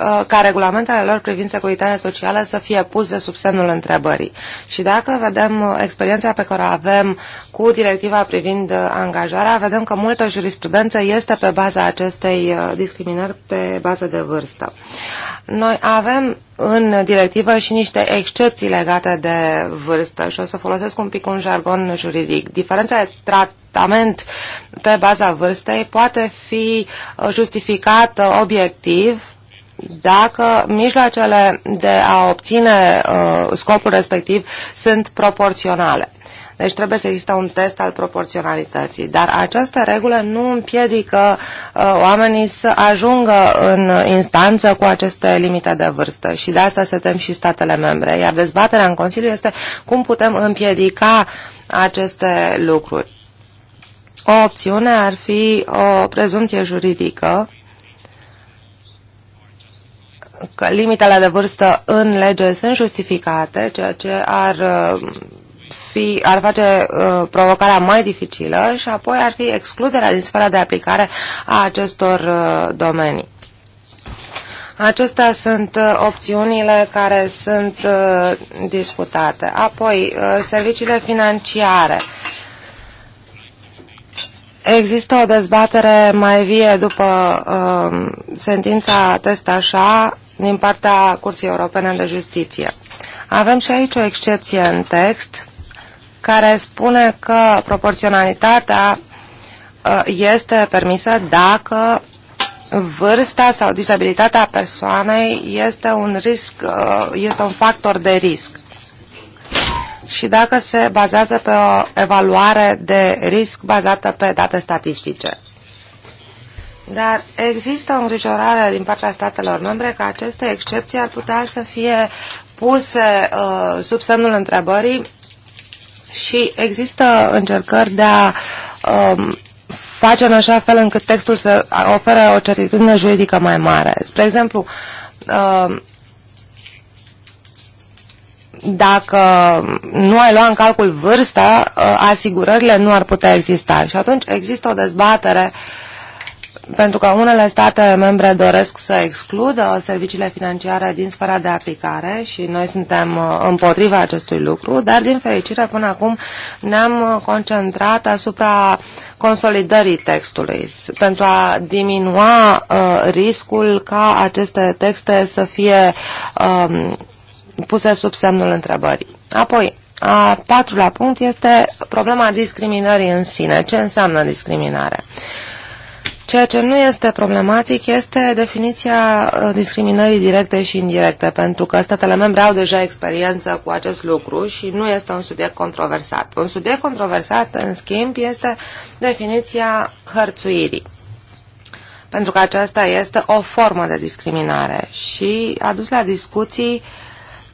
Speaker 3: uh, ca regulamentele lor privind securitatea socială să fie puse sub semnul întrebării. Și dacă vedem uh, experiența pe care o avem cu directiva privind uh, angajarea, vedem că multă jurisprudență este pe baza acestei discriminări pe bază de vârstă. Noi avem în directivă și niște excepții legate de vârstă și o să folosesc un pic un jargon juridic. Diferența de trat tratament pe baza vârstei poate fi uh, justificat uh, obiectiv dacă mijloacele de a obține uh, scopul respectiv sunt proporționale. Deci trebuie să existe un test al proporționalității. Dar această regulă nu împiedică uh, oamenii să ajungă în instanță cu aceste limite de vârstă și de asta se tem și statele membre. Iar dezbaterea în Consiliu este cum putem împiedica aceste lucruri. O opțiune ar fi o prezumție juridică că limitele de vârstă în lege sunt justificate, ceea ce ar, uh, fi, ar face uh, provocarea mai dificilă și apoi ar fi excluderea din sfera de aplicare a acestor uh, domenii. Acestea sunt opțiunile care sunt discutate. Apoi, serviciile financiare. Există o dezbatere mai vie după uh, sentința test așa din partea Curții Europene de Justiție. Avem și aici o excepție în text care spune că proporționalitatea uh, este permisă dacă vârsta sau disabilitatea persoanei este un risc, uh, este un factor de risc și dacă se bazează pe o evaluare de risc bazată pe date statistice. Dar există o îngrijorare din partea statelor membre că aceste excepții ar putea să fie puse uh, sub semnul întrebării și există încercări de a uh, face în așa fel încât textul să ofere o certitudine juridică mai mare. Spre exemplu, uh, dacă nu ai lua în calcul vârsta, ă, asigurările nu ar putea exista. Și atunci există o dezbatere pentru că unele state membre doresc să excludă serviciile financiare din sfera de aplicare și noi suntem ă, împotriva acestui lucru, dar din fericire până acum ne-am concentrat asupra consolidării textului pentru a diminua uh, riscul ca aceste texte să fie uh, puse sub semnul întrebării. Apoi, a patrulea punct este problema discriminării în sine. Ce înseamnă discriminare? Ceea ce nu este problematic este definiția uh, discriminării directe și indirecte, pentru că statele membre au deja experiență cu acest lucru și nu este un subiect controversat. Un subiect controversat, în schimb, este definiția hărțuirii, pentru că aceasta este o formă de discriminare și a dus la discuții uh,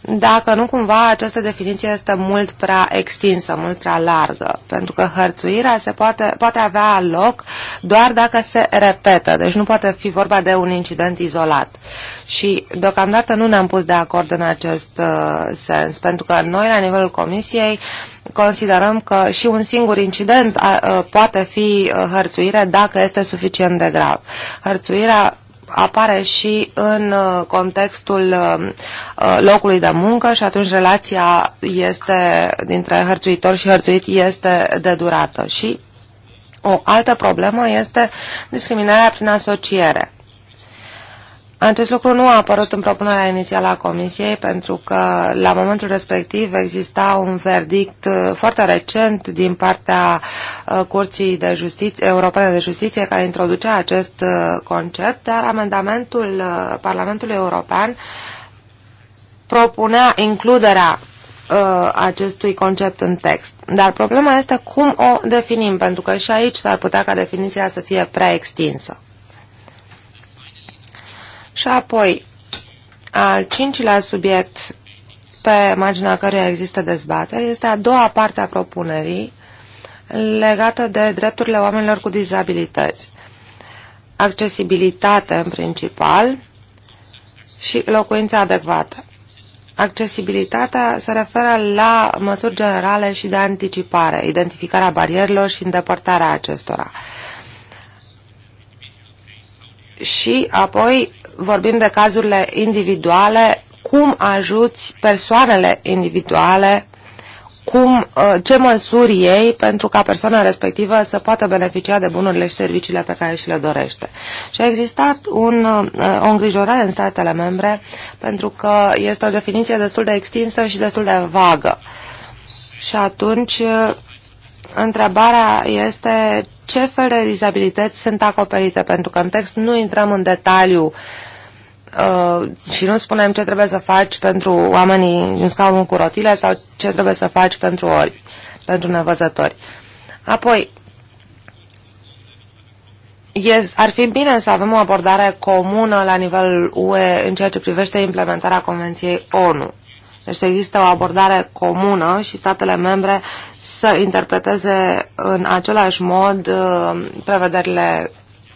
Speaker 3: dacă nu cumva această definiție este mult prea extinsă, mult prea largă, pentru că hărțuirea se poate, poate avea loc doar dacă se repetă, deci nu poate fi vorba de un incident izolat. Și deocamdată nu ne-am pus de acord în acest uh, sens, pentru că noi la nivelul comisiei considerăm că și un singur incident a, uh, a, poate fi uh, hărțuire dacă este suficient de grav. Hărțuirea apare și în uh, contextul uh, uh, locului de muncă și atunci relația este dintre hărțuitor și hărțuit este de durată. Și o altă problemă este discriminarea prin asociere. Acest lucru nu a apărut în propunerea inițială a Comisiei pentru că la momentul respectiv exista un verdict uh, foarte recent din partea uh, Curții de Justiție, Europene de Justiție care introducea acest uh, concept, dar amendamentul Parlamentului European propunea includerea acestui concept în text. Dar problema este cum o definim, pentru că și aici s-ar putea ca definiția să fie prea extinsă. Și apoi, al cincilea subiect pe marginea căruia există dezbateri este a doua parte a propunerii legată de drepturile oamenilor cu dizabilități. Accesibilitate în principal și locuința adecvată. Accesibilitatea se referă la măsuri generale și de anticipare, identificarea barierelor și îndepărtarea acestora. Și apoi vorbim de cazurile individuale, cum ajuți persoanele individuale, cum, uh, ce măsuri ei pentru ca persoana respectivă să poată beneficia de bunurile și serviciile pe care și le dorește. Și a existat un, uh, o îngrijorare în statele membre pentru că este o definiție destul de extinsă și destul de vagă. Și atunci uh, întrebarea este ce fel de dizabilități sunt acoperite, pentru că în text nu intrăm în detaliu uh, și nu spunem ce trebuie să faci pentru oamenii din scaunul cu rotile sau ce trebuie să faci pentru ori, pentru nevăzători. Apoi, Yes, ar fi bine să avem o abordare comună la nivelul UE în ceea ce privește implementarea Convenției ONU. Deci să există o abordare comună și statele membre să interpreteze în același mod uh, prevederile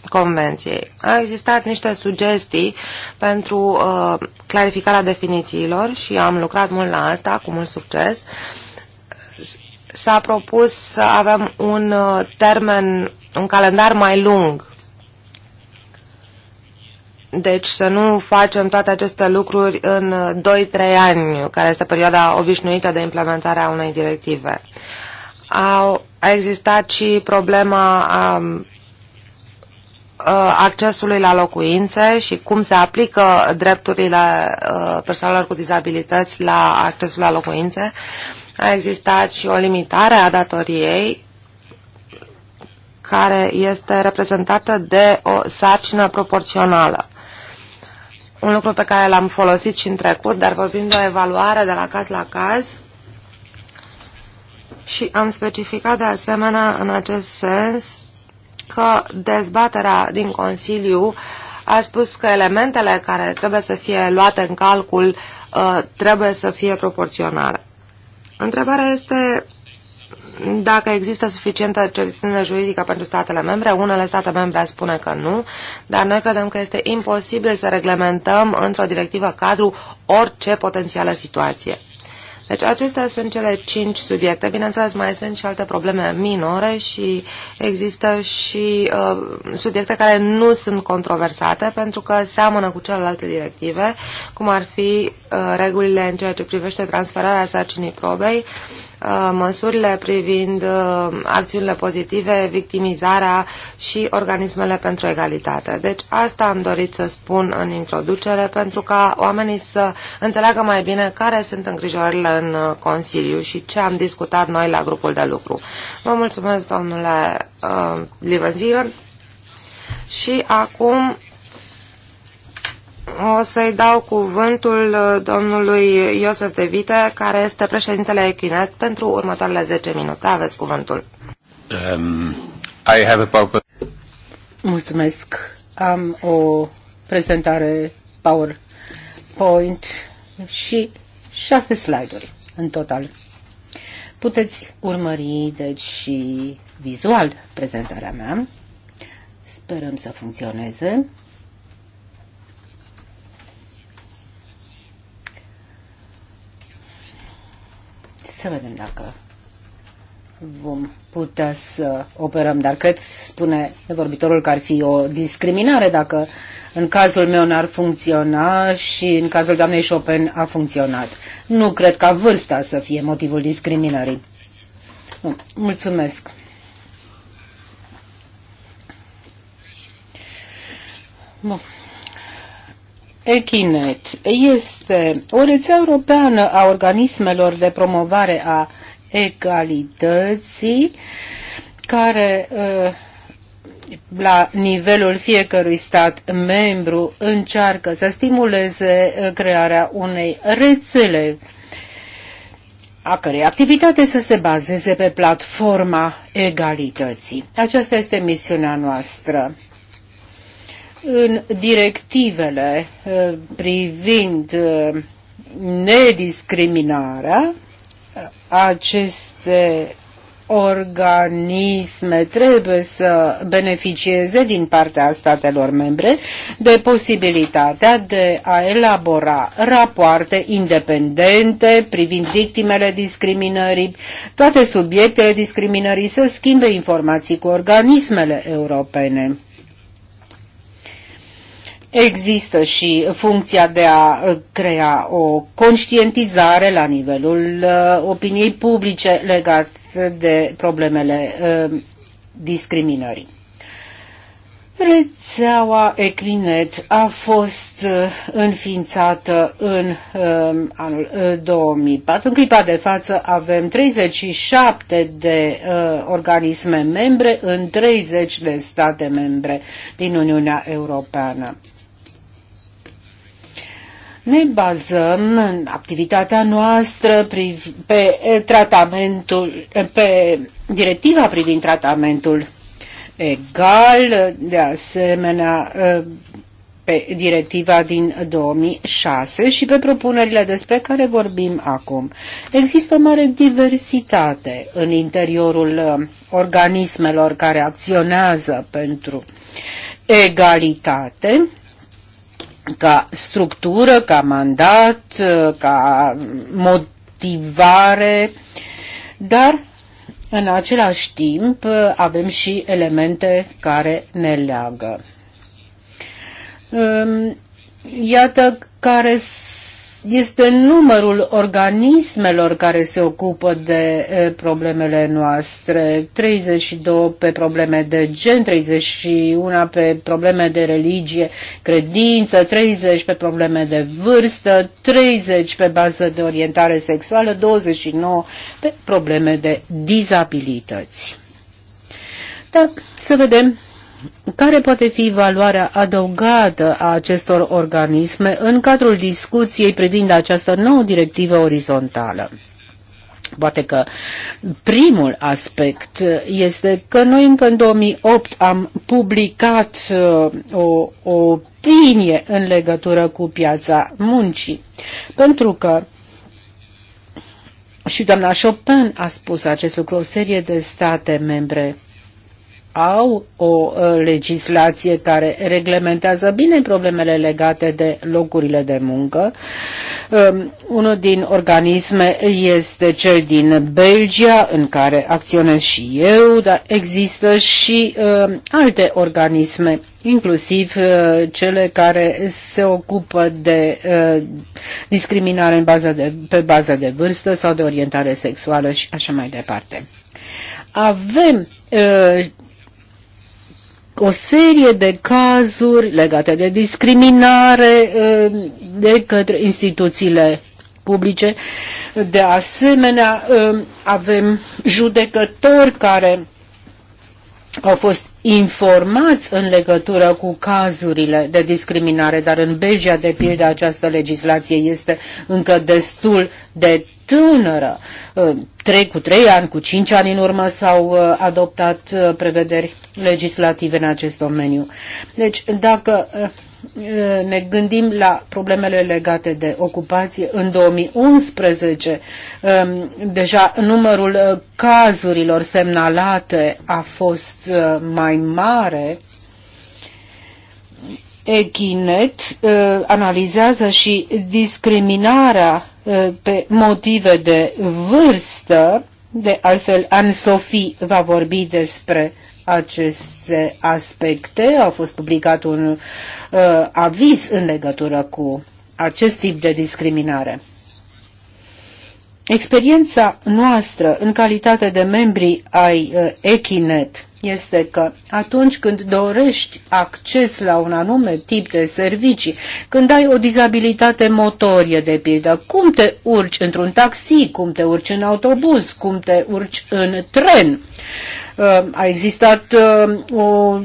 Speaker 3: Convenției. A existat niște sugestii pentru uh, clarificarea definițiilor și am lucrat mult la asta, cu mult succes. S-a propus să avem un uh, termen, un calendar mai lung deci să nu facem toate aceste lucruri în 2-3 ani, care este perioada obișnuită de implementare a unei directive. Au, a existat și problema a, um, a, uh, accesului la locuințe și cum se aplică drepturile uh, persoanelor cu dizabilități la accesul la locuințe. A existat și o limitare a datoriei care este reprezentată de o sarcină proporțională un lucru pe care l-am folosit și în trecut, dar vorbim de o evaluare de la caz la caz și am specificat de asemenea în acest sens că dezbaterea din Consiliu a spus că elementele care trebuie să fie luate în calcul uh, trebuie să fie proporționale. Întrebarea este dacă există suficientă certitudine juridică pentru statele membre. Unele state membre spune că nu, dar noi credem că este imposibil să reglementăm într-o directivă cadru orice potențială situație. Deci acestea sunt cele cinci subiecte. Bineînțeles, mai sunt și alte probleme minore și există și uh, subiecte care nu sunt controversate pentru că seamănă cu celelalte directive, cum ar fi uh, regulile în ceea ce privește transferarea sarcinii probei, Uh, măsurile privind uh, acțiunile pozitive, victimizarea și organismele pentru egalitate. Deci asta am dorit să spun în introducere pentru ca oamenii să înțeleagă mai bine care sunt îngrijorările în uh, Consiliu și ce am discutat noi la grupul de lucru. Vă mulțumesc, domnule uh, Livenziger. Și acum o să-i dau cuvântul uh, domnului Iosef De Vite, care este președintele Echinet, pentru următoarele 10 minute. Aveți cuvântul.
Speaker 1: Um, I have a power...
Speaker 4: Mulțumesc. Am o prezentare PowerPoint și șase slide-uri în total. Puteți urmări, deci, și vizual prezentarea mea. Sperăm să funcționeze. Să vedem dacă vom putea să operăm, dar cred, spune vorbitorul, că ar fi o discriminare dacă în cazul meu n-ar funcționa și în cazul doamnei Chopin a funcționat. Nu cred ca vârsta să fie motivul discriminării. Mulțumesc. Bun. Echinet este o rețea europeană a organismelor de promovare a egalității care uh, la nivelul fiecărui stat membru încearcă să stimuleze uh, crearea unei rețele a cărei activitate să se bazeze pe platforma egalității. Aceasta este misiunea noastră în directivele uh, privind uh, nediscriminarea, uh, aceste organisme trebuie să beneficieze din partea statelor membre de posibilitatea de a elabora rapoarte independente privind victimele discriminării. Toate subiectele discriminării să schimbe informații cu organismele europene. Există și funcția de a uh, crea o conștientizare la nivelul uh, opiniei publice legat de problemele uh, discriminării. Rețeaua Eclinet a fost înființată în anul 2004. În clipa de față avem 37 de organisme membre în 30 de state membre din Uniunea Europeană. Ne bazăm în activitatea noastră pe tratamentul, pe directiva privind tratamentul egal, de asemenea pe directiva din 2006 și pe propunerile despre care vorbim acum. Există o mare diversitate în interiorul organismelor care acționează pentru egalitate ca structură, ca mandat, ca motivare, dar în același timp avem și elemente care ne leagă. Iată care este numărul organismelor care se ocupă de problemele noastre. 32 pe probleme de gen, 31 pe probleme de religie, credință, 30 pe probleme de vârstă, 30 pe bază de orientare sexuală, 29 pe probleme de dizabilități. Da, să vedem care poate fi valoarea adăugată a acestor organisme în cadrul discuției privind această nouă directivă orizontală? Poate că primul aspect este că noi încă în 2008 am publicat o, uh, o opinie în legătură cu piața muncii, pentru că și doamna Chopin a spus acest lucru, o serie de state membre au o uh, legislație care reglementează bine problemele legate de locurile de muncă. Um, unul din organisme este cel din Belgia, în care acționez și eu, dar există și um, alte organisme inclusiv uh, cele care se ocupă de uh, discriminare în bază de, pe bază de vârstă sau de orientare sexuală și așa mai departe. Avem o serie de cazuri legate de discriminare uh, de către instituțiile publice. De asemenea, um, avem judecători care au fost informați în legătură cu cazurile de discriminare, dar în Belgia, de pildă, această legislație este încă destul de tânără. Uh, trei cu trei ani, cu cinci ani în urmă s-au uh, adoptat prevederi legislative în acest domeniu. Deci, dacă eh, ne gândim la problemele legate de ocupație, în 2011 eh, deja numărul eh, cazurilor semnalate a fost mai mare. Echinet analizează și discriminarea pe motive de vârstă, de altfel Anne-Sophie va vorbi despre aceste aspecte. Au fost publicat un uh, aviz în legătură cu acest tip de discriminare. Experiența noastră în calitate de membri ai uh, Echinet este că atunci când dorești acces la un anume tip de servicii, când ai o dizabilitate motorie de pildă, cum te urci într-un taxi, cum te urci în autobuz, cum te urci în tren. Uh, a existat uh, o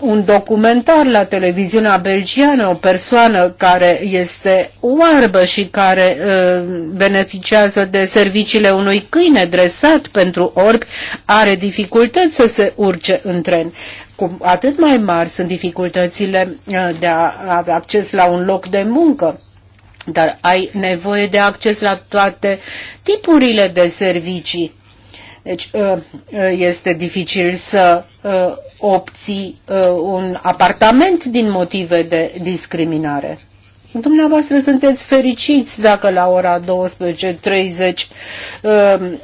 Speaker 4: un documentar la televiziunea belgiană, o persoană care este oarbă și care uh, beneficiază de serviciile unui câine dresat pentru orbi, are dificultăți să se urce în tren. Cu atât mai mari sunt dificultățile uh, de a avea acces la un loc de muncă dar ai nevoie de acces la toate tipurile de servicii. Deci uh, uh, este dificil să uh, obții uh, un apartament din motive de discriminare. Dumneavoastră sunteți fericiți dacă la ora 12.30 uh,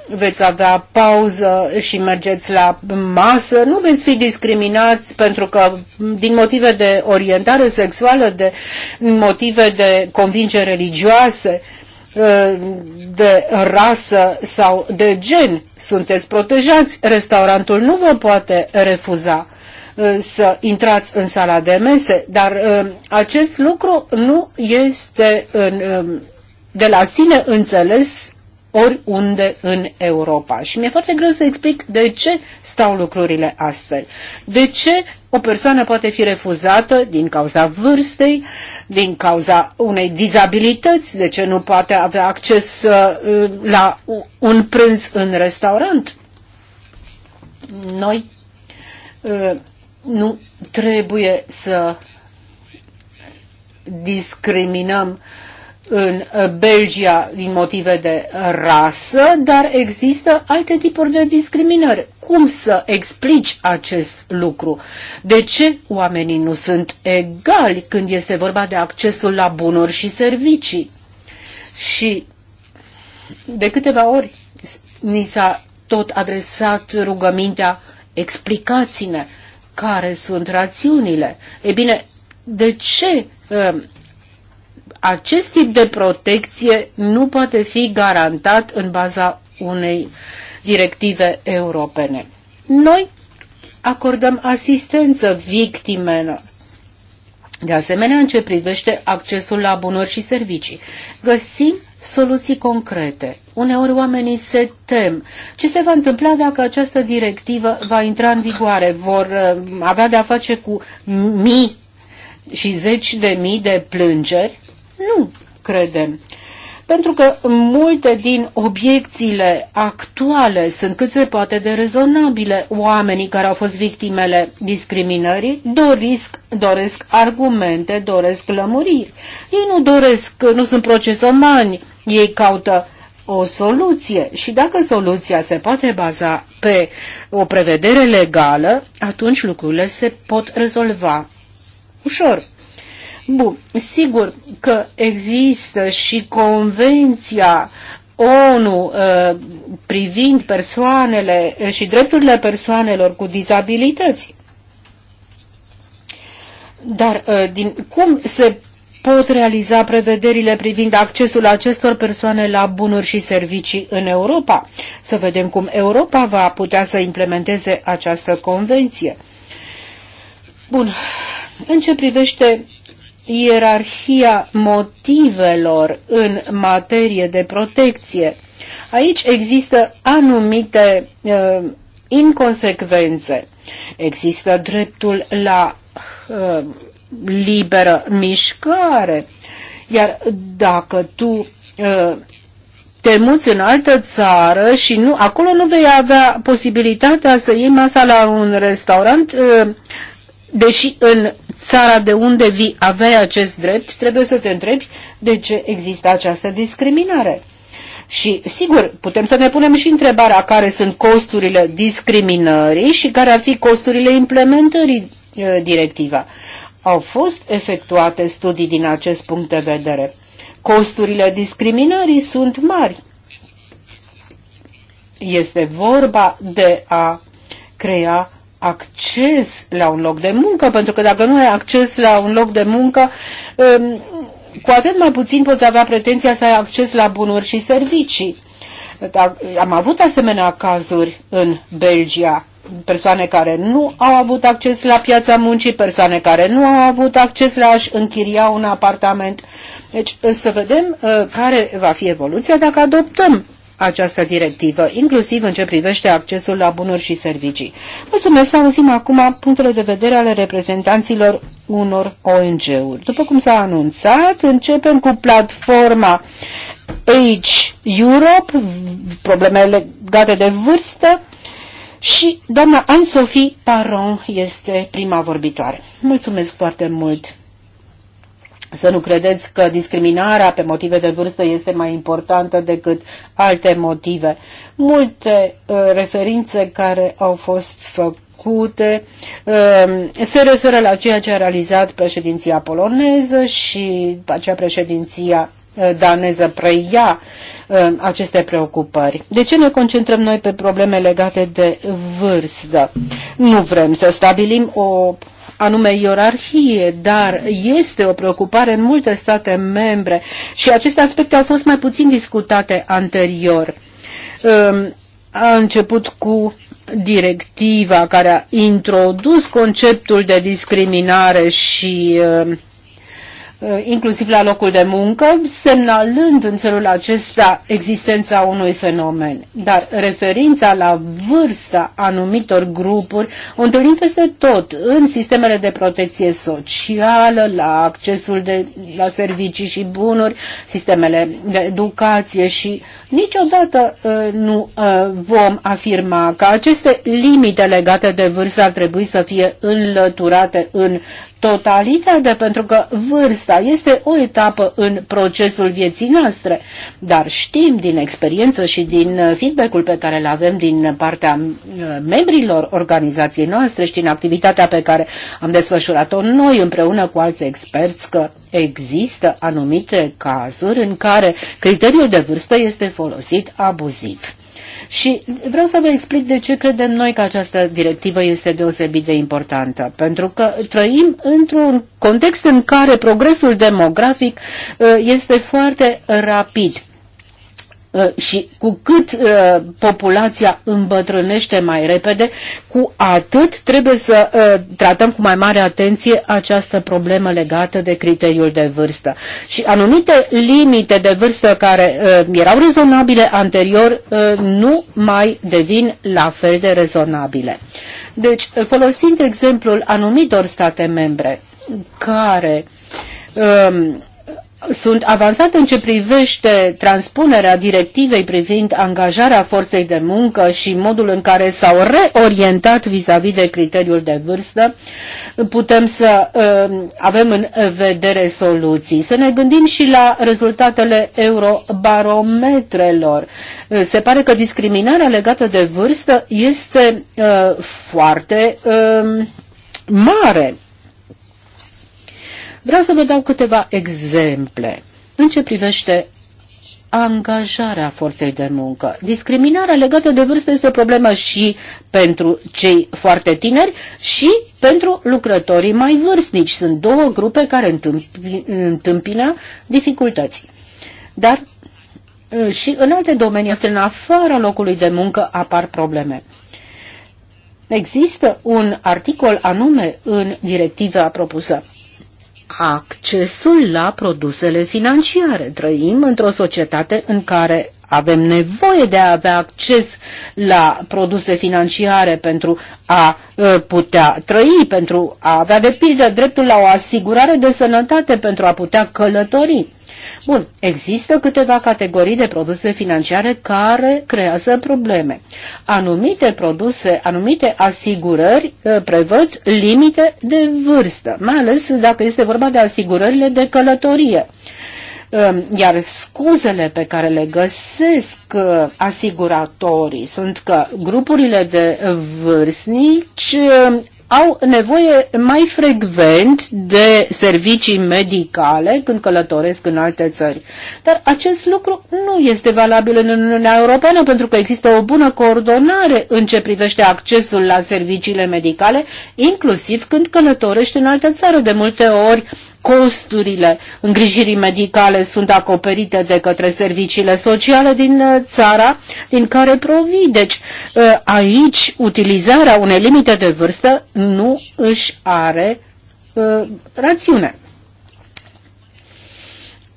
Speaker 4: veți avea pauză și mergeți la masă. Nu veți fi discriminați pentru că din motive de orientare sexuală, de motive de convingeri religioase, Uh, de rasă sau de gen. Sunteți protejați, restaurantul nu vă poate refuza uh, să intrați în sala de mese, dar uh, acest lucru nu este um, de la sine înțeles oriunde în Europa. Și mi-e foarte greu să explic de ce stau lucrurile astfel. De ce o persoană poate fi refuzată din cauza vârstei, din cauza unei dizabilități, de ce nu poate avea acces uh, la un prânz în restaurant. Noi uh, nu trebuie să discriminăm în uh, Belgia din motive de rasă, dar există alte tipuri de discriminări. Cum să explici acest lucru? De ce oamenii nu sunt egali când este vorba de accesul la bunuri și servicii? Și de câteva ori ni s-a tot adresat rugămintea explicați-ne care sunt rațiunile. E bine, de ce uh, acest tip de protecție nu poate fi garantat în baza unei directive europene. Noi acordăm asistență victimelor. De asemenea, în ce privește accesul la bunuri și servicii, găsim soluții concrete. Uneori oamenii se tem. Ce se va întâmpla dacă această directivă va intra în vigoare? Vor uh, avea de-a face cu mii și zeci de mii de plângeri nu credem. Pentru că multe din obiecțiile actuale sunt cât se poate de rezonabile. Oamenii care au fost victimele discriminării doresc, doresc argumente, doresc lămuriri. Ei nu doresc, nu sunt procesomani, ei caută o soluție și dacă soluția se poate baza pe o prevedere legală, atunci lucrurile se pot rezolva ușor. Bun, sigur că există și convenția ONU uh, privind persoanele uh, și drepturile persoanelor cu dizabilități. Dar uh, din, cum se pot realiza prevederile privind accesul acestor persoane la bunuri și servicii în Europa? Să vedem cum Europa va putea să implementeze această convenție. Bun, în ce privește ierarhia motivelor în materie de protecție. Aici există anumite uh, inconsecvențe. Există dreptul la uh, liberă mișcare, iar dacă tu uh, te muți în altă țară și nu, acolo nu vei avea posibilitatea să iei masa la un restaurant, uh, deși în țara de unde vii avea acest drept, trebuie să te întrebi de ce există această discriminare. Și, sigur, putem să ne punem și întrebarea care sunt costurile discriminării și care ar fi costurile implementării e, directiva. Au fost efectuate studii din acest punct de vedere. Costurile discriminării sunt mari. Este vorba de a crea acces la un loc de muncă, pentru că dacă nu ai acces la un loc de muncă, um, cu atât mai puțin poți avea pretenția să ai acces la bunuri și servicii. Am avut asemenea cazuri în Belgia, persoane care nu au avut acces la piața muncii, persoane care nu au avut acces la a-și închiria un apartament. Deci să vedem uh, care va fi evoluția dacă adoptăm această directivă, inclusiv în ce privește accesul la bunuri și servicii. Mulțumesc să auzim acum punctele de vedere ale reprezentanților unor ONG-uri. După cum s-a anunțat, începem cu platforma Age Europe, probleme legate de vârstă, și doamna Anne-Sophie Paron este prima vorbitoare. Mulțumesc foarte mult! Să nu credeți că discriminarea pe motive de vârstă este mai importantă decât alte motive. Multe uh, referințe care au fost făcute uh, se referă la ceea ce a realizat președinția poloneză și acea președinția uh, daneză preia uh, aceste preocupări. De ce ne concentrăm noi pe probleme legate de vârstă? Nu vrem să stabilim o anume ierarhie, dar este o preocupare în multe state membre și aceste aspecte au fost mai puțin discutate anterior. Ehm, a început cu directiva care a introdus conceptul de discriminare și uh, Uh, inclusiv la locul de muncă, semnalând în felul acesta existența unui fenomen. Dar referința la vârsta anumitor grupuri o întâlnim peste tot, în sistemele de protecție socială, la accesul de, la servicii și bunuri, sistemele de educație și niciodată uh, nu uh, vom afirma că aceste limite legate de vârstă ar trebui să fie înlăturate în totalitate, pentru că vârsta este o etapă în procesul vieții noastre. Dar știm din experiență și din uh, feedback-ul pe care îl avem din partea uh, membrilor organizației noastre și din activitatea pe care am desfășurat-o noi împreună cu alți experți că există anumite cazuri în care criteriul de vârstă este folosit abuziv. Și vreau să vă explic de ce credem noi că această directivă este deosebit de importantă. Pentru că trăim într-un context în care progresul demografic uh, este foarte rapid Uh, și cu cât uh, populația îmbătrânește mai repede, cu atât trebuie să uh, tratăm cu mai mare atenție această problemă legată de criteriul de vârstă. Și anumite limite de vârstă care uh, erau rezonabile anterior uh, nu mai devin la fel de rezonabile. Deci, uh, folosind exemplul anumitor state membre care uh, sunt avansate în ce privește transpunerea directivei privind angajarea forței de muncă și modul în care s-au reorientat vis-a-vis -vis de criteriul de vârstă, putem să uh, avem în vedere soluții. Să ne gândim și la rezultatele eurobarometrelor. Se pare că discriminarea legată de vârstă este uh, foarte uh, mare Vreau să vă dau câteva exemple. În ce privește angajarea forței de muncă. Discriminarea legată de vârstă este o problemă și pentru cei foarte tineri și pentru lucrătorii mai vârstnici. Sunt două grupe care întâmpină dificultăți. Dar uh, și în alte domenii, este în afara locului de muncă, apar probleme. Există un articol anume în directiva propusă accesul la produsele financiare. Trăim într-o societate în care avem nevoie de a avea acces la produse financiare pentru a ă, putea trăi, pentru a avea de pildă dreptul la o asigurare de sănătate, pentru a putea călători. Bun, există câteva categorii de produse financiare care creează probleme. Anumite produse, anumite asigurări ă, prevăd limite de vârstă, mai ales dacă este vorba de asigurările de călătorie. Ehm, iar scuzele pe care le găsesc uh, asiguratorii sunt că grupurile de vârstnici uh, au nevoie mai frecvent de servicii medicale când călătoresc în alte țări. Dar acest lucru nu este valabil în Uniunea Europeană pentru că există o bună coordonare în ce privește accesul la serviciile medicale, inclusiv când călătorești în altă țară. De multe ori costurile îngrijirii medicale sunt acoperite de către serviciile sociale din uh, țara din care provii. Deci uh, aici utilizarea unei limite de vârstă nu își are uh, rațiune.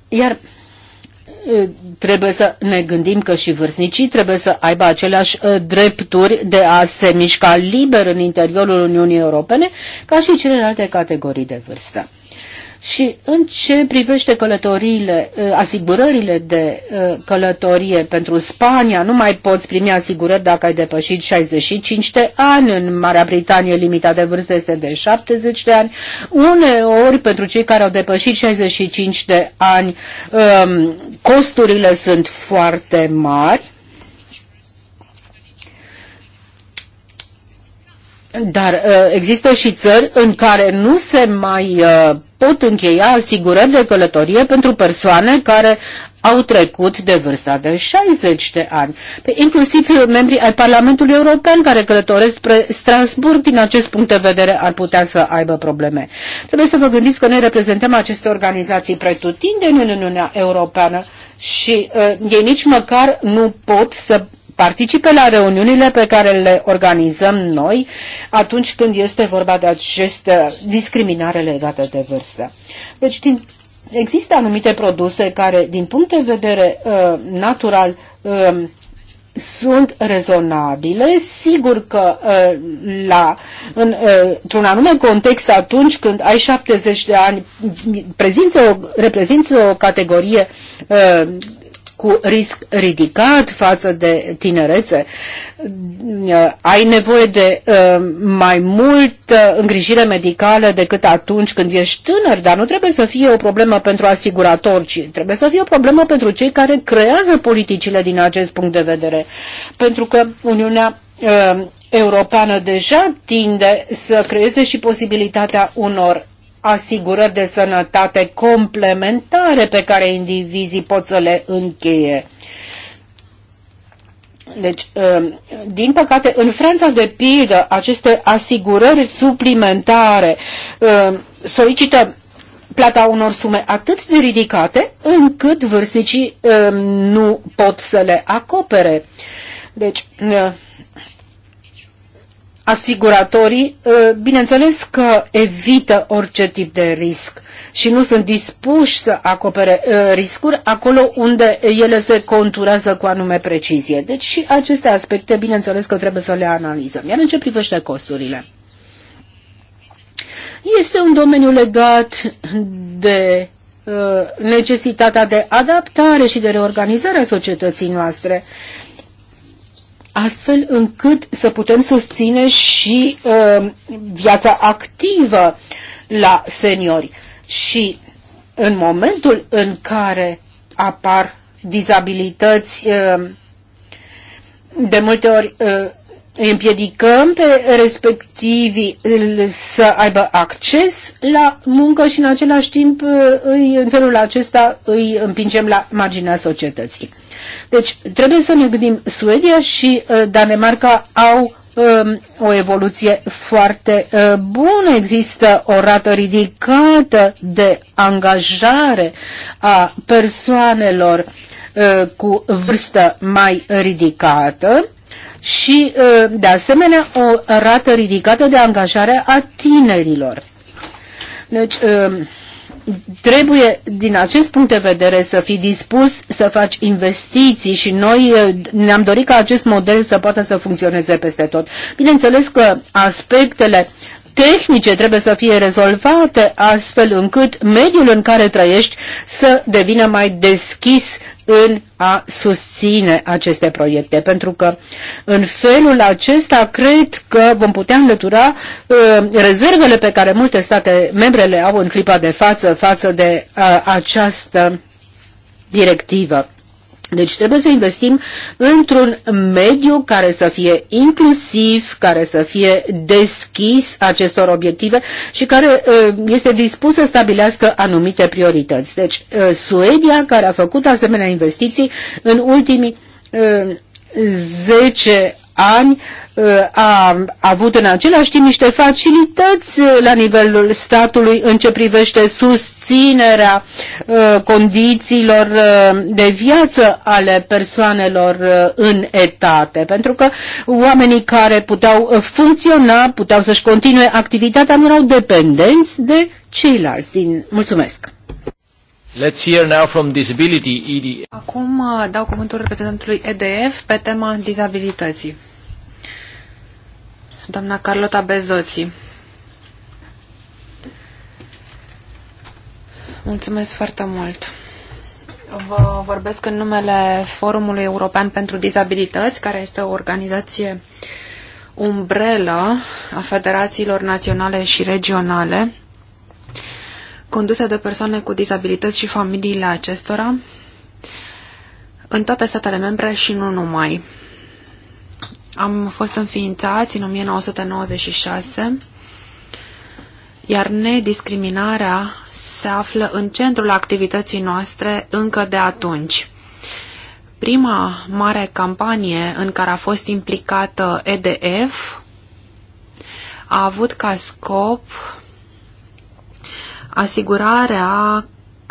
Speaker 4: Iar trebuie să ne gândim că și vârstnicii trebuie să aibă aceleași drepturi de a se mișca liber în interiorul Uniunii Europene ca și celelalte categorii de vârstă. Și în ce privește călătoriile, ă, asigurările de ă, călătorie pentru Spania, nu mai poți primi asigurări dacă ai depășit 65 de ani. În Marea Britanie limita de vârstă este de 70 de ani. Uneori, pentru cei care au depășit 65 de ani, ă, costurile sunt foarte mari Dar uh, există și țări în care nu se mai uh, pot încheia asigurări de călătorie pentru persoane care au trecut de vârsta de 60 de ani. Pe inclusiv membrii ai Parlamentului European care călătoresc spre Strasburg, din acest punct de vedere, ar putea să aibă probleme. Trebuie să vă gândiți că noi reprezentăm aceste organizații pretutindeni în Uniunea Europeană și uh, ei nici măcar nu pot să participe la reuniunile pe care le organizăm noi atunci când este vorba de această uh, discriminare legată de vârstă. Deci din, există anumite produse care, din punct de vedere uh, natural, uh, sunt rezonabile. Sigur că uh, la, în, uh, într-un anume context, atunci când ai 70 de ani, prezinți o, reprezinți o categorie uh, cu risc ridicat față de tinerețe, uh, ai nevoie de uh, mai multă îngrijire medicală decât atunci când ești tânăr, dar nu trebuie să fie o problemă pentru asigurator, ci trebuie să fie o problemă pentru cei care creează politicile din acest punct de vedere. Pentru că Uniunea uh, Europeană deja tinde să creeze și posibilitatea unor asigurări de sănătate complementare pe care indivizii pot să le încheie. Deci, um, din păcate, în Franța, de pildă, aceste asigurări suplimentare um, solicită plata unor sume atât de ridicate încât vârstnicii um, nu pot să le acopere. Deci, uh, asiguratorii, ă, bineînțeles că evită orice tip de risc și nu sunt dispuși să acopere ă, riscuri acolo unde ele se conturează cu anume precizie. Deci și aceste aspecte, bineînțeles că trebuie să le analizăm. Iar în ce privește costurile? Este un domeniu legat de ă, necesitatea de adaptare și de reorganizare a societății noastre astfel încât să putem susține și uh, viața activă la seniori. Și în momentul în care apar dizabilități, uh, de multe ori uh, îi împiedicăm pe respectivii să aibă acces la muncă și în același timp uh, îi, în felul acesta îi împingem la marginea societății. Deci trebuie să ne gândim, Suedia și uh, Danemarca au um, o evoluție foarte uh, bună. Există o rată ridicată de angajare a persoanelor uh, cu vârstă mai ridicată și, de asemenea, o rată ridicată de angajare a tinerilor. Deci, um, trebuie din acest punct de vedere să fii dispus să faci investiții și noi eh, ne-am dorit ca acest model să poată să funcționeze peste tot. Bineînțeles că aspectele tehnice trebuie să fie rezolvate astfel încât mediul în care trăiești să devină mai deschis în a susține aceste proiecte, pentru că în felul acesta cred că vom putea înlătura uh, rezervele pe care multe state membre le au în clipa de față față de uh, această directivă. Deci trebuie să investim într-un mediu care să fie inclusiv, care să fie deschis acestor obiective și care uh, este dispus să stabilească anumite priorități. Deci uh, Suedia, care a făcut asemenea investiții în ultimii 10 uh, ani uh, a avut în același timp niște facilități uh, la nivelul statului în ce privește susținerea uh, condițiilor de viață ale persoanelor în etate, pentru că oamenii care puteau funcționa, puteau să-și continue activitatea, nu erau dependenți de ceilalți. Din... Mulțumesc!
Speaker 1: Let's hear now from disability, EDF. Acum
Speaker 2: dau cuvântul reprezentantului EDF pe tema dizabilității doamna Carlota Bezoții. Mulțumesc foarte mult. Vă vorbesc în numele Forumului European pentru Dizabilități, care este o organizație umbrelă a federațiilor naționale și regionale, condusă de persoane cu dizabilități și familiile acestora, în toate statele membre și nu numai. Am fost înființați în 1996, iar nediscriminarea se află în centrul activității noastre încă de atunci. Prima mare campanie în care a fost implicată EDF a avut ca scop asigurarea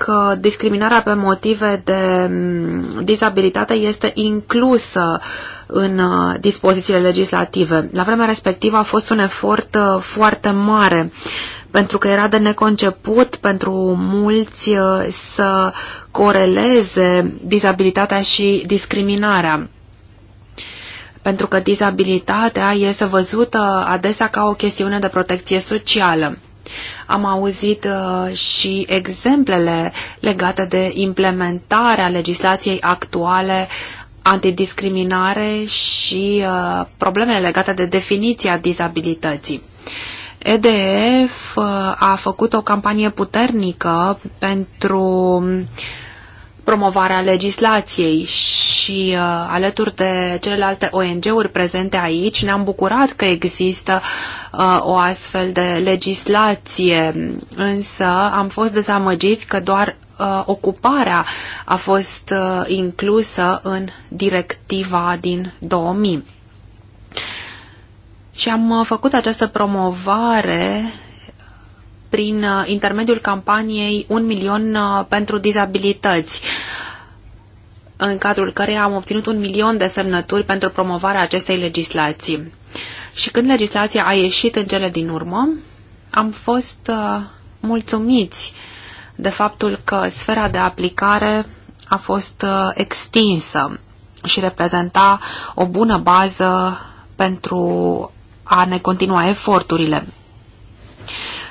Speaker 2: că discriminarea pe motive de mm, dizabilitate este inclusă în uh, dispozițiile legislative. La vremea respectivă a fost un efort uh, foarte mare pentru că era de neconceput pentru mulți uh, să coreleze dizabilitatea și discriminarea pentru că dizabilitatea este văzută adesea ca o chestiune de protecție socială. Am auzit uh, și exemplele legate de implementarea legislației actuale antidiscriminare și uh, problemele legate de definiția dizabilității. EDF uh, a făcut o campanie puternică pentru uh, promovarea legislației și uh, alături de celelalte ONG-uri prezente aici ne-am bucurat că există uh, o astfel de legislație, însă am fost dezamăgiți că doar uh, ocuparea a fost uh, inclusă în directiva din 2000. Și am uh, făcut această promovare prin uh, intermediul campaniei Un milion uh, pentru dizabilități în cadrul căreia am obținut un milion de semnături pentru promovarea acestei legislații. Și când legislația a ieșit în cele din urmă, am fost uh, mulțumiți de faptul că sfera de aplicare a fost uh, extinsă și reprezenta o bună bază pentru a ne continua eforturile.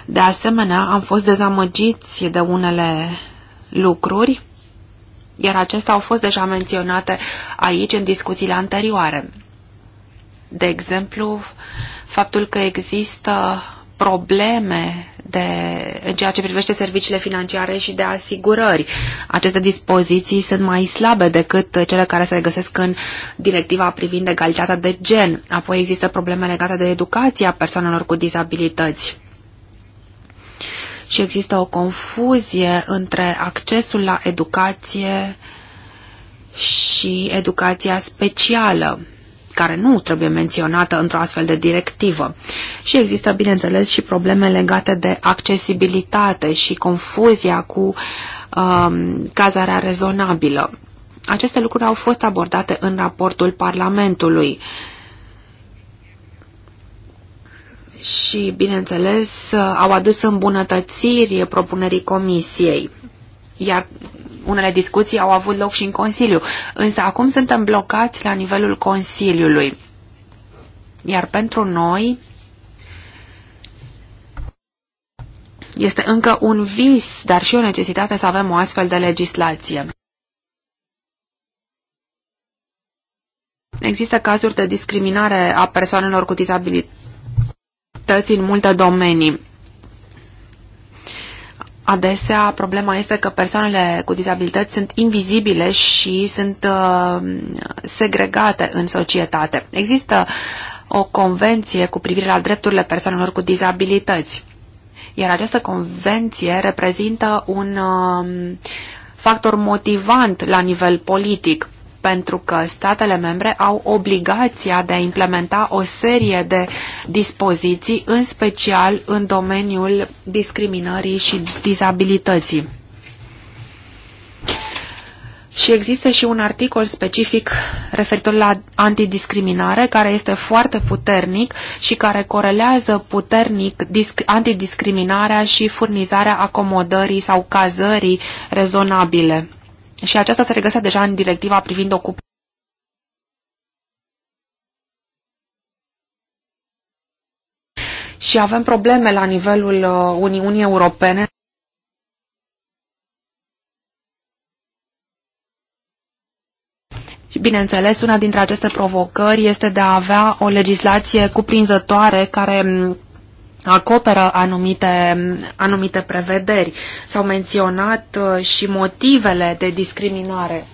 Speaker 2: De asemenea, am fost dezamăgiți de unele lucruri, iar acestea au fost deja menționate aici în discuțiile anterioare. De exemplu, faptul că există probleme de, în ceea ce privește serviciile financiare și de asigurări. Aceste dispoziții sunt mai slabe decât cele care se regăsesc în directiva privind egalitatea de gen. Apoi există probleme legate de educația persoanelor cu dizabilități și există o confuzie între accesul la educație și educația specială, care nu trebuie menționată într-o astfel de directivă. Și există, bineînțeles, și probleme legate de accesibilitate și confuzia cu um, cazarea rezonabilă. Aceste lucruri au fost abordate în raportul Parlamentului și, bineînțeles, au adus îmbunătățiri propunerii comisiei. Iar unele discuții au avut loc și în Consiliu, însă acum suntem blocați la nivelul Consiliului. Iar pentru noi este încă un vis, dar și o necesitate să avem o astfel de legislație. Există cazuri de discriminare a persoanelor cu dizabilități inegalității în multe domenii. Adesea, problema este că persoanele cu dizabilități sunt invizibile și sunt uh, segregate în societate. Există o convenție cu privire la drepturile persoanelor cu dizabilități, iar această convenție reprezintă un uh, factor motivant la nivel politic pentru că statele membre au obligația de a implementa o serie de dispoziții, în special în domeniul discriminării și dizabilității. Și există și un articol specific referitor la antidiscriminare care este foarte puternic și care corelează puternic antidiscriminarea și furnizarea acomodării sau cazării rezonabile și aceasta se regăsea deja în directiva privind ocuparea. Și avem probleme la nivelul uh, Uniunii Europene. Și, bineînțeles, una dintre aceste provocări este de a avea o legislație cuprinzătoare care mm, acoperă anumite, anumite prevederi. S-au menționat uh, și motivele de discriminare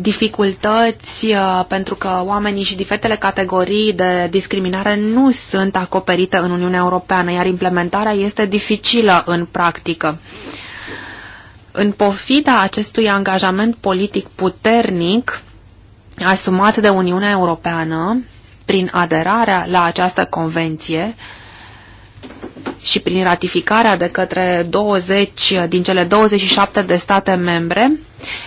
Speaker 2: dificultăți uh, pentru că oamenii și diferitele categorii de discriminare nu sunt acoperite în Uniunea Europeană, iar implementarea este dificilă în practică. În pofida acestui angajament politic puternic asumat de Uniunea Europeană prin aderarea la această convenție, și prin ratificarea de către 20 din cele 27 de state membre,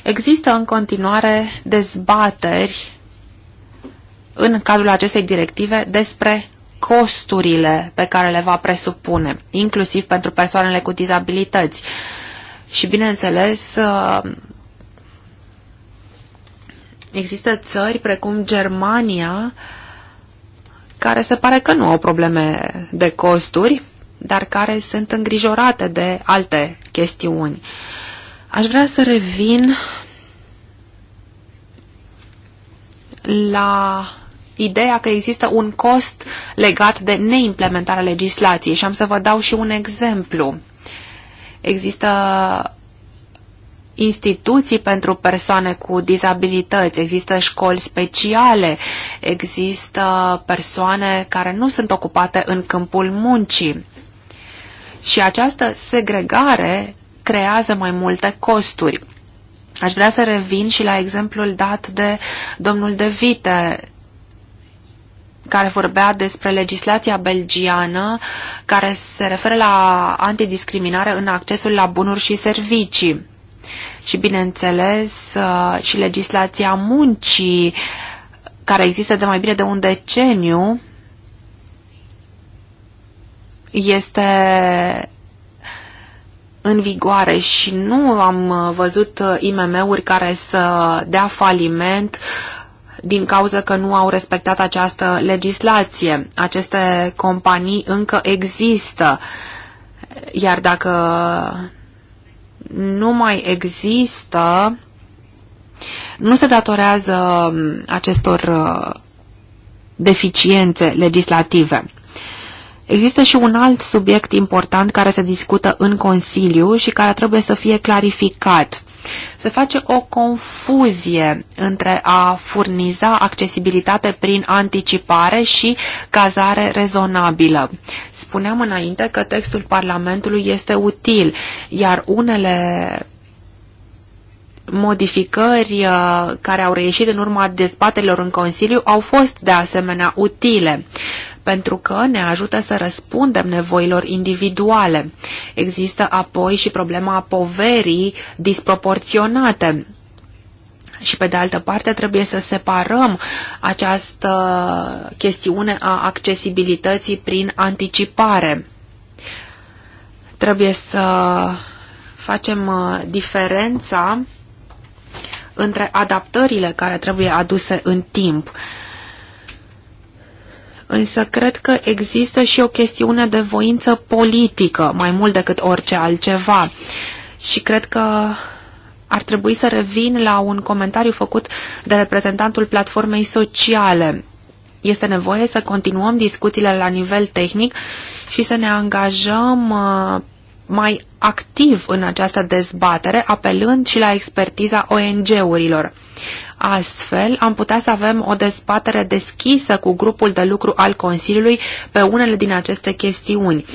Speaker 2: există în continuare dezbateri în cadrul acestei directive despre costurile pe care le va presupune, inclusiv pentru persoanele cu dizabilități. Și, bineînțeles, uh, există țări precum Germania, care se pare că nu au probleme de costuri, dar care sunt îngrijorate de alte chestiuni. Aș vrea să revin la ideea că există un cost legat de neimplementarea legislației și am să vă dau și un exemplu. Există instituții pentru persoane cu dizabilități, există școli speciale, există persoane care nu sunt ocupate în câmpul muncii. Și această segregare creează mai multe costuri. Aș vrea să revin și la exemplul dat de domnul De Vite, care vorbea despre legislația belgiană care se referă la antidiscriminare în accesul la bunuri și servicii și, bineînțeles, uh, și legislația muncii care există de mai bine de un deceniu este în vigoare și nu am văzut IMM-uri care să dea faliment din cauza că nu au respectat această legislație. Aceste companii încă există, iar dacă nu mai există, nu se datorează acestor uh, deficiențe legislative. Există și un alt subiect important care se discută în Consiliu și care trebuie să fie clarificat. Se face o confuzie între a furniza accesibilitate prin anticipare și cazare rezonabilă. Spuneam înainte că textul Parlamentului este util, iar unele modificări uh, care au reieșit în urma dezbaterilor în Consiliu au fost de asemenea utile pentru că ne ajută să răspundem nevoilor individuale. Există apoi și problema poverii disproporționate. Și pe de altă parte trebuie să separăm această chestiune a accesibilității prin anticipare. Trebuie să facem uh, diferența între adaptările care trebuie aduse în timp însă cred că există și o chestiune de voință politică, mai mult decât orice altceva. Și cred că ar trebui să revin la un comentariu făcut de reprezentantul platformei sociale. Este nevoie să continuăm discuțiile la nivel tehnic și să ne angajăm uh, mai activ în această dezbatere, apelând și la expertiza ONG-urilor. Astfel, am putea să avem o dezbatere deschisă cu grupul de lucru al Consiliului pe unele din aceste chestiuni.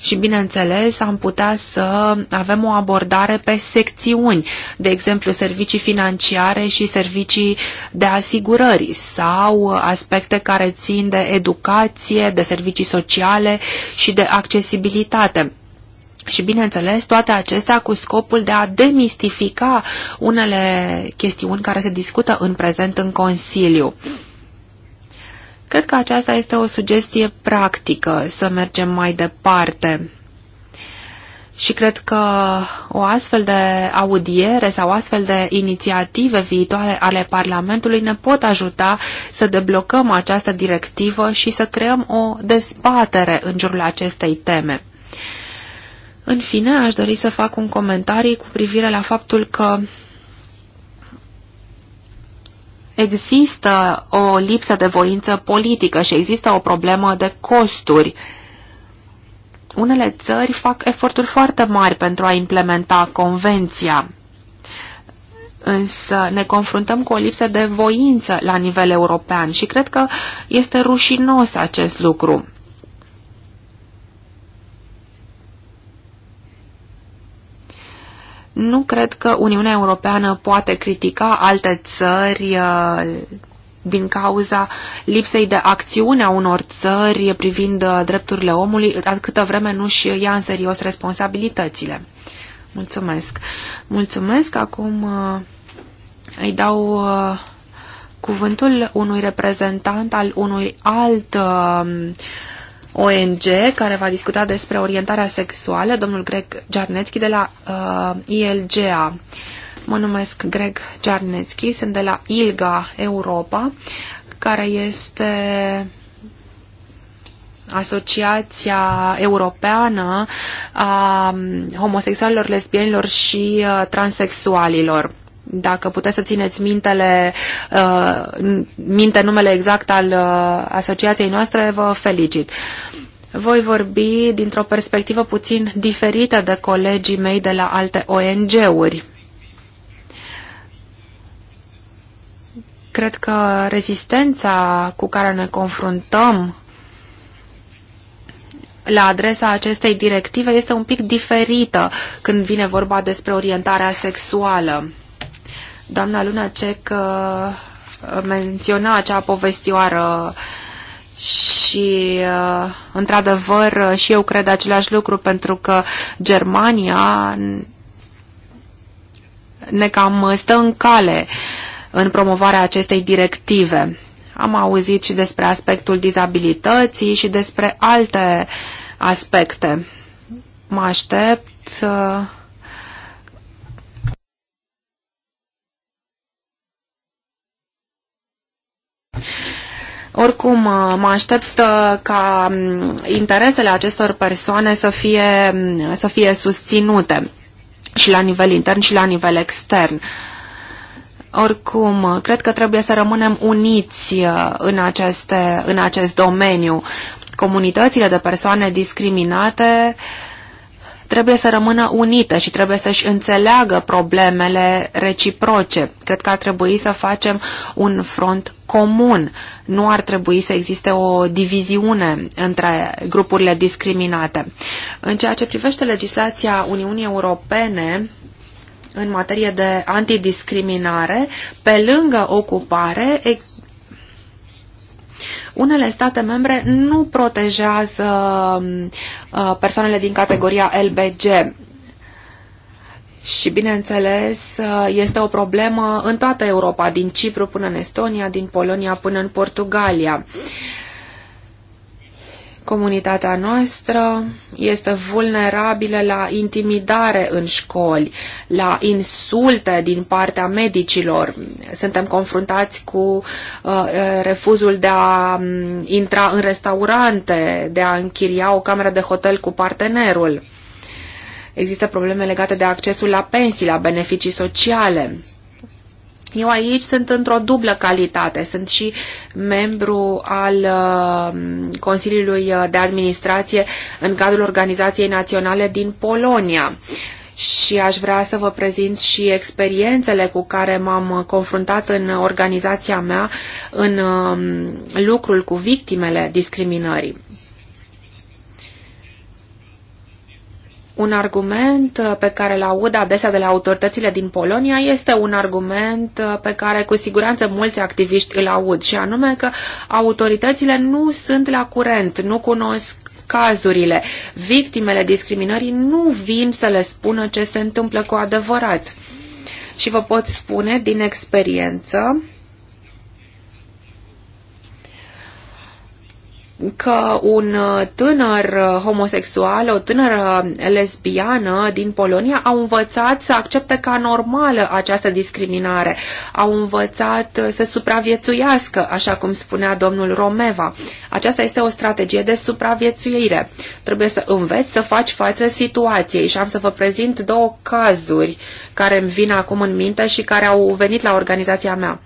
Speaker 2: Și, bineînțeles, am putea să avem o abordare pe secțiuni, de exemplu, servicii financiare și servicii de asigurări sau aspecte care țin de educație, de servicii sociale și de accesibilitate și, bineînțeles, toate acestea cu scopul de a demistifica unele chestiuni care se discută în prezent în Consiliu. Cred că aceasta este o sugestie practică să mergem mai departe. Și cred că o astfel de audiere sau astfel de inițiative viitoare ale Parlamentului ne pot ajuta să deblocăm această directivă și să creăm o dezbatere în jurul acestei teme. În fine, aș dori să fac un comentariu cu privire la faptul că există o lipsă de voință politică și există o problemă de costuri. Unele țări fac eforturi foarte mari pentru a implementa convenția, însă ne confruntăm cu o lipsă de voință la nivel european și cred că este rușinos acest lucru. Nu cred că Uniunea Europeană poate critica alte țări uh, din cauza lipsei de acțiune a unor țări privind uh, drepturile omului, câtă vreme nu și ia în serios responsabilitățile. Mulțumesc. Mulțumesc. Acum uh, îi dau cuvântul unui reprezentant al unui alt ONG care va discuta despre orientarea sexuală, domnul Greg Jarnetski de la uh, ILGA. Mă numesc Greg Jarnetski, sunt de la ILGA Europa, care este Asociația Europeană a um, Homosexualilor, Lesbienilor și uh, Transexualilor dacă puteți să țineți mintele, uh, minte numele exact al uh, asociației noastre, vă felicit. Voi vorbi dintr-o perspectivă puțin diferită de colegii mei de la alte ONG-uri. Cred că rezistența cu care ne confruntăm la adresa acestei directive este un pic diferită când vine vorba despre orientarea sexuală. Doamna Lunacek uh, menționa acea povestioară și, uh, într-adevăr, și eu cred același lucru, pentru că Germania ne cam stă în cale în promovarea acestei directive. Am auzit și despre aspectul dizabilității și despre alte aspecte. Mă aștept uh, Oricum, uh, mă aștept uh, ca mm, interesele acestor persoane să fie, mm, să fie susținute și la nivel intern și la nivel extern. Oricum, cred că trebuie să rămânem uniți uh, în, aceste, în acest domeniu. Comunitățile de persoane discriminate uh, trebuie să rămână unită și trebuie să-și înțeleagă problemele reciproce. Cred că ar trebui să facem un front comun. Nu ar trebui să existe o diviziune între grupurile discriminate. În ceea ce privește legislația Uniunii Europene, în materie de antidiscriminare, pe lângă ocupare, unele state membre nu protejează uh, persoanele din categoria LBG. Și, bineînțeles, uh, este o problemă în toată Europa, din Cipru până în Estonia, din Polonia până în Portugalia. Uh, Comunitatea noastră este vulnerabilă la intimidare în școli, la insulte din partea medicilor. Suntem confruntați cu uh, uh refuzul de a mm, intra în restaurante, de a închiria o cameră de hotel cu partenerul. Există probleme legate de accesul la pensii, la beneficii sociale eu aici sunt într-o dublă calitate. Sunt și membru al uh, Consiliului uh, de Administrație în cadrul Organizației Naționale din Polonia și aș vrea să vă prezint și experiențele cu care m-am confruntat în organizația mea în um, lucrul cu victimele discriminării. Un argument uh, pe care îl aud adesea de la autoritățile din Polonia este un argument uh, pe care cu siguranță mulți activiști îl aud și anume că autoritățile nu sunt la curent, nu cunosc cazurile. Victimele discriminării nu vin să le spună ce se întâmplă cu adevărat. Și vă pot spune din experiență că un uh, tânăr uh, homosexual, o tânără lesbiană din Polonia au învățat să accepte ca normală această discriminare. Au învățat uh, să supraviețuiască, așa cum spunea domnul Romeva. Aceasta este o strategie de supraviețuire. Trebuie să înveți să faci față situației și am să vă prezint două cazuri care îmi vin acum în minte și care au venit la organizația mea.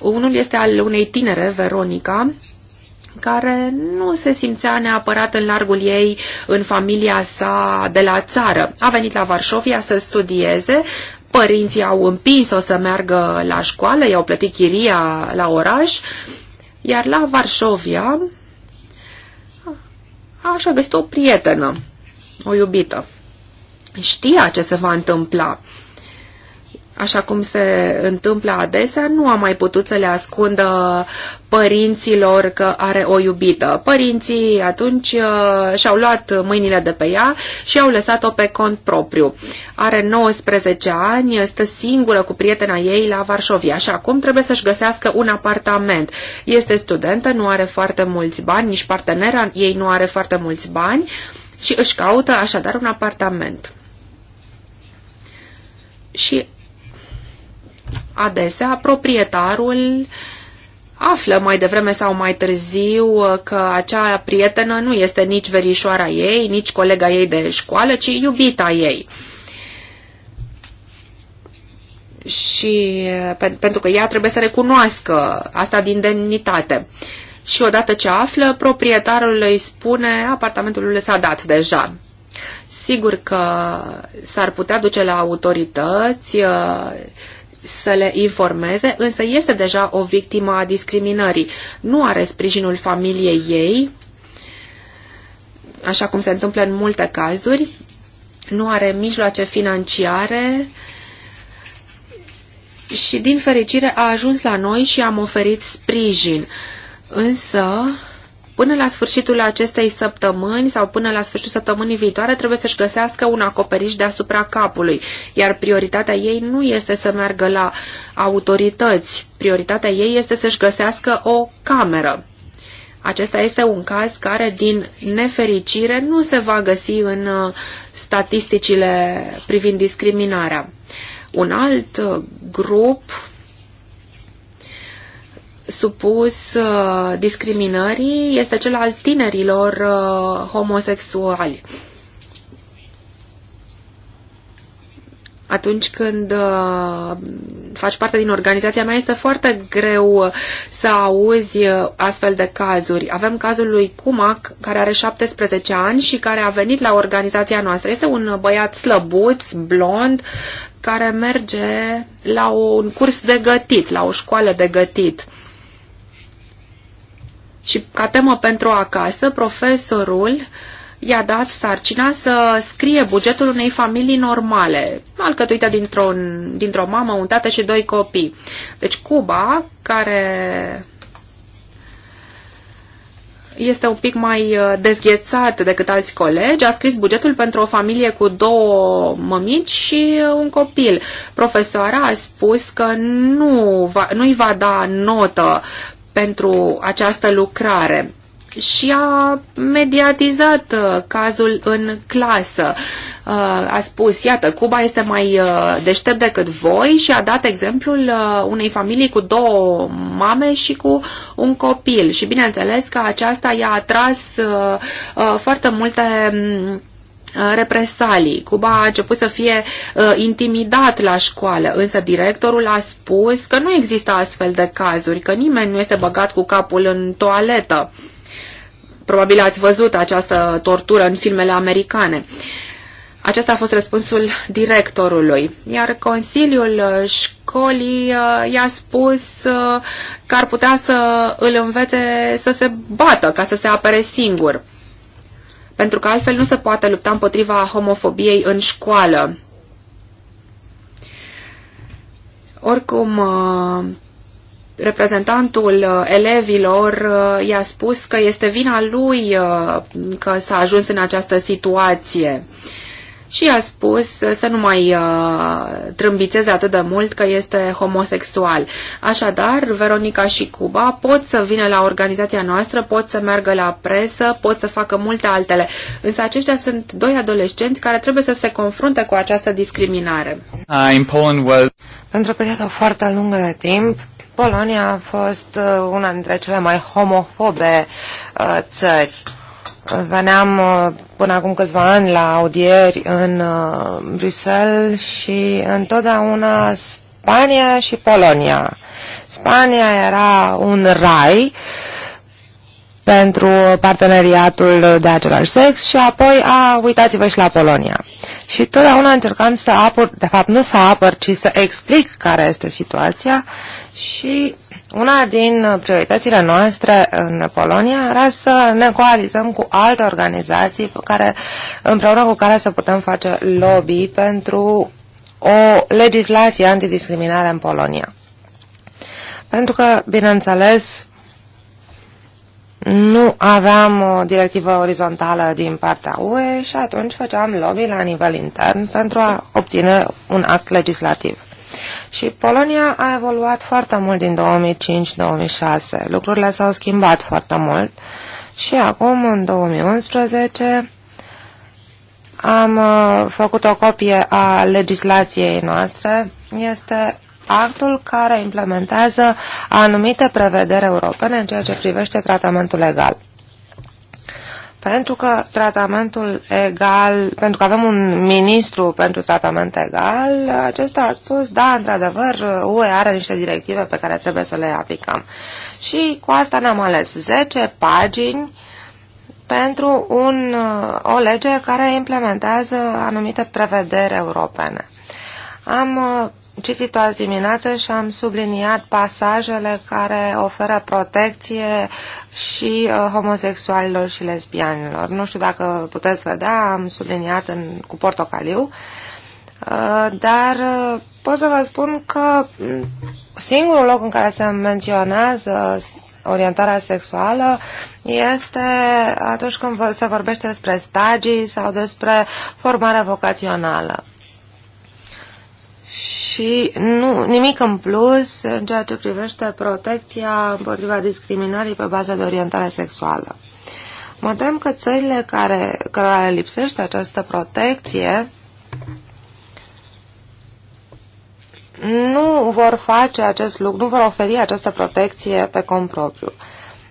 Speaker 2: Unul este al unei tinere, Veronica, care nu se simțea neapărat în largul ei, în familia sa de la țară. A venit la Varșovia să studieze, părinții au împins-o să meargă la școală, i-au plătit chiria la oraș, iar la Varșovia așa găsit o prietenă, o iubită. Știa ce se va întâmpla așa cum se întâmplă adesea, nu a mai putut să le ascundă părinților că are o iubită. Părinții atunci uh, și-au luat mâinile de pe ea și au lăsat-o pe cont propriu. Are 19 ani, stă singură cu prietena ei la Varșovia și acum trebuie să-și găsească un apartament. Este studentă, nu are foarte mulți bani, nici partenera ei nu are foarte mulți bani și își caută așadar un apartament. Și adesea proprietarul află mai devreme sau mai târziu uh, că acea prietenă nu este nici verișoara ei, nici colega ei de școală, ci iubita ei. Și uh, pe, pentru că ea trebuie să recunoască asta din demnitate. Și odată ce află, proprietarul îi spune apartamentul s-a dat deja. Sigur că s-ar putea duce la autorități, uh, să le informeze, însă este deja o victimă a discriminării. Nu are sprijinul familiei ei, așa cum se întâmplă în multe cazuri, nu are mijloace financiare și, din fericire, a ajuns la noi și am oferit sprijin. Însă, Până la sfârșitul acestei săptămâni sau până la sfârșitul săptămânii viitoare trebuie să-și găsească un acoperiș deasupra capului, iar prioritatea ei nu este să meargă la autorități, prioritatea ei este să-și găsească o cameră. Acesta este un caz care, din nefericire, nu se va găsi în uh, statisticile privind discriminarea. Un alt uh, grup supus uh, discriminării este cel al tinerilor uh, homosexuali. Atunci când uh, faci parte din organizația mea, este foarte greu să auzi uh, astfel de cazuri. Avem cazul lui Cumac, care are 17 ani și care a venit la organizația noastră. Este un băiat slăbuț, blond, care merge la un curs de gătit, la o școală de gătit. Și ca temă pentru acasă, profesorul i-a dat sarcina să scrie bugetul unei familii normale, alcătuită dintr-o, dintr-o mamă, un tată și doi copii. Deci Cuba, care este un pic mai uh, dezghețat decât alți colegi, a scris bugetul pentru o familie cu două mămici și un copil. Profesoara a spus că nu va, nu-i va da notă pentru această lucrare și a mediatizat uh, cazul în clasă. Uh, a spus, iată, Cuba este mai uh, deștept decât voi și a dat exemplul unei familii cu două mame și cu un copil. Și bineînțeles că aceasta i-a atras foarte multe mm, Uh, represalii. Cuba a început să fie uh, intimidat la școală, însă directorul a spus că nu există astfel de cazuri, că nimeni nu este băgat cu capul în toaletă. Probabil ați văzut această tortură în filmele americane. Acesta a fost răspunsul directorului, iar Consiliul Școlii uh, i-a spus uh, că ar putea să îl învețe să se bată ca să se apere singur pentru că altfel nu se poate lupta împotriva homofobiei în școală. Oricum, uh, reprezentantul uh, elevilor uh, i-a spus că este vina lui că s-a ajuns în această situație și a spus să nu mai uh, trâmbițeze atât de mult că este homosexual. Așadar, Veronica și Cuba pot să vină la organizația noastră, pot să meargă la presă, pot să facă multe altele. Însă aceștia sunt doi adolescenți care trebuie să se confrunte cu această discriminare.
Speaker 4: Uh,
Speaker 3: Pentru o perioadă foarte lungă de timp, Polonia a fost uh, una dintre cele mai homofobe uh, țări Veneam uh, până acum câțiva ani la audieri în uh, Bruxelles și întotdeauna Spania și Polonia. Spania era un rai pentru parteneriatul de același sex și apoi, a, uitați-vă și la Polonia. Și totdeauna încercam să apăr, de fapt nu să apăr, ci să explic care este situația și una din prioritățile noastre în Polonia era să ne coalizăm cu alte organizații pe care, împreună cu care să putem face lobby pentru o legislație antidiscriminare în Polonia. Pentru că, bineînțeles, nu aveam o uh, directivă orizontală din partea UE și atunci făceam lobby la nivel intern pentru a obține un act legislativ. Și Polonia a evoluat foarte mult din 2005-2006. Lucrurile s-au schimbat foarte mult și acum, în 2011, am uh, făcut o copie a legislației noastre. Este actul care implementează anumite prevederi europene în ceea ce privește tratamentul legal. Pentru că tratamentul egal, pentru că avem un ministru pentru tratament egal, acesta a spus, da, într-adevăr, UE are niște directive pe care trebuie să le aplicăm. Și cu asta ne-am ales 10 pagini pentru un, o lege care implementează anumite prevederi europene. Am citit-o azi dimineață și am subliniat pasajele care oferă protecție și uh, homosexualilor și lesbianilor. Nu știu dacă puteți vedea, am subliniat în, cu portocaliu, uh, dar uh, pot să vă spun că mm, singurul loc în care se menționează orientarea sexuală este atunci când se vorbește despre stagii sau despre formarea vocațională și nu, nimic în plus în ceea ce privește protecția împotriva discriminării pe bază de orientare sexuală. Mă tem că țările care, care le lipsește această protecție nu vor face acest lucru, nu vor oferi această protecție pe cont propriu.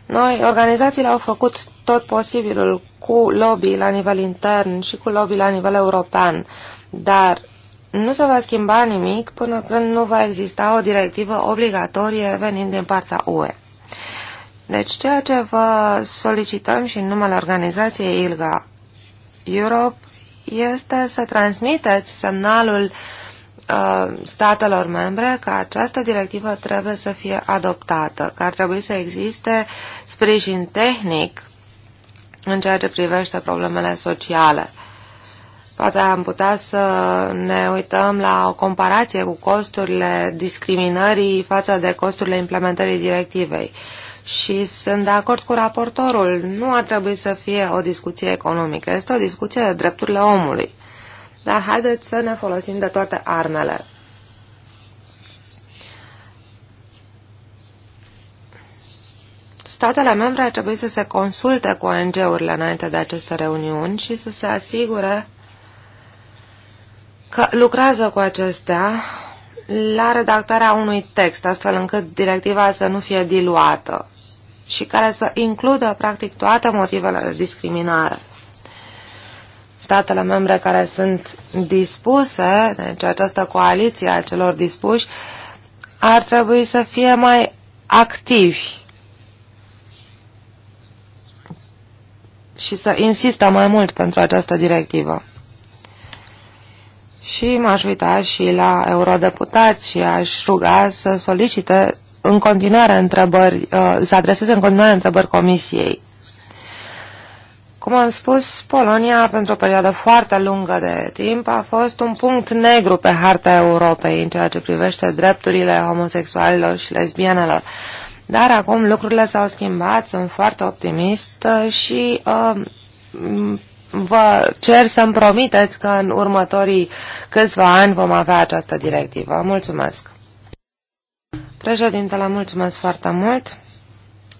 Speaker 3: Noi, organizațiile au făcut tot posibilul cu lobby la nivel intern și cu lobby la nivel european, dar nu se va schimba nimic până când nu va exista o directivă obligatorie venind din partea UE. Deci ceea ce vă solicităm și în numele organizației ILGA Europe este să transmiteți semnalul uh, statelor membre că această directivă trebuie să fie adoptată, că ar trebui să existe sprijin tehnic în ceea ce privește problemele sociale Poate am putea să ne uităm la o comparație cu costurile discriminării față de costurile implementării directivei. Și sunt de acord cu raportorul, nu ar trebui să fie o discuție economică, este o discuție de drepturile omului. Dar haideți să ne folosim de toate armele. Statele membre ar trebui să se consulte cu ONG-urile înainte de aceste reuniuni și să se asigure că lucrează cu acestea la redactarea unui text, astfel încât directiva să nu fie diluată și care să includă, practic, toate motivele de discriminare. Statele membre care sunt dispuse, deci această coaliție a celor dispuși, ar trebui să fie mai activi și să insistă mai mult pentru această directivă. Și m-aș uita și la eurodeputați și aș ruga să solicite în continuare întrebări, uh, să adreseze în continuare întrebări comisiei. Cum am spus, Polonia, pentru o perioadă foarte lungă de timp, a fost un punct negru pe harta Europei în ceea ce privește drepturile homosexualilor și lesbianelor. Dar acum lucrurile s-au schimbat, sunt foarte optimist uh, și uh, vă cer să-mi promiteți că în următorii câțiva ani vom avea această directivă. Mulțumesc! Președintele, mulțumesc foarte mult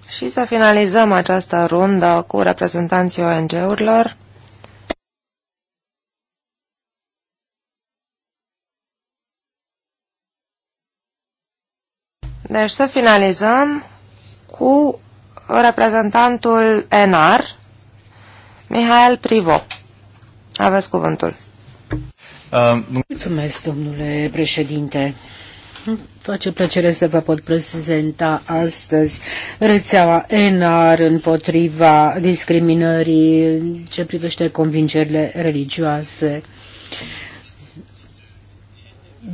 Speaker 3: și să finalizăm această rundă cu reprezentanții ONG-urilor. Deci să finalizăm cu reprezentantul ENAR, Mihail Privo, aveți cuvântul.
Speaker 4: Uh, Mulțumesc, domnule președinte. Face plăcere să vă pot prezenta astăzi rețeaua ENAR împotriva discriminării ce privește convingerile religioase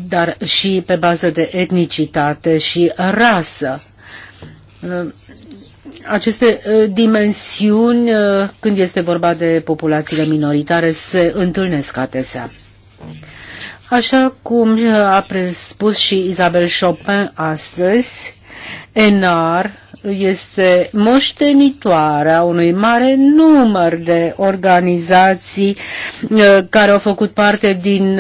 Speaker 4: dar și pe bază de etnicitate și rasă aceste uh, dimensiuni, uh, când este vorba de populațiile minoritare, se întâlnesc adesea. Așa cum uh, a spus și Isabel Chopin astăzi, ENAR este moștenitoarea unui mare număr de organizații care au făcut parte din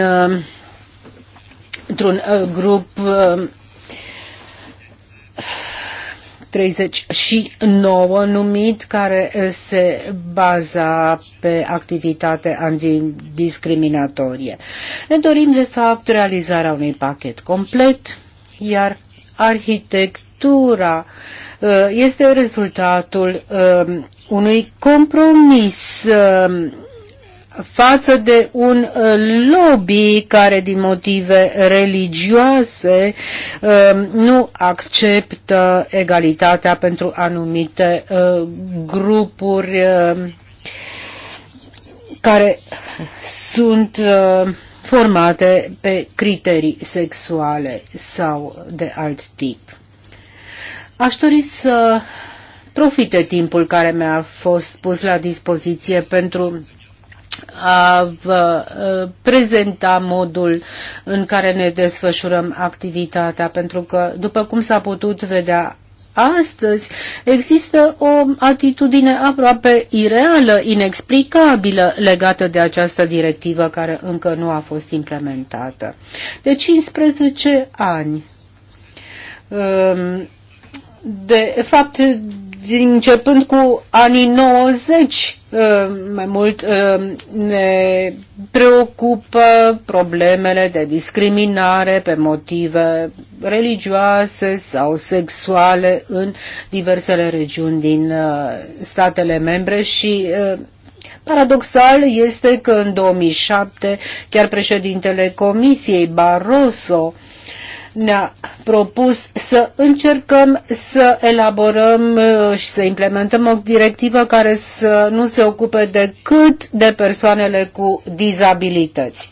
Speaker 4: într-un grup 39 numit, care eh, se baza pe activitate antidiscriminatorie. Ne dorim, de fapt, realizarea unui pachet complet, iar arhitectura eh, este rezultatul eh, unui compromis față de un uh, lobby care din motive religioase um, nu acceptă egalitatea pentru anumite uh, grupuri um, care sunt uh, formate pe criterii sexuale sau de alt tip. Aș dori să profite timpul care mi-a fost pus la dispoziție pentru a vă prezenta modul în care ne desfășurăm activitatea, pentru că, după cum s-a putut vedea astăzi, există o atitudine aproape ireală, inexplicabilă legată de această directivă care încă nu a fost implementată. De 15 ani. Um, de fapt, din începând cu anii 90 uh, mai mult uh, ne preocupă problemele de discriminare pe motive religioase sau sexuale în diversele regiuni din uh, statele membre și Paradoxal este că în 2007 chiar președintele Comisiei Barroso ne-a propus să încercăm să elaborăm uh, și să implementăm o directivă care să nu se ocupe decât de persoanele cu dizabilități.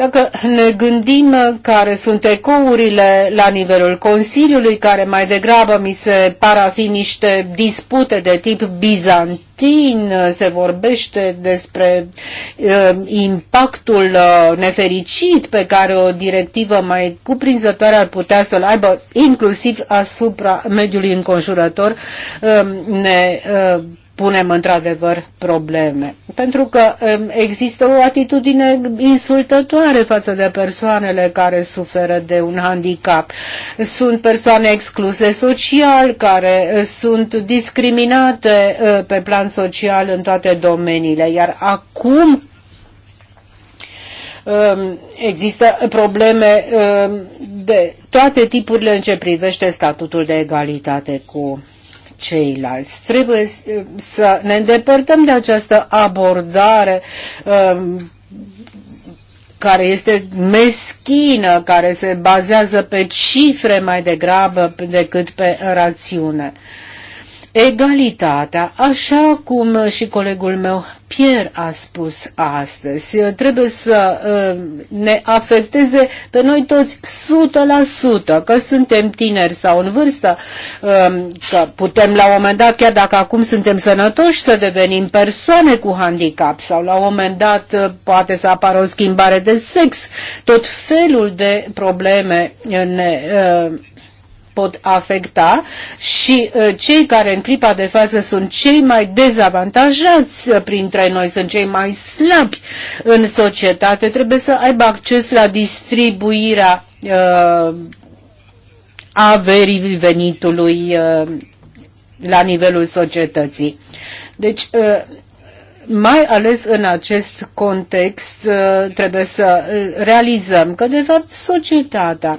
Speaker 4: Dacă ne gândim care sunt ecourile la nivelul Consiliului, care mai degrabă mi se par a fi niște dispute de tip bizantin, se vorbește despre uh, impactul uh, nefericit pe care o directivă mai cuprinzătoare ar putea să-l aibă, inclusiv asupra mediului înconjurător, uh, ne uh, punem într-adevăr probleme. Pentru că um, există o atitudine insultătoare față de persoanele care suferă de un handicap. Sunt persoane excluse social, care uh, sunt discriminate uh, pe plan social în toate domeniile, iar acum um, există probleme um, de toate tipurile în ce privește statutul de egalitate cu ceilalți. Trebuie eh, să ne îndepărtăm de această abordare um, care este meschină, care se bazează pe cifre mai degrabă decât pe rațiune. Uh, egalitatea, așa cum și colegul meu Pierre a spus astăzi. Trebuie să uh, ne afecteze pe noi toți 100%, că suntem tineri sau în vârstă, um, că putem la un moment dat, chiar dacă acum suntem sănătoși, să devenim persoane cu handicap sau la un moment dat uh, poate să apară o schimbare de sex. Tot felul de probleme ne uh, pot afecta și uh, cei care în clipa de față sunt cei mai dezavantajați uh, printre noi, sunt cei mai slabi în societate, trebuie să aibă acces la distribuirea uh, averii venitului uh, la nivelul societății. Deci, uh, mai ales în acest context, trebuie să realizăm că, de fapt, societatea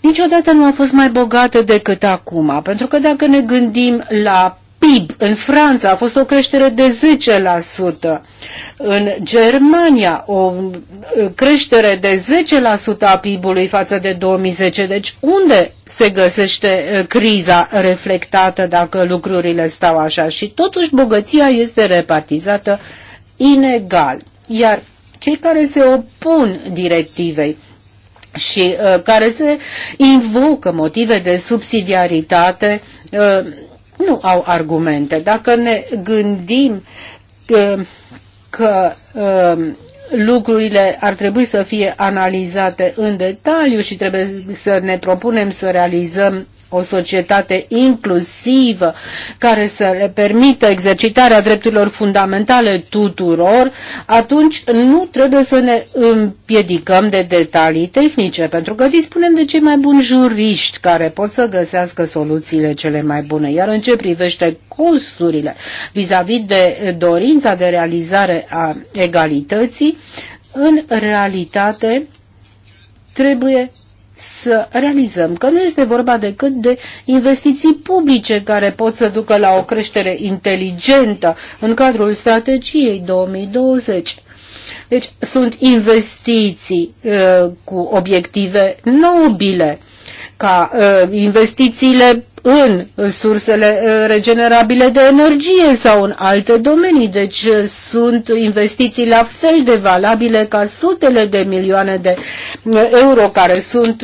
Speaker 4: niciodată nu a fost mai bogată decât acum, pentru că dacă ne gândim la PIB în Franța a fost o creștere de 10%, în Germania o uh, creștere de 10% a PIB-ului față de 2010. Deci unde se găsește uh, criza reflectată dacă lucrurile stau așa? Și totuși bogăția este repartizată inegal. Iar cei care se opun directivei și uh, care se invocă motive de subsidiaritate uh, nu au argumente. Dacă ne gândim că, uh, că uh, lucrurile ar trebui să fie analizate în detaliu și trebuie să ne propunem să realizăm o societate inclusivă care să le permită exercitarea drepturilor fundamentale tuturor, atunci nu trebuie să ne împiedicăm de detalii tehnice, pentru că dispunem de cei mai buni juriști care pot să găsească soluțiile cele mai bune. Iar în ce privește costurile vis-a-vis -vis de dorința de realizare a egalității, în realitate trebuie să realizăm că nu este vorba decât de investiții publice care pot să ducă la o creștere inteligentă în cadrul strategiei 2020. Deci sunt investiții uh, cu obiective nobile, ca uh, investițiile în sursele uh, regenerabile de energie sau în alte domenii. Deci uh, sunt investiții la fel de valabile ca sutele de milioane de uh, euro care sunt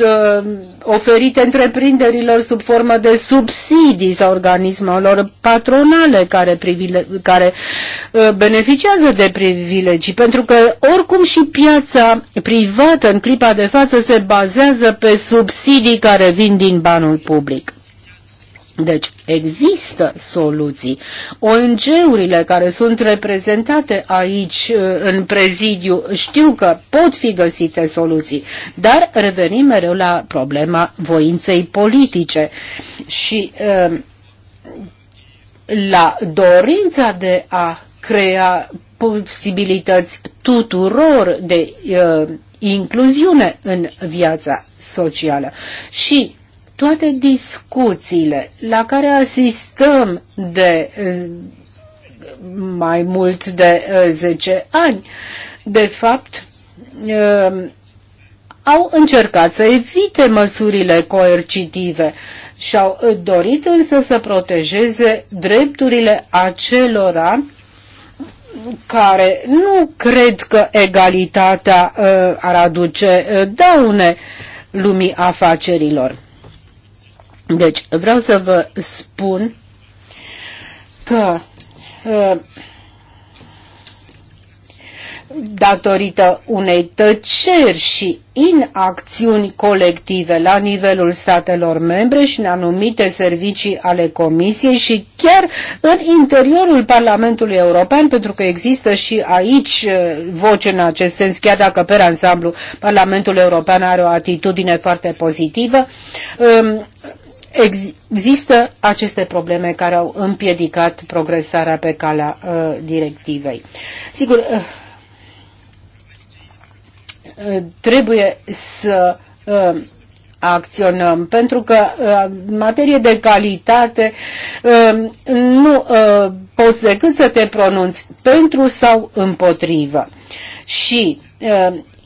Speaker 4: oferite întreprinderilor sub formă de subsidii sau organismelor patronale care, privile, care beneficiază de privilegii, pentru că oricum și piața privată în clipa de față se bazează pe subsidii care vin din banul public. Deci există soluții. ONG-urile care sunt reprezentate aici uh, în prezidiu știu că pot fi găsite soluții, dar revenim mereu la problema voinței politice și uh, la dorința de a crea posibilități tuturor de uh, incluziune în viața socială. Și toate discuțiile la care asistăm de eh, mai mult de 10 eh, ani, de fapt, eh, au încercat să evite măsurile coercitive și au dorit însă să protejeze drepturile acelora care nu cred că egalitatea ar aduce daune lumii afacerilor. Deci vreau să vă spun că uh, datorită unei tăceri și inacțiuni colective la nivelul statelor membre și în anumite servicii ale Comisiei și chiar în interiorul Parlamentului European, pentru că există și aici uh, voce în acest sens, chiar dacă pe ansamblu Parlamentul European are o atitudine foarte pozitivă. Um, există aceste probleme care au împiedicat progresarea pe calea uh, directivei. Sigur, uh, uh trebuie să uh, acționăm, pentru că uh, în materie de calitate uh, nu poți decât să te pronunți pentru sau împotrivă. Și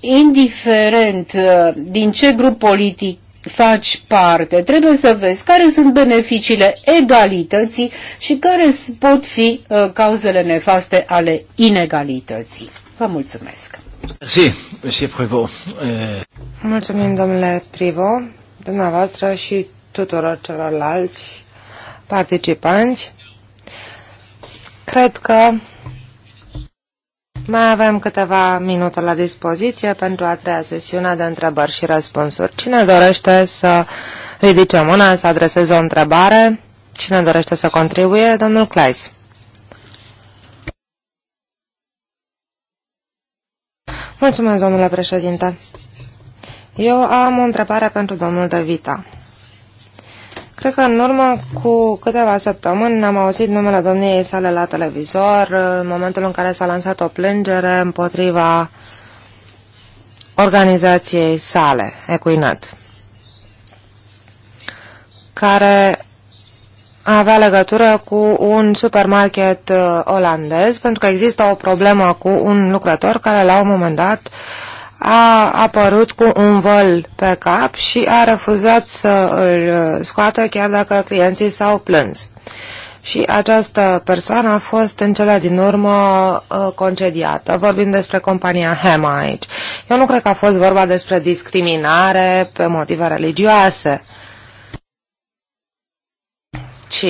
Speaker 4: indiferent din ce grup politic faci parte. Trebuie să vezi care sunt beneficiile egalității și care pot fi uh, cauzele nefaste ale inegalității. Vă mulțumesc!
Speaker 1: Merci, monsieur Privo. Euh,
Speaker 3: Mulțumim, domnule Privo, dumneavoastră și tuturor celorlalți participanți. Cred că mai avem câteva minute la dispoziție pentru a treia sesiune de întrebări și răspunsuri. Cine dorește să ridice mâna, să adreseze o întrebare? Cine dorește să contribuie? Domnul Claes. Mulțumesc, domnule președinte. Eu am o întrebare pentru domnul De Vita. Cred că în urmă cu câteva săptămâni am auzit numele domniei sale la televizor, în momentul în care s-a lansat o plângere împotriva organizației sale, Equinet, care avea legătură cu un supermarket uh, olandez, pentru că există o problemă cu un lucrător care la un moment dat uh, a apărut cu un vol pe cap și a refuzat să îl uh, scoată chiar dacă clienții s-au plâns. Și această persoană a fost în cele din urmă uh, concediată. Vorbim despre compania HEMA aici. Eu nu cred că a fost vorba despre discriminare pe motive religioase, ci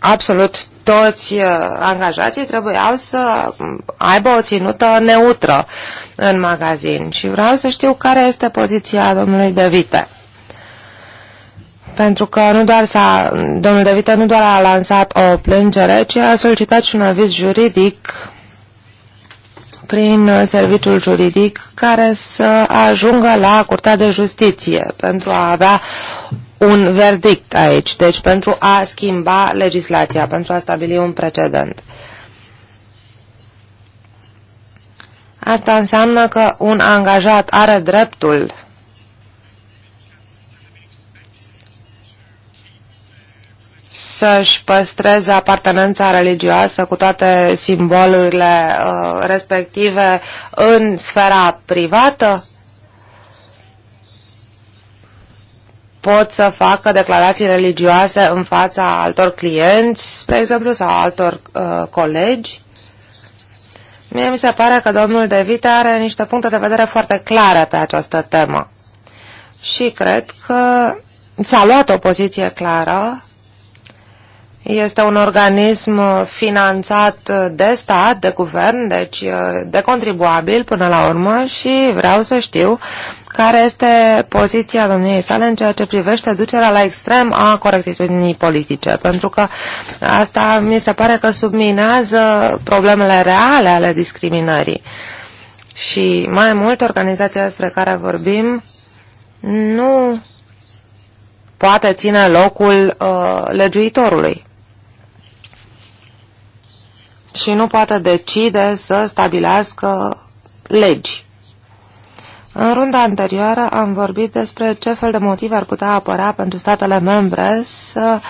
Speaker 3: absolut toți uh, angajații trebuiau să aibă o ținută neutră în magazin și vreau să știu care este poziția domnului De Vite. Pentru că nu doar s-a, domnul De Vite nu doar a lansat o plângere, ci a solicitat și un aviz juridic prin uh, serviciul juridic care să ajungă la Curtea de Justiție pentru a avea un verdict aici, deci pentru a schimba legislația, pentru a stabili un precedent. Asta înseamnă că un angajat are dreptul să-și păstreze apartenența religioasă cu toate simbolurile uh, respective în sfera privată? pot să facă declarații religioase în fața altor clienți, spre exemplu, sau altor uh, colegi. Mie mi se pare că domnul De Vita are niște puncte de vedere foarte clare pe această temă. Și cred că s-a luat o poziție clară este un organism finanțat de stat, de guvern, deci de contribuabil până la urmă și vreau să știu care este poziția domniei sale în ceea ce privește ducerea la extrem a corectitudinii politice, pentru că asta mi se pare că subminează problemele reale ale discriminării. Și mai mult, organizația despre care vorbim nu poate ține locul uh, legiuitorului și nu poate decide să stabilească legi. În runda anterioară am vorbit despre ce fel de motive ar putea apărea pentru statele membre să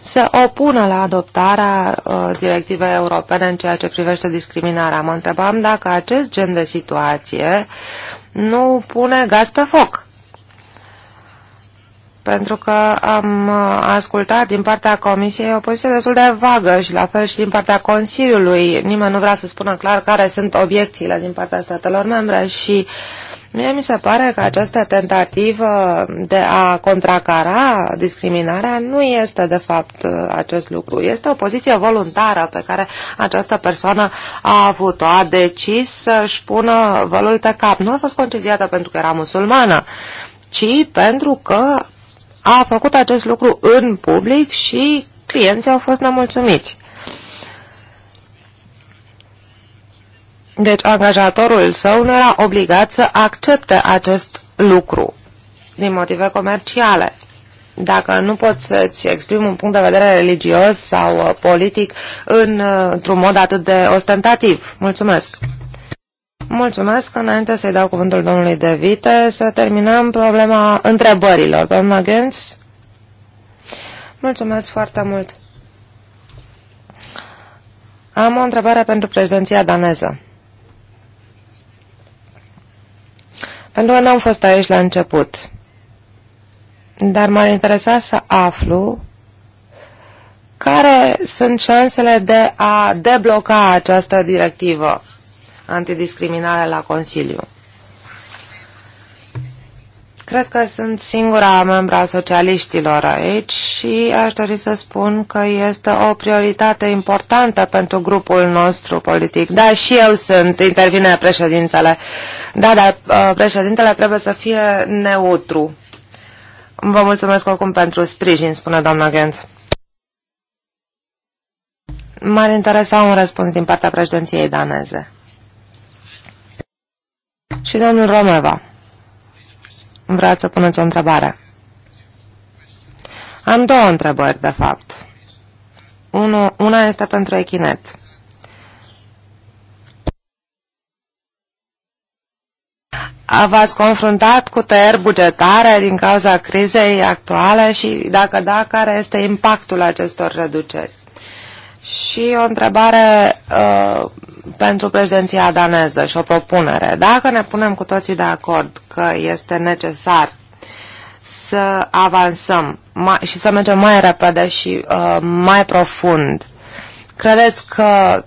Speaker 3: se opună la adoptarea uh, directivei europene în ceea ce privește discriminarea. Mă întrebam dacă acest gen de situație nu pune gaz pe foc pentru că am uh, ascultat din partea Comisiei o poziție destul de vagă și la fel și din partea Consiliului. Nimeni nu vrea să spună clar care sunt obiecțiile din partea statelor membre și mie mi se pare că această tentativă de a contracara discriminarea nu este de fapt uh, acest lucru. Este o poziție voluntară pe care această persoană a avut-o, a decis să-și pună vălul pe cap. Nu a fost concediată pentru că era musulmană ci pentru că a făcut acest lucru în public și clienții au fost nemulțumiți. Deci angajatorul său nu era obligat să accepte acest lucru din motive comerciale. Dacă nu poți să-ți exprimi un punct de vedere religios sau uh, politic în, uh, într-un mod atât de ostentativ. Mulțumesc! Mulțumesc. Înainte să-i dau cuvântul domnului De Vite, să terminăm problema întrebărilor. Doamna Gens? Mulțumesc foarte mult. Am o întrebare pentru prezenția daneză. Pentru că n-am fost aici la început, dar m-ar interesa să aflu care sunt șansele de a debloca această directivă antidiscriminare la Consiliu. Cred că sunt singura membra socialiștilor aici și aș dori să spun că este o prioritate importantă pentru grupul nostru politic. Da, și eu sunt, intervine președintele. Da, dar uh, președintele trebuie să fie neutru. Vă mulțumesc oricum pentru sprijin, spune doamna Genț. M-ar interesa un răspuns din partea președinției daneze. Și domnul Romeva, vreau să puneți o întrebare? Am două întrebări, de fapt. Unu, una este pentru Echinet. V-ați confruntat cu tăieri bugetare din cauza crizei actuale și, dacă da, care este impactul acestor reduceri? Și o întrebare uh, pentru președinția daneză și o propunere. Dacă ne punem cu toții de acord că este necesar să avansăm mai, și să mergem mai repede și uh, mai profund, credeți că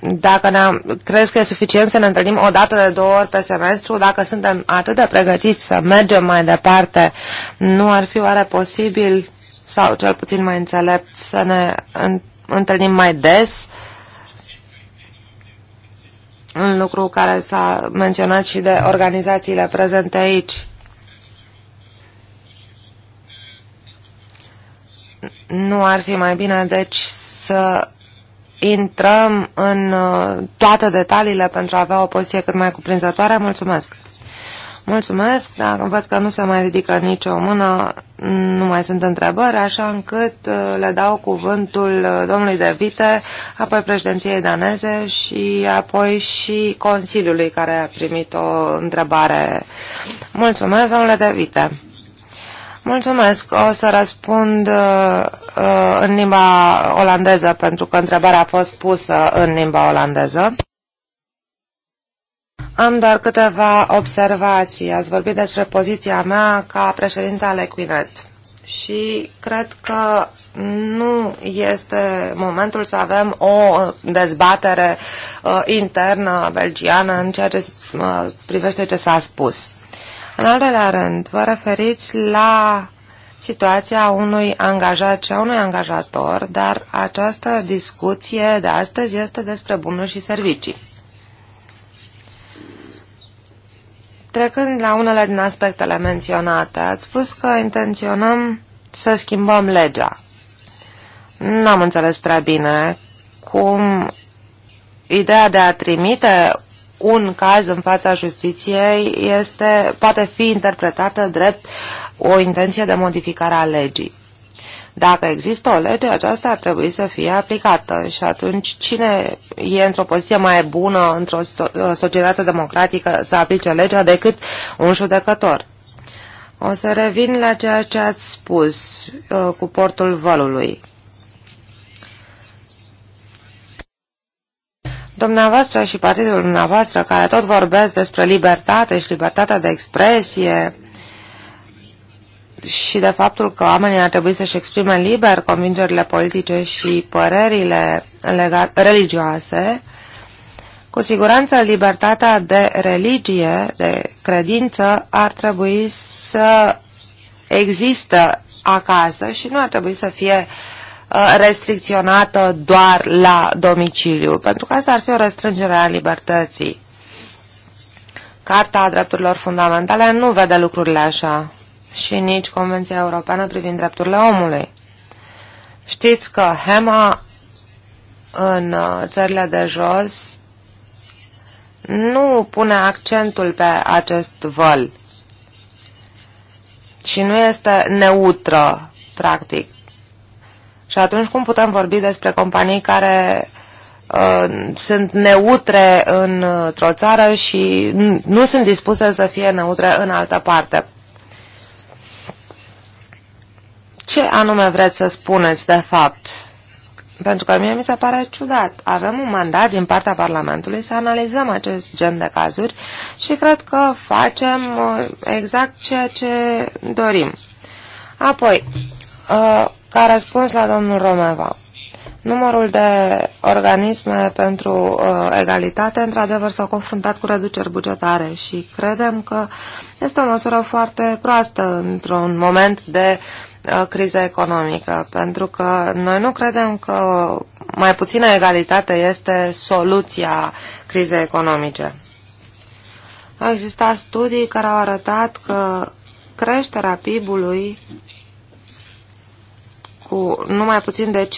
Speaker 3: dacă ne crezi că e suficient să ne întâlnim o dată de două ori pe semestru, dacă suntem atât de pregătiți să mergem mai departe, nu ar fi oare posibil sau cel puțin mai înțelept să ne întâlnim întâlnim mai des, un lucru care s-a menționat și de organizațiile prezente aici. Nu ar fi mai bine, deci, să intrăm în uh, toate detaliile pentru a avea o poziție cât mai cuprinzătoare? Mulțumesc! Mulțumesc, dar văd că nu se mai ridică nicio mână, nu mai sunt întrebări, așa încât uh, le dau cuvântul uh, domnului De Vite, apoi președinției daneze și apoi și Consiliului care a primit o întrebare. Mulțumesc, domnule De Vite. Mulțumesc. O să răspund uh, uh în limba olandeză, pentru că întrebarea a fost pusă în limba olandeză. Am doar câteva observații. Ați vorbit despre poziția mea ca președinte al Equinet și cred că nu este momentul să avem o dezbatere uh, internă belgiană în ceea ce uh, privește ce s-a spus.
Speaker 1: În al doilea rând, vă
Speaker 3: referiți la situația unui angajat și a unui angajator, dar această discuție de astăzi este despre bunuri și servicii. Trecând la unele din aspectele menționate, ați spus că intenționăm să schimbăm legea. Nu am înțeles prea bine cum ideea de a trimite un caz în fața justiției este, poate fi interpretată drept o intenție de modificare a legii. Dacă există o lege, aceasta ar trebui să fie aplicată și atunci cine e într-o poziție mai bună într-o uh, societate democratică să aplice legea decât un judecător? O să revin la ceea ce ați spus uh, cu portul vălului. Dumneavoastră și partidul dumneavoastră, care tot vorbesc despre libertate și libertatea de expresie, și de faptul că oamenii ar trebui să-și exprime liber convingerile politice și părerile religioase, cu siguranță libertatea de religie, de credință, ar trebui să există acasă și nu ar trebui să fie uh, restricționată doar la domiciliu, pentru că asta ar fi o restrângere a libertății. Carta a drepturilor fundamentale nu vede lucrurile așa și nici Convenția Europeană privind drepturile omului. Știți că HEMA în uh, țările de jos nu pune accentul pe acest văl și nu este neutră, practic. Și atunci cum putem vorbi despre companii care uh, sunt neutre uh, într-o țară și nu sunt dispuse să fie neutre în altă parte? ce anume vreți să spuneți de fapt? Pentru că mie mi se pare ciudat. Avem un mandat din partea Parlamentului să analizăm acest gen de cazuri și cred că facem uh, exact ceea ce dorim. Apoi, uh, ca răspuns la domnul Romeva, numărul de organisme pentru uh, egalitate, într-adevăr, s-au confruntat cu reduceri bugetare și credem că este o măsură foarte proastă într-un moment de uh, Uh, criza economică, pentru că noi nu credem că mai puțină egalitate este soluția crizei economice. Au existat studii care au arătat că creșterea PIB-ului cu numai puțin de 15%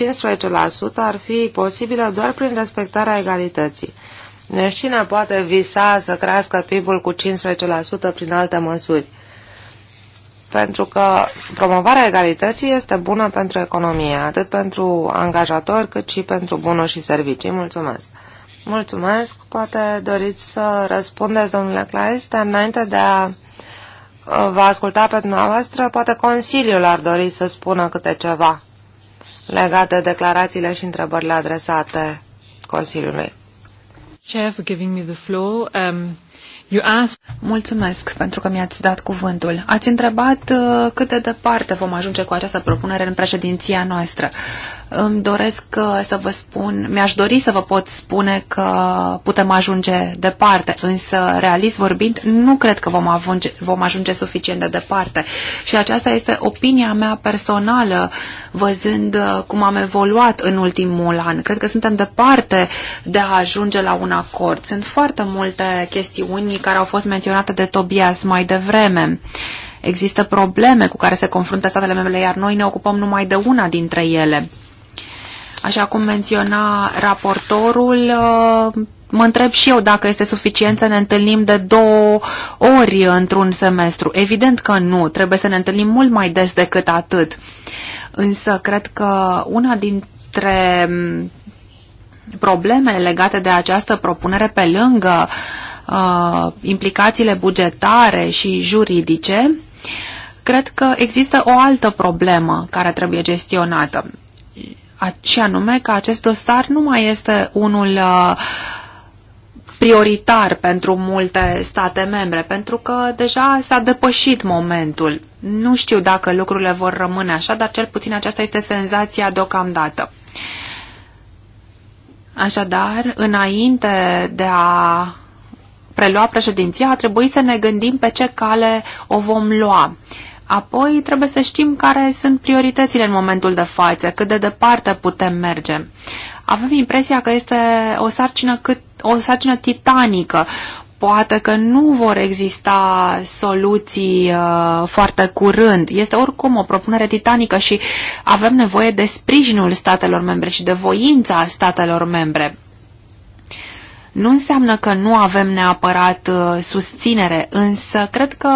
Speaker 3: ar fi posibilă doar prin respectarea egalității. Deci cine poate visa să crească PIB-ul cu 15% prin alte măsuri? pentru că promovarea egalității este bună pentru economie, atât pentru angajatori cât și pentru bunuri și servicii. Mulțumesc! Mulțumesc! Poate doriți să răspundeți, domnule Claes, dar înainte de a uh, vă asculta pe dumneavoastră, poate Consiliul ar dori să spună câte ceva legat de declarațiile și întrebările adresate Consiliului.
Speaker 2: Chair, for giving me the floor. Um... You ask... Mulțumesc pentru că mi-ați dat cuvântul. Ați întrebat uh, cât de departe vom ajunge cu această propunere în președinția noastră. Uh, îmi doresc uh, să vă spun, mi-aș dori să vă pot spune că putem ajunge departe, însă, realist vorbind, nu cred că vom ajunge, vom ajunge suficient de departe. Și aceasta este opinia mea personală, văzând uh, cum am evoluat în ultimul an. Cred că suntem departe de a ajunge la un acord. Sunt foarte multe chestiuni care au fost menționate de Tobias mai devreme. Există probleme cu care se confruntă statele membre, iar noi ne ocupăm numai de una dintre ele. Așa cum menționa raportorul, uh, mă întreb și eu dacă este suficient să ne întâlnim de două ori într-un semestru. Evident că nu, trebuie să ne întâlnim mult mai des decât atât. Însă cred că una dintre mm, problemele legate de această propunere pe lângă uh, implicațiile bugetare și juridice, cred că există o altă problemă care trebuie gestionată ce anume că acest dosar nu mai este unul uh, prioritar pentru multe state membre, pentru că deja s-a depășit momentul. Nu știu dacă lucrurile vor rămâne așa, dar cel puțin aceasta este senzația deocamdată. Așadar, înainte de a prelua președinția, a trebuit să ne gândim pe ce cale o vom lua. Apoi trebuie să știm care sunt prioritățile în momentul de față, cât de departe putem merge. Avem impresia că este o sarcină, cât, o sarcină titanică. Poate că nu vor exista soluții uh, foarte curând. Este oricum o propunere titanică și avem nevoie de sprijinul statelor membre și de voința statelor membre nu înseamnă că nu avem neapărat uh, susținere, însă cred că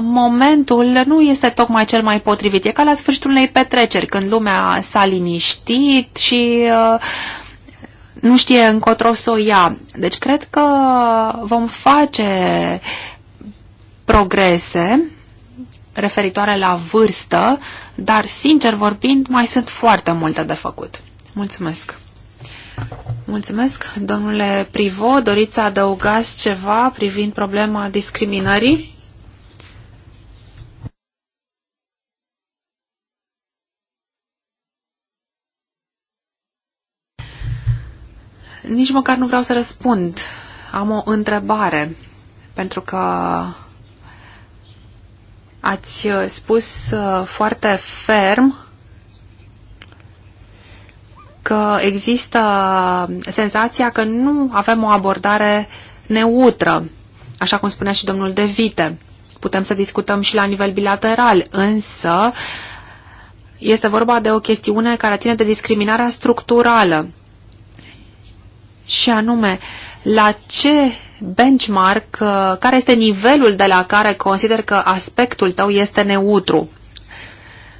Speaker 2: momentul nu este tocmai cel mai potrivit. E ca la sfârșitul unei petreceri, când lumea s-a liniștit și nu știe încotro să o ia. Deci cred că vom face progrese referitoare la vârstă, dar, sincer vorbind, mai sunt foarte multe de făcut. Mulțumesc! Mulțumesc, domnule Privo. Doriți să adăugați ceva privind problema discriminării? Nici măcar nu vreau să răspund. Am o întrebare, pentru că ați spus uh, foarte ferm că există senzația că nu avem o abordare neutră, așa cum spunea și domnul De Vite. Putem să discutăm și la nivel bilateral, însă este vorba de o chestiune care ține de discriminarea structurală și anume la ce benchmark, uh, care este nivelul de la care consider că aspectul tău este neutru.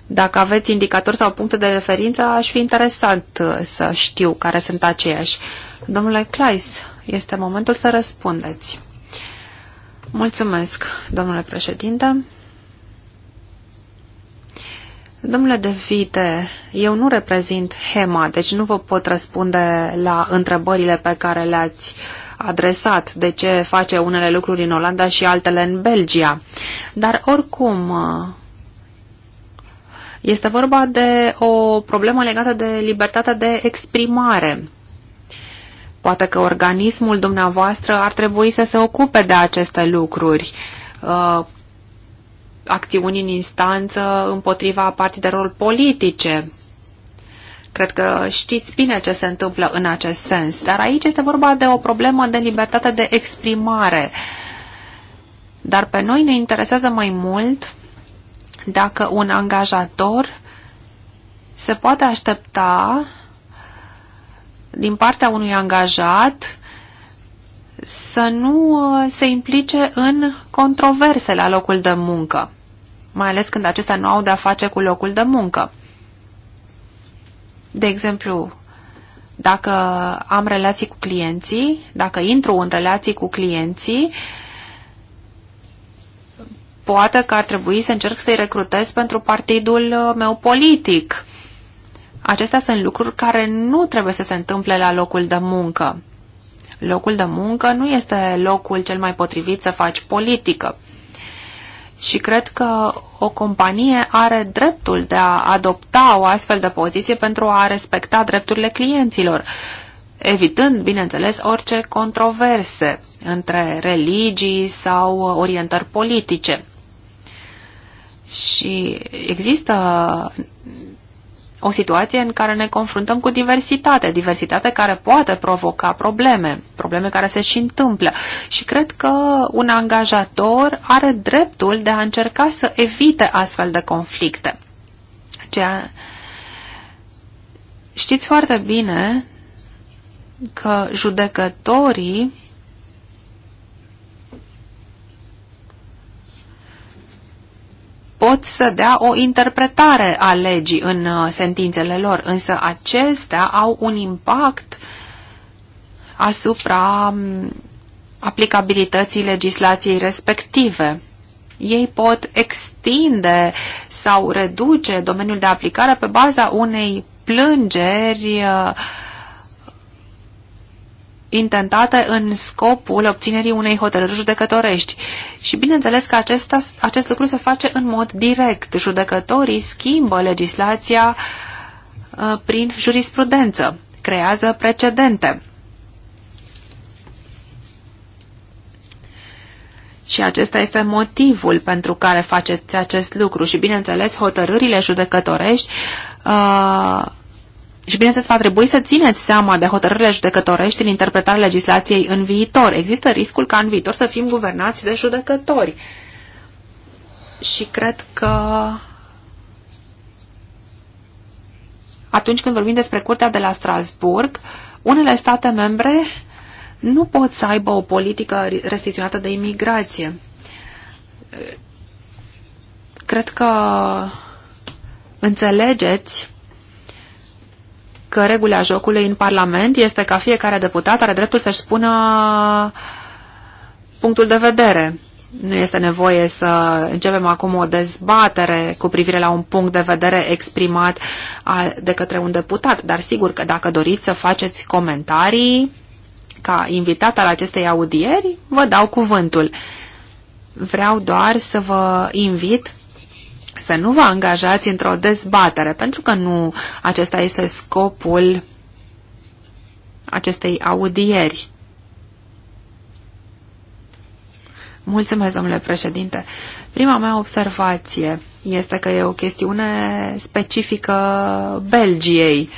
Speaker 2: Dacă aveți indicatori sau puncte de referință, aș fi interesant uh, să știu care sunt aceiași. Domnule Kleis, este momentul să răspundeți. Mulțumesc, domnule președinte. Domnule De Vite, eu nu reprezint HEMA, deci nu vă pot răspunde la întrebările pe care le-ați adresat, de ce face unele lucruri în Olanda și altele în Belgia. Dar oricum, este vorba de o problemă legată de libertatea de exprimare. Poate că organismul dumneavoastră ar trebui să se ocupe de aceste lucruri uh, acțiuni în instanță împotriva partidelor politice. Cred că știți bine ce se întâmplă în acest sens, dar aici este vorba de o problemă de libertate de exprimare. Dar pe noi ne interesează mai mult dacă un angajator se poate aștepta din partea unui angajat să nu uh, se implice în controverse la locul de muncă mai ales când acestea nu au de-a face cu locul de muncă. De exemplu, dacă am relații cu clienții, dacă intru în relații cu clienții, poate că ar trebui să încerc să-i recrutez pentru partidul uh, meu politic. Acestea sunt lucruri care nu trebuie să se întâmple la locul de muncă. Locul de muncă nu este locul cel mai potrivit să faci politică. Și cred că o companie are dreptul de a adopta o astfel de poziție pentru a respecta drepturile clienților, evitând, bineînțeles, orice controverse între religii sau orientări politice. Și există o situație în care ne confruntăm cu diversitate, diversitate care poate provoca probleme, probleme care se și întâmplă. Și cred că un angajator are dreptul de a încerca să evite astfel de conflicte. Ceea... Știți foarte bine că judecătorii pot să dea o interpretare a legii în uh, sentințele lor, însă acestea au un impact asupra mm, aplicabilității legislației respective. Ei pot extinde sau reduce domeniul de aplicare pe baza unei plângeri uh, intentate în scopul obținerii unei hotărâri judecătorești. Și bineînțeles că acesta, acest lucru se face în mod direct. Judecătorii schimbă legislația uh, prin jurisprudență, creează precedente. Și acesta este motivul pentru care faceți acest lucru. Și bineînțeles, hotărârile judecătorești uh, și bineînțeles va trebui să țineți seama de hotărârile judecătorești în interpretarea legislației în viitor. Există riscul ca în viitor să fim guvernați de judecători. Și cred că atunci când vorbim despre Curtea de la Strasburg, unele state membre nu pot să aibă o politică restricționată de imigrație. Cred că înțelegeți că regula jocului în Parlament este ca fiecare deputat are dreptul să-și spună punctul de vedere. Nu este nevoie să începem acum o dezbatere cu privire la un punct de vedere exprimat de către un deputat, dar sigur că dacă doriți să faceți comentarii ca invitat al acestei audieri, vă dau cuvântul. Vreau doar să vă invit să nu vă angajați într-o dezbatere, pentru că nu acesta este scopul acestei audieri. Mulțumesc, domnule președinte. Prima mea observație este că e o chestiune specifică Belgiei. Uh,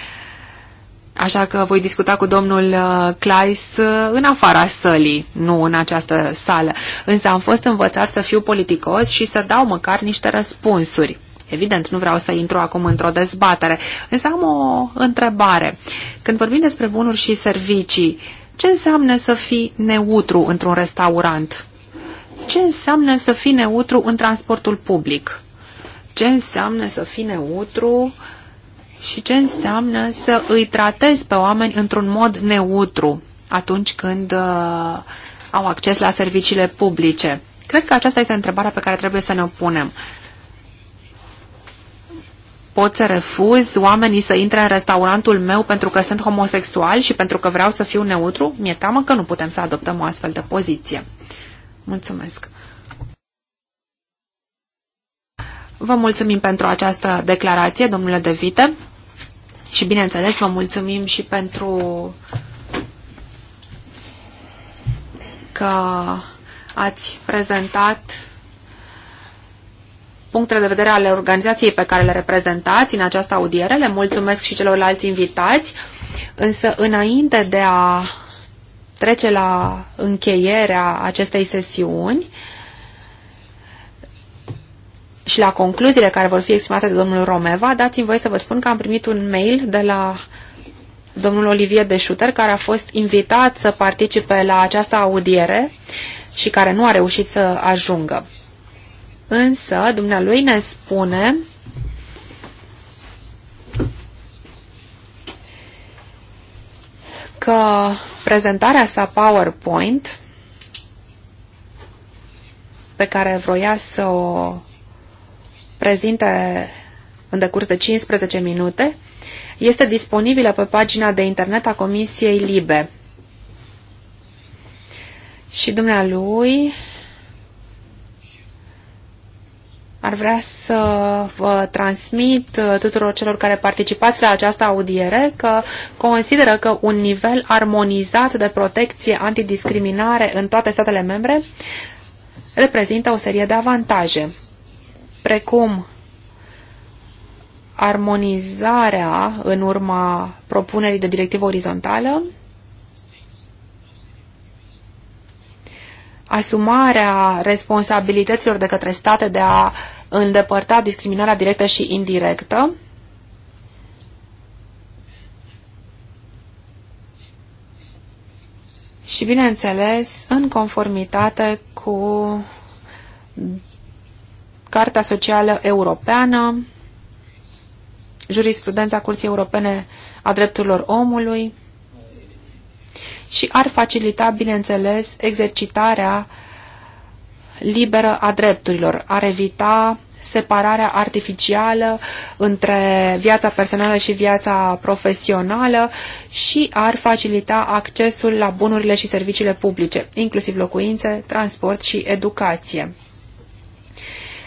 Speaker 2: Așa că voi discuta cu domnul uh, Kleis uh, în afara sălii, nu în această sală. Însă am fost învățat să fiu politicos și să dau măcar niște răspunsuri. Evident, nu vreau să intru acum într-o dezbatere, însă am o întrebare. Când vorbim despre bunuri și servicii, ce înseamnă să fii neutru într-un restaurant? Ce înseamnă să fii neutru în transportul public? Ce înseamnă să fii neutru și ce înseamnă să îi tratezi pe oameni într-un mod neutru atunci când uh, au acces la serviciile publice. Cred că aceasta este întrebarea pe care trebuie să ne punem. Pot să refuz oamenii să intre în restaurantul meu pentru că sunt homosexual și pentru că vreau să fiu neutru? Mi-e teamă că nu putem să adoptăm o astfel de poziție. Mulțumesc! Vă mulțumim pentru această declarație, domnule De Vite. Și bineînțeles, vă mulțumim și pentru că ați prezentat punctele de vedere ale organizației pe care le reprezentați în această audiere. Le mulțumesc și celorlalți invitați, însă înainte de a trece la încheierea acestei sesiuni, și la concluziile care vor fi exprimate de domnul Romeva, dați-mi voie să vă spun că am primit un mail de la domnul Olivier de Schutter, care a fost invitat să participe la această audiere și care nu a reușit să ajungă. Însă, dumnealui ne spune că prezentarea sa PowerPoint pe care vroia să o prezinte în decurs de 15 minute este disponibilă pe pagina de internet a Comisiei Libe. Și dumnealui ar vrea să vă transmit tuturor celor care participați la această audiere că consideră că un nivel armonizat de protecție antidiscriminare în toate statele membre reprezintă o serie de avantaje precum armonizarea în urma propunerii de directivă orizontală, asumarea responsabilităților de către state de a îndepărta discriminarea directă și indirectă, și, bineînțeles, în conformitate cu Carta Socială Europeană, jurisprudența Curții Europene a Drepturilor Omului și ar facilita, bineînțeles, exercitarea liberă a drepturilor, ar evita separarea artificială între viața personală și viața profesională și ar facilita accesul la bunurile și serviciile publice, inclusiv locuințe, transport și educație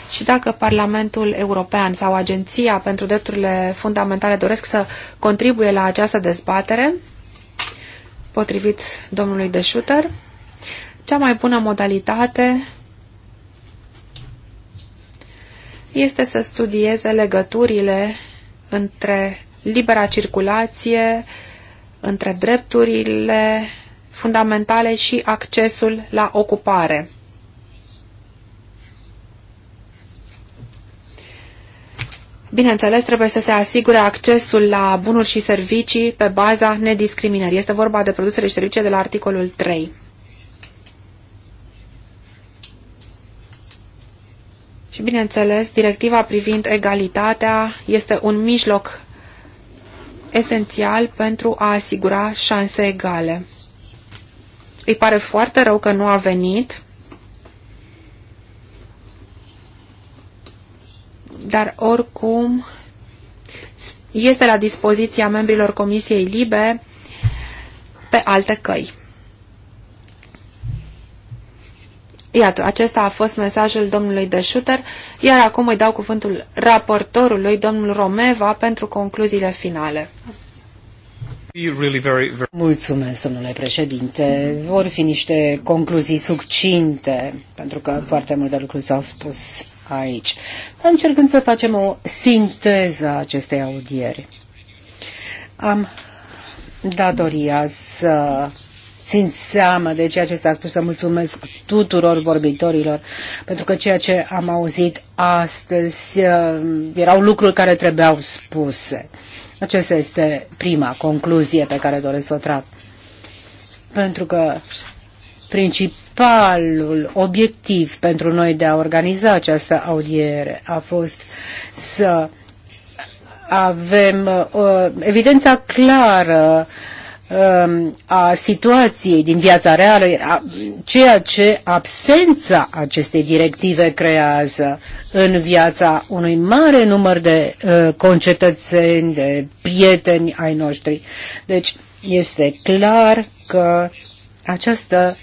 Speaker 2: și dacă Parlamentul European sau Agenția pentru Drepturile Fundamentale doresc să contribuie la această dezbatere, potrivit domnului de Schutter, cea mai bună modalitate este să studieze legăturile între libera circulație, între drepturile fundamentale și accesul la ocupare. Bineînțeles, trebuie să se asigure accesul la bunuri și servicii pe baza nediscriminării. Este vorba de produsele și servicii de la articolul 3. Și bineînțeles, directiva privind egalitatea este un mijloc esențial pentru a asigura șanse egale. Îi pare foarte rău că nu a venit dar oricum este la dispoziția membrilor Comisiei Libe pe alte căi. Iată, acesta a fost mesajul domnului de Schutter, iar acum îi dau cuvântul raportorului, domnul Romeva, pentru concluziile finale.
Speaker 4: Mulțumesc, domnule președinte. Vor fi niște concluzii succinte, pentru că foarte multe lucruri s-au spus aici. Încercând să facem o sinteză a acestei audieri. Am datoria să țin seama de ceea ce s-a spus, să mulțumesc tuturor vorbitorilor, pentru că ceea ce am auzit astăzi uh, erau lucruri care trebuiau spuse. Aceasta este prima concluzie pe care doresc să o trag. Pentru că principiul principalul obiectiv pentru noi de a organiza această audiere a fost să avem uh, evidența clară uh, a situației din viața reală, a, ceea ce absența acestei directive creează în viața unui mare număr de uh, concetățeni, de prieteni ai noștri. Deci este clar că această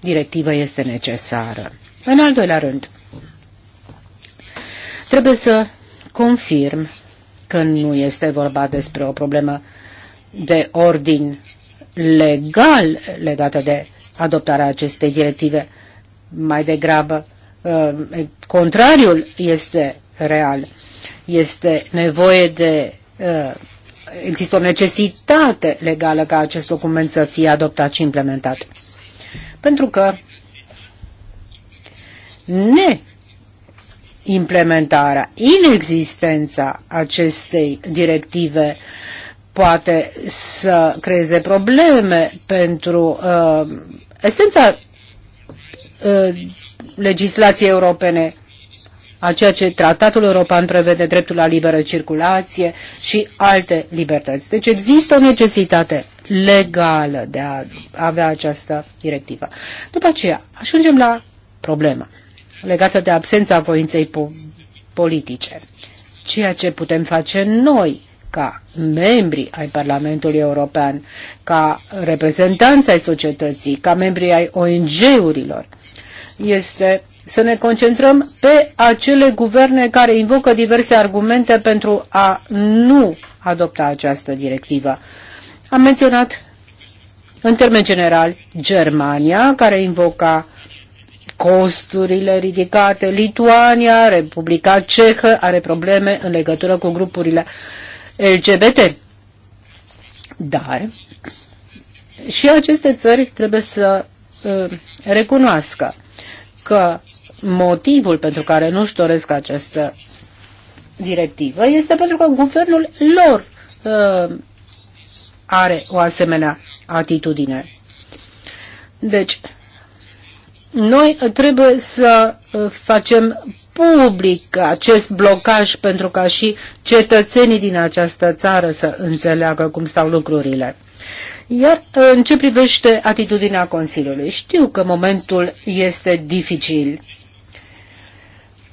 Speaker 4: directivă este necesară. În al doilea rând, trebuie să confirm că nu este vorba despre o problemă de ordin legal legată de adoptarea acestei directive. Mai degrabă, uh, contrariul este real. Este nevoie de uh, există o necesitate legală ca acest document să fie adoptat și implementat. Pentru că neimplementarea inexistența acestei directive poate să creeze probleme pentru uh, esența uh, legislației europene a ceea ce tratatul european prevede dreptul la liberă circulație și alte libertăți. Deci există o necesitate legală de a avea această directivă. După aceea, ajungem la problema legată de absența voinței po- politice. Ceea ce putem face noi ca membri ai Parlamentului European, ca reprezentanți ai societății, ca membri ai ONG-urilor, este să ne concentrăm pe acele guverne care invocă diverse argumente pentru a nu adopta această directivă. Am menționat în termen general Germania, care invoca costurile ridicate, Lituania, Republica Cehă are probleme în legătură cu grupurile LGBT. Dar și aceste țări trebuie să uh, recunoască că motivul pentru care nu-și doresc această directivă este pentru că guvernul lor uh, are o asemenea atitudine. Deci, noi trebuie să uh, facem public acest blocaj pentru ca și cetățenii din această țară să înțeleagă cum stau lucrurile. Iar uh, în ce privește atitudinea Consiliului, știu că momentul este dificil,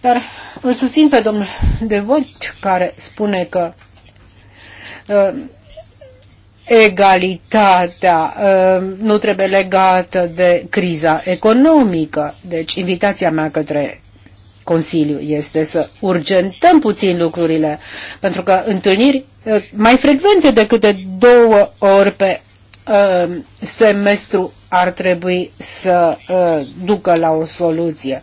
Speaker 4: dar îl susțin pe domnul Devoit care spune că uh, egalitatea uh, nu trebuie legată de criza economică. Deci invitația mea către Consiliu este să urgentăm puțin lucrurile, pentru că întâlniri uh, mai frecvente decât de două ori pe uh, semestru ar trebui să ducă la o soluție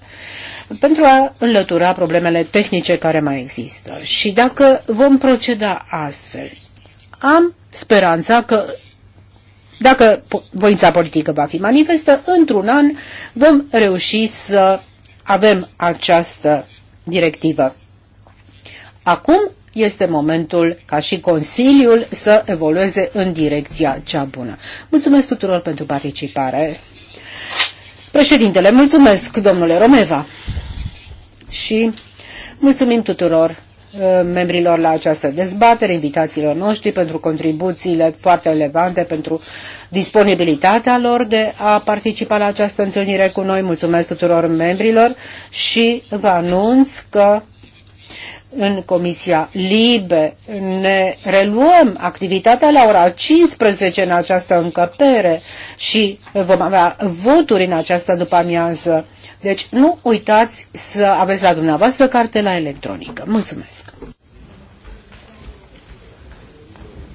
Speaker 4: pentru a înlătura problemele tehnice care mai există. Și dacă vom proceda astfel, am speranța că dacă voința politică va fi manifestă, într-un an vom reuși să avem această directivă. Acum este momentul ca și Consiliul să evolueze în direcția cea bună. Mulțumesc tuturor pentru participare. Președintele, mulțumesc, domnule Romeva. Și mulțumim tuturor Uh, membrilor la această dezbatere, invitațiilor noștri pentru contribuțiile foarte relevante, pentru disponibilitatea lor de a participa la această întâlnire cu noi. Mulțumesc tuturor membrilor și vă anunț că în Comisia Libe ne reluăm activitatea la ora 15 în această încăpere și vom avea voturi în această după amiază. Deci nu uitați să aveți la dumneavoastră cartela electronică. Mulțumesc!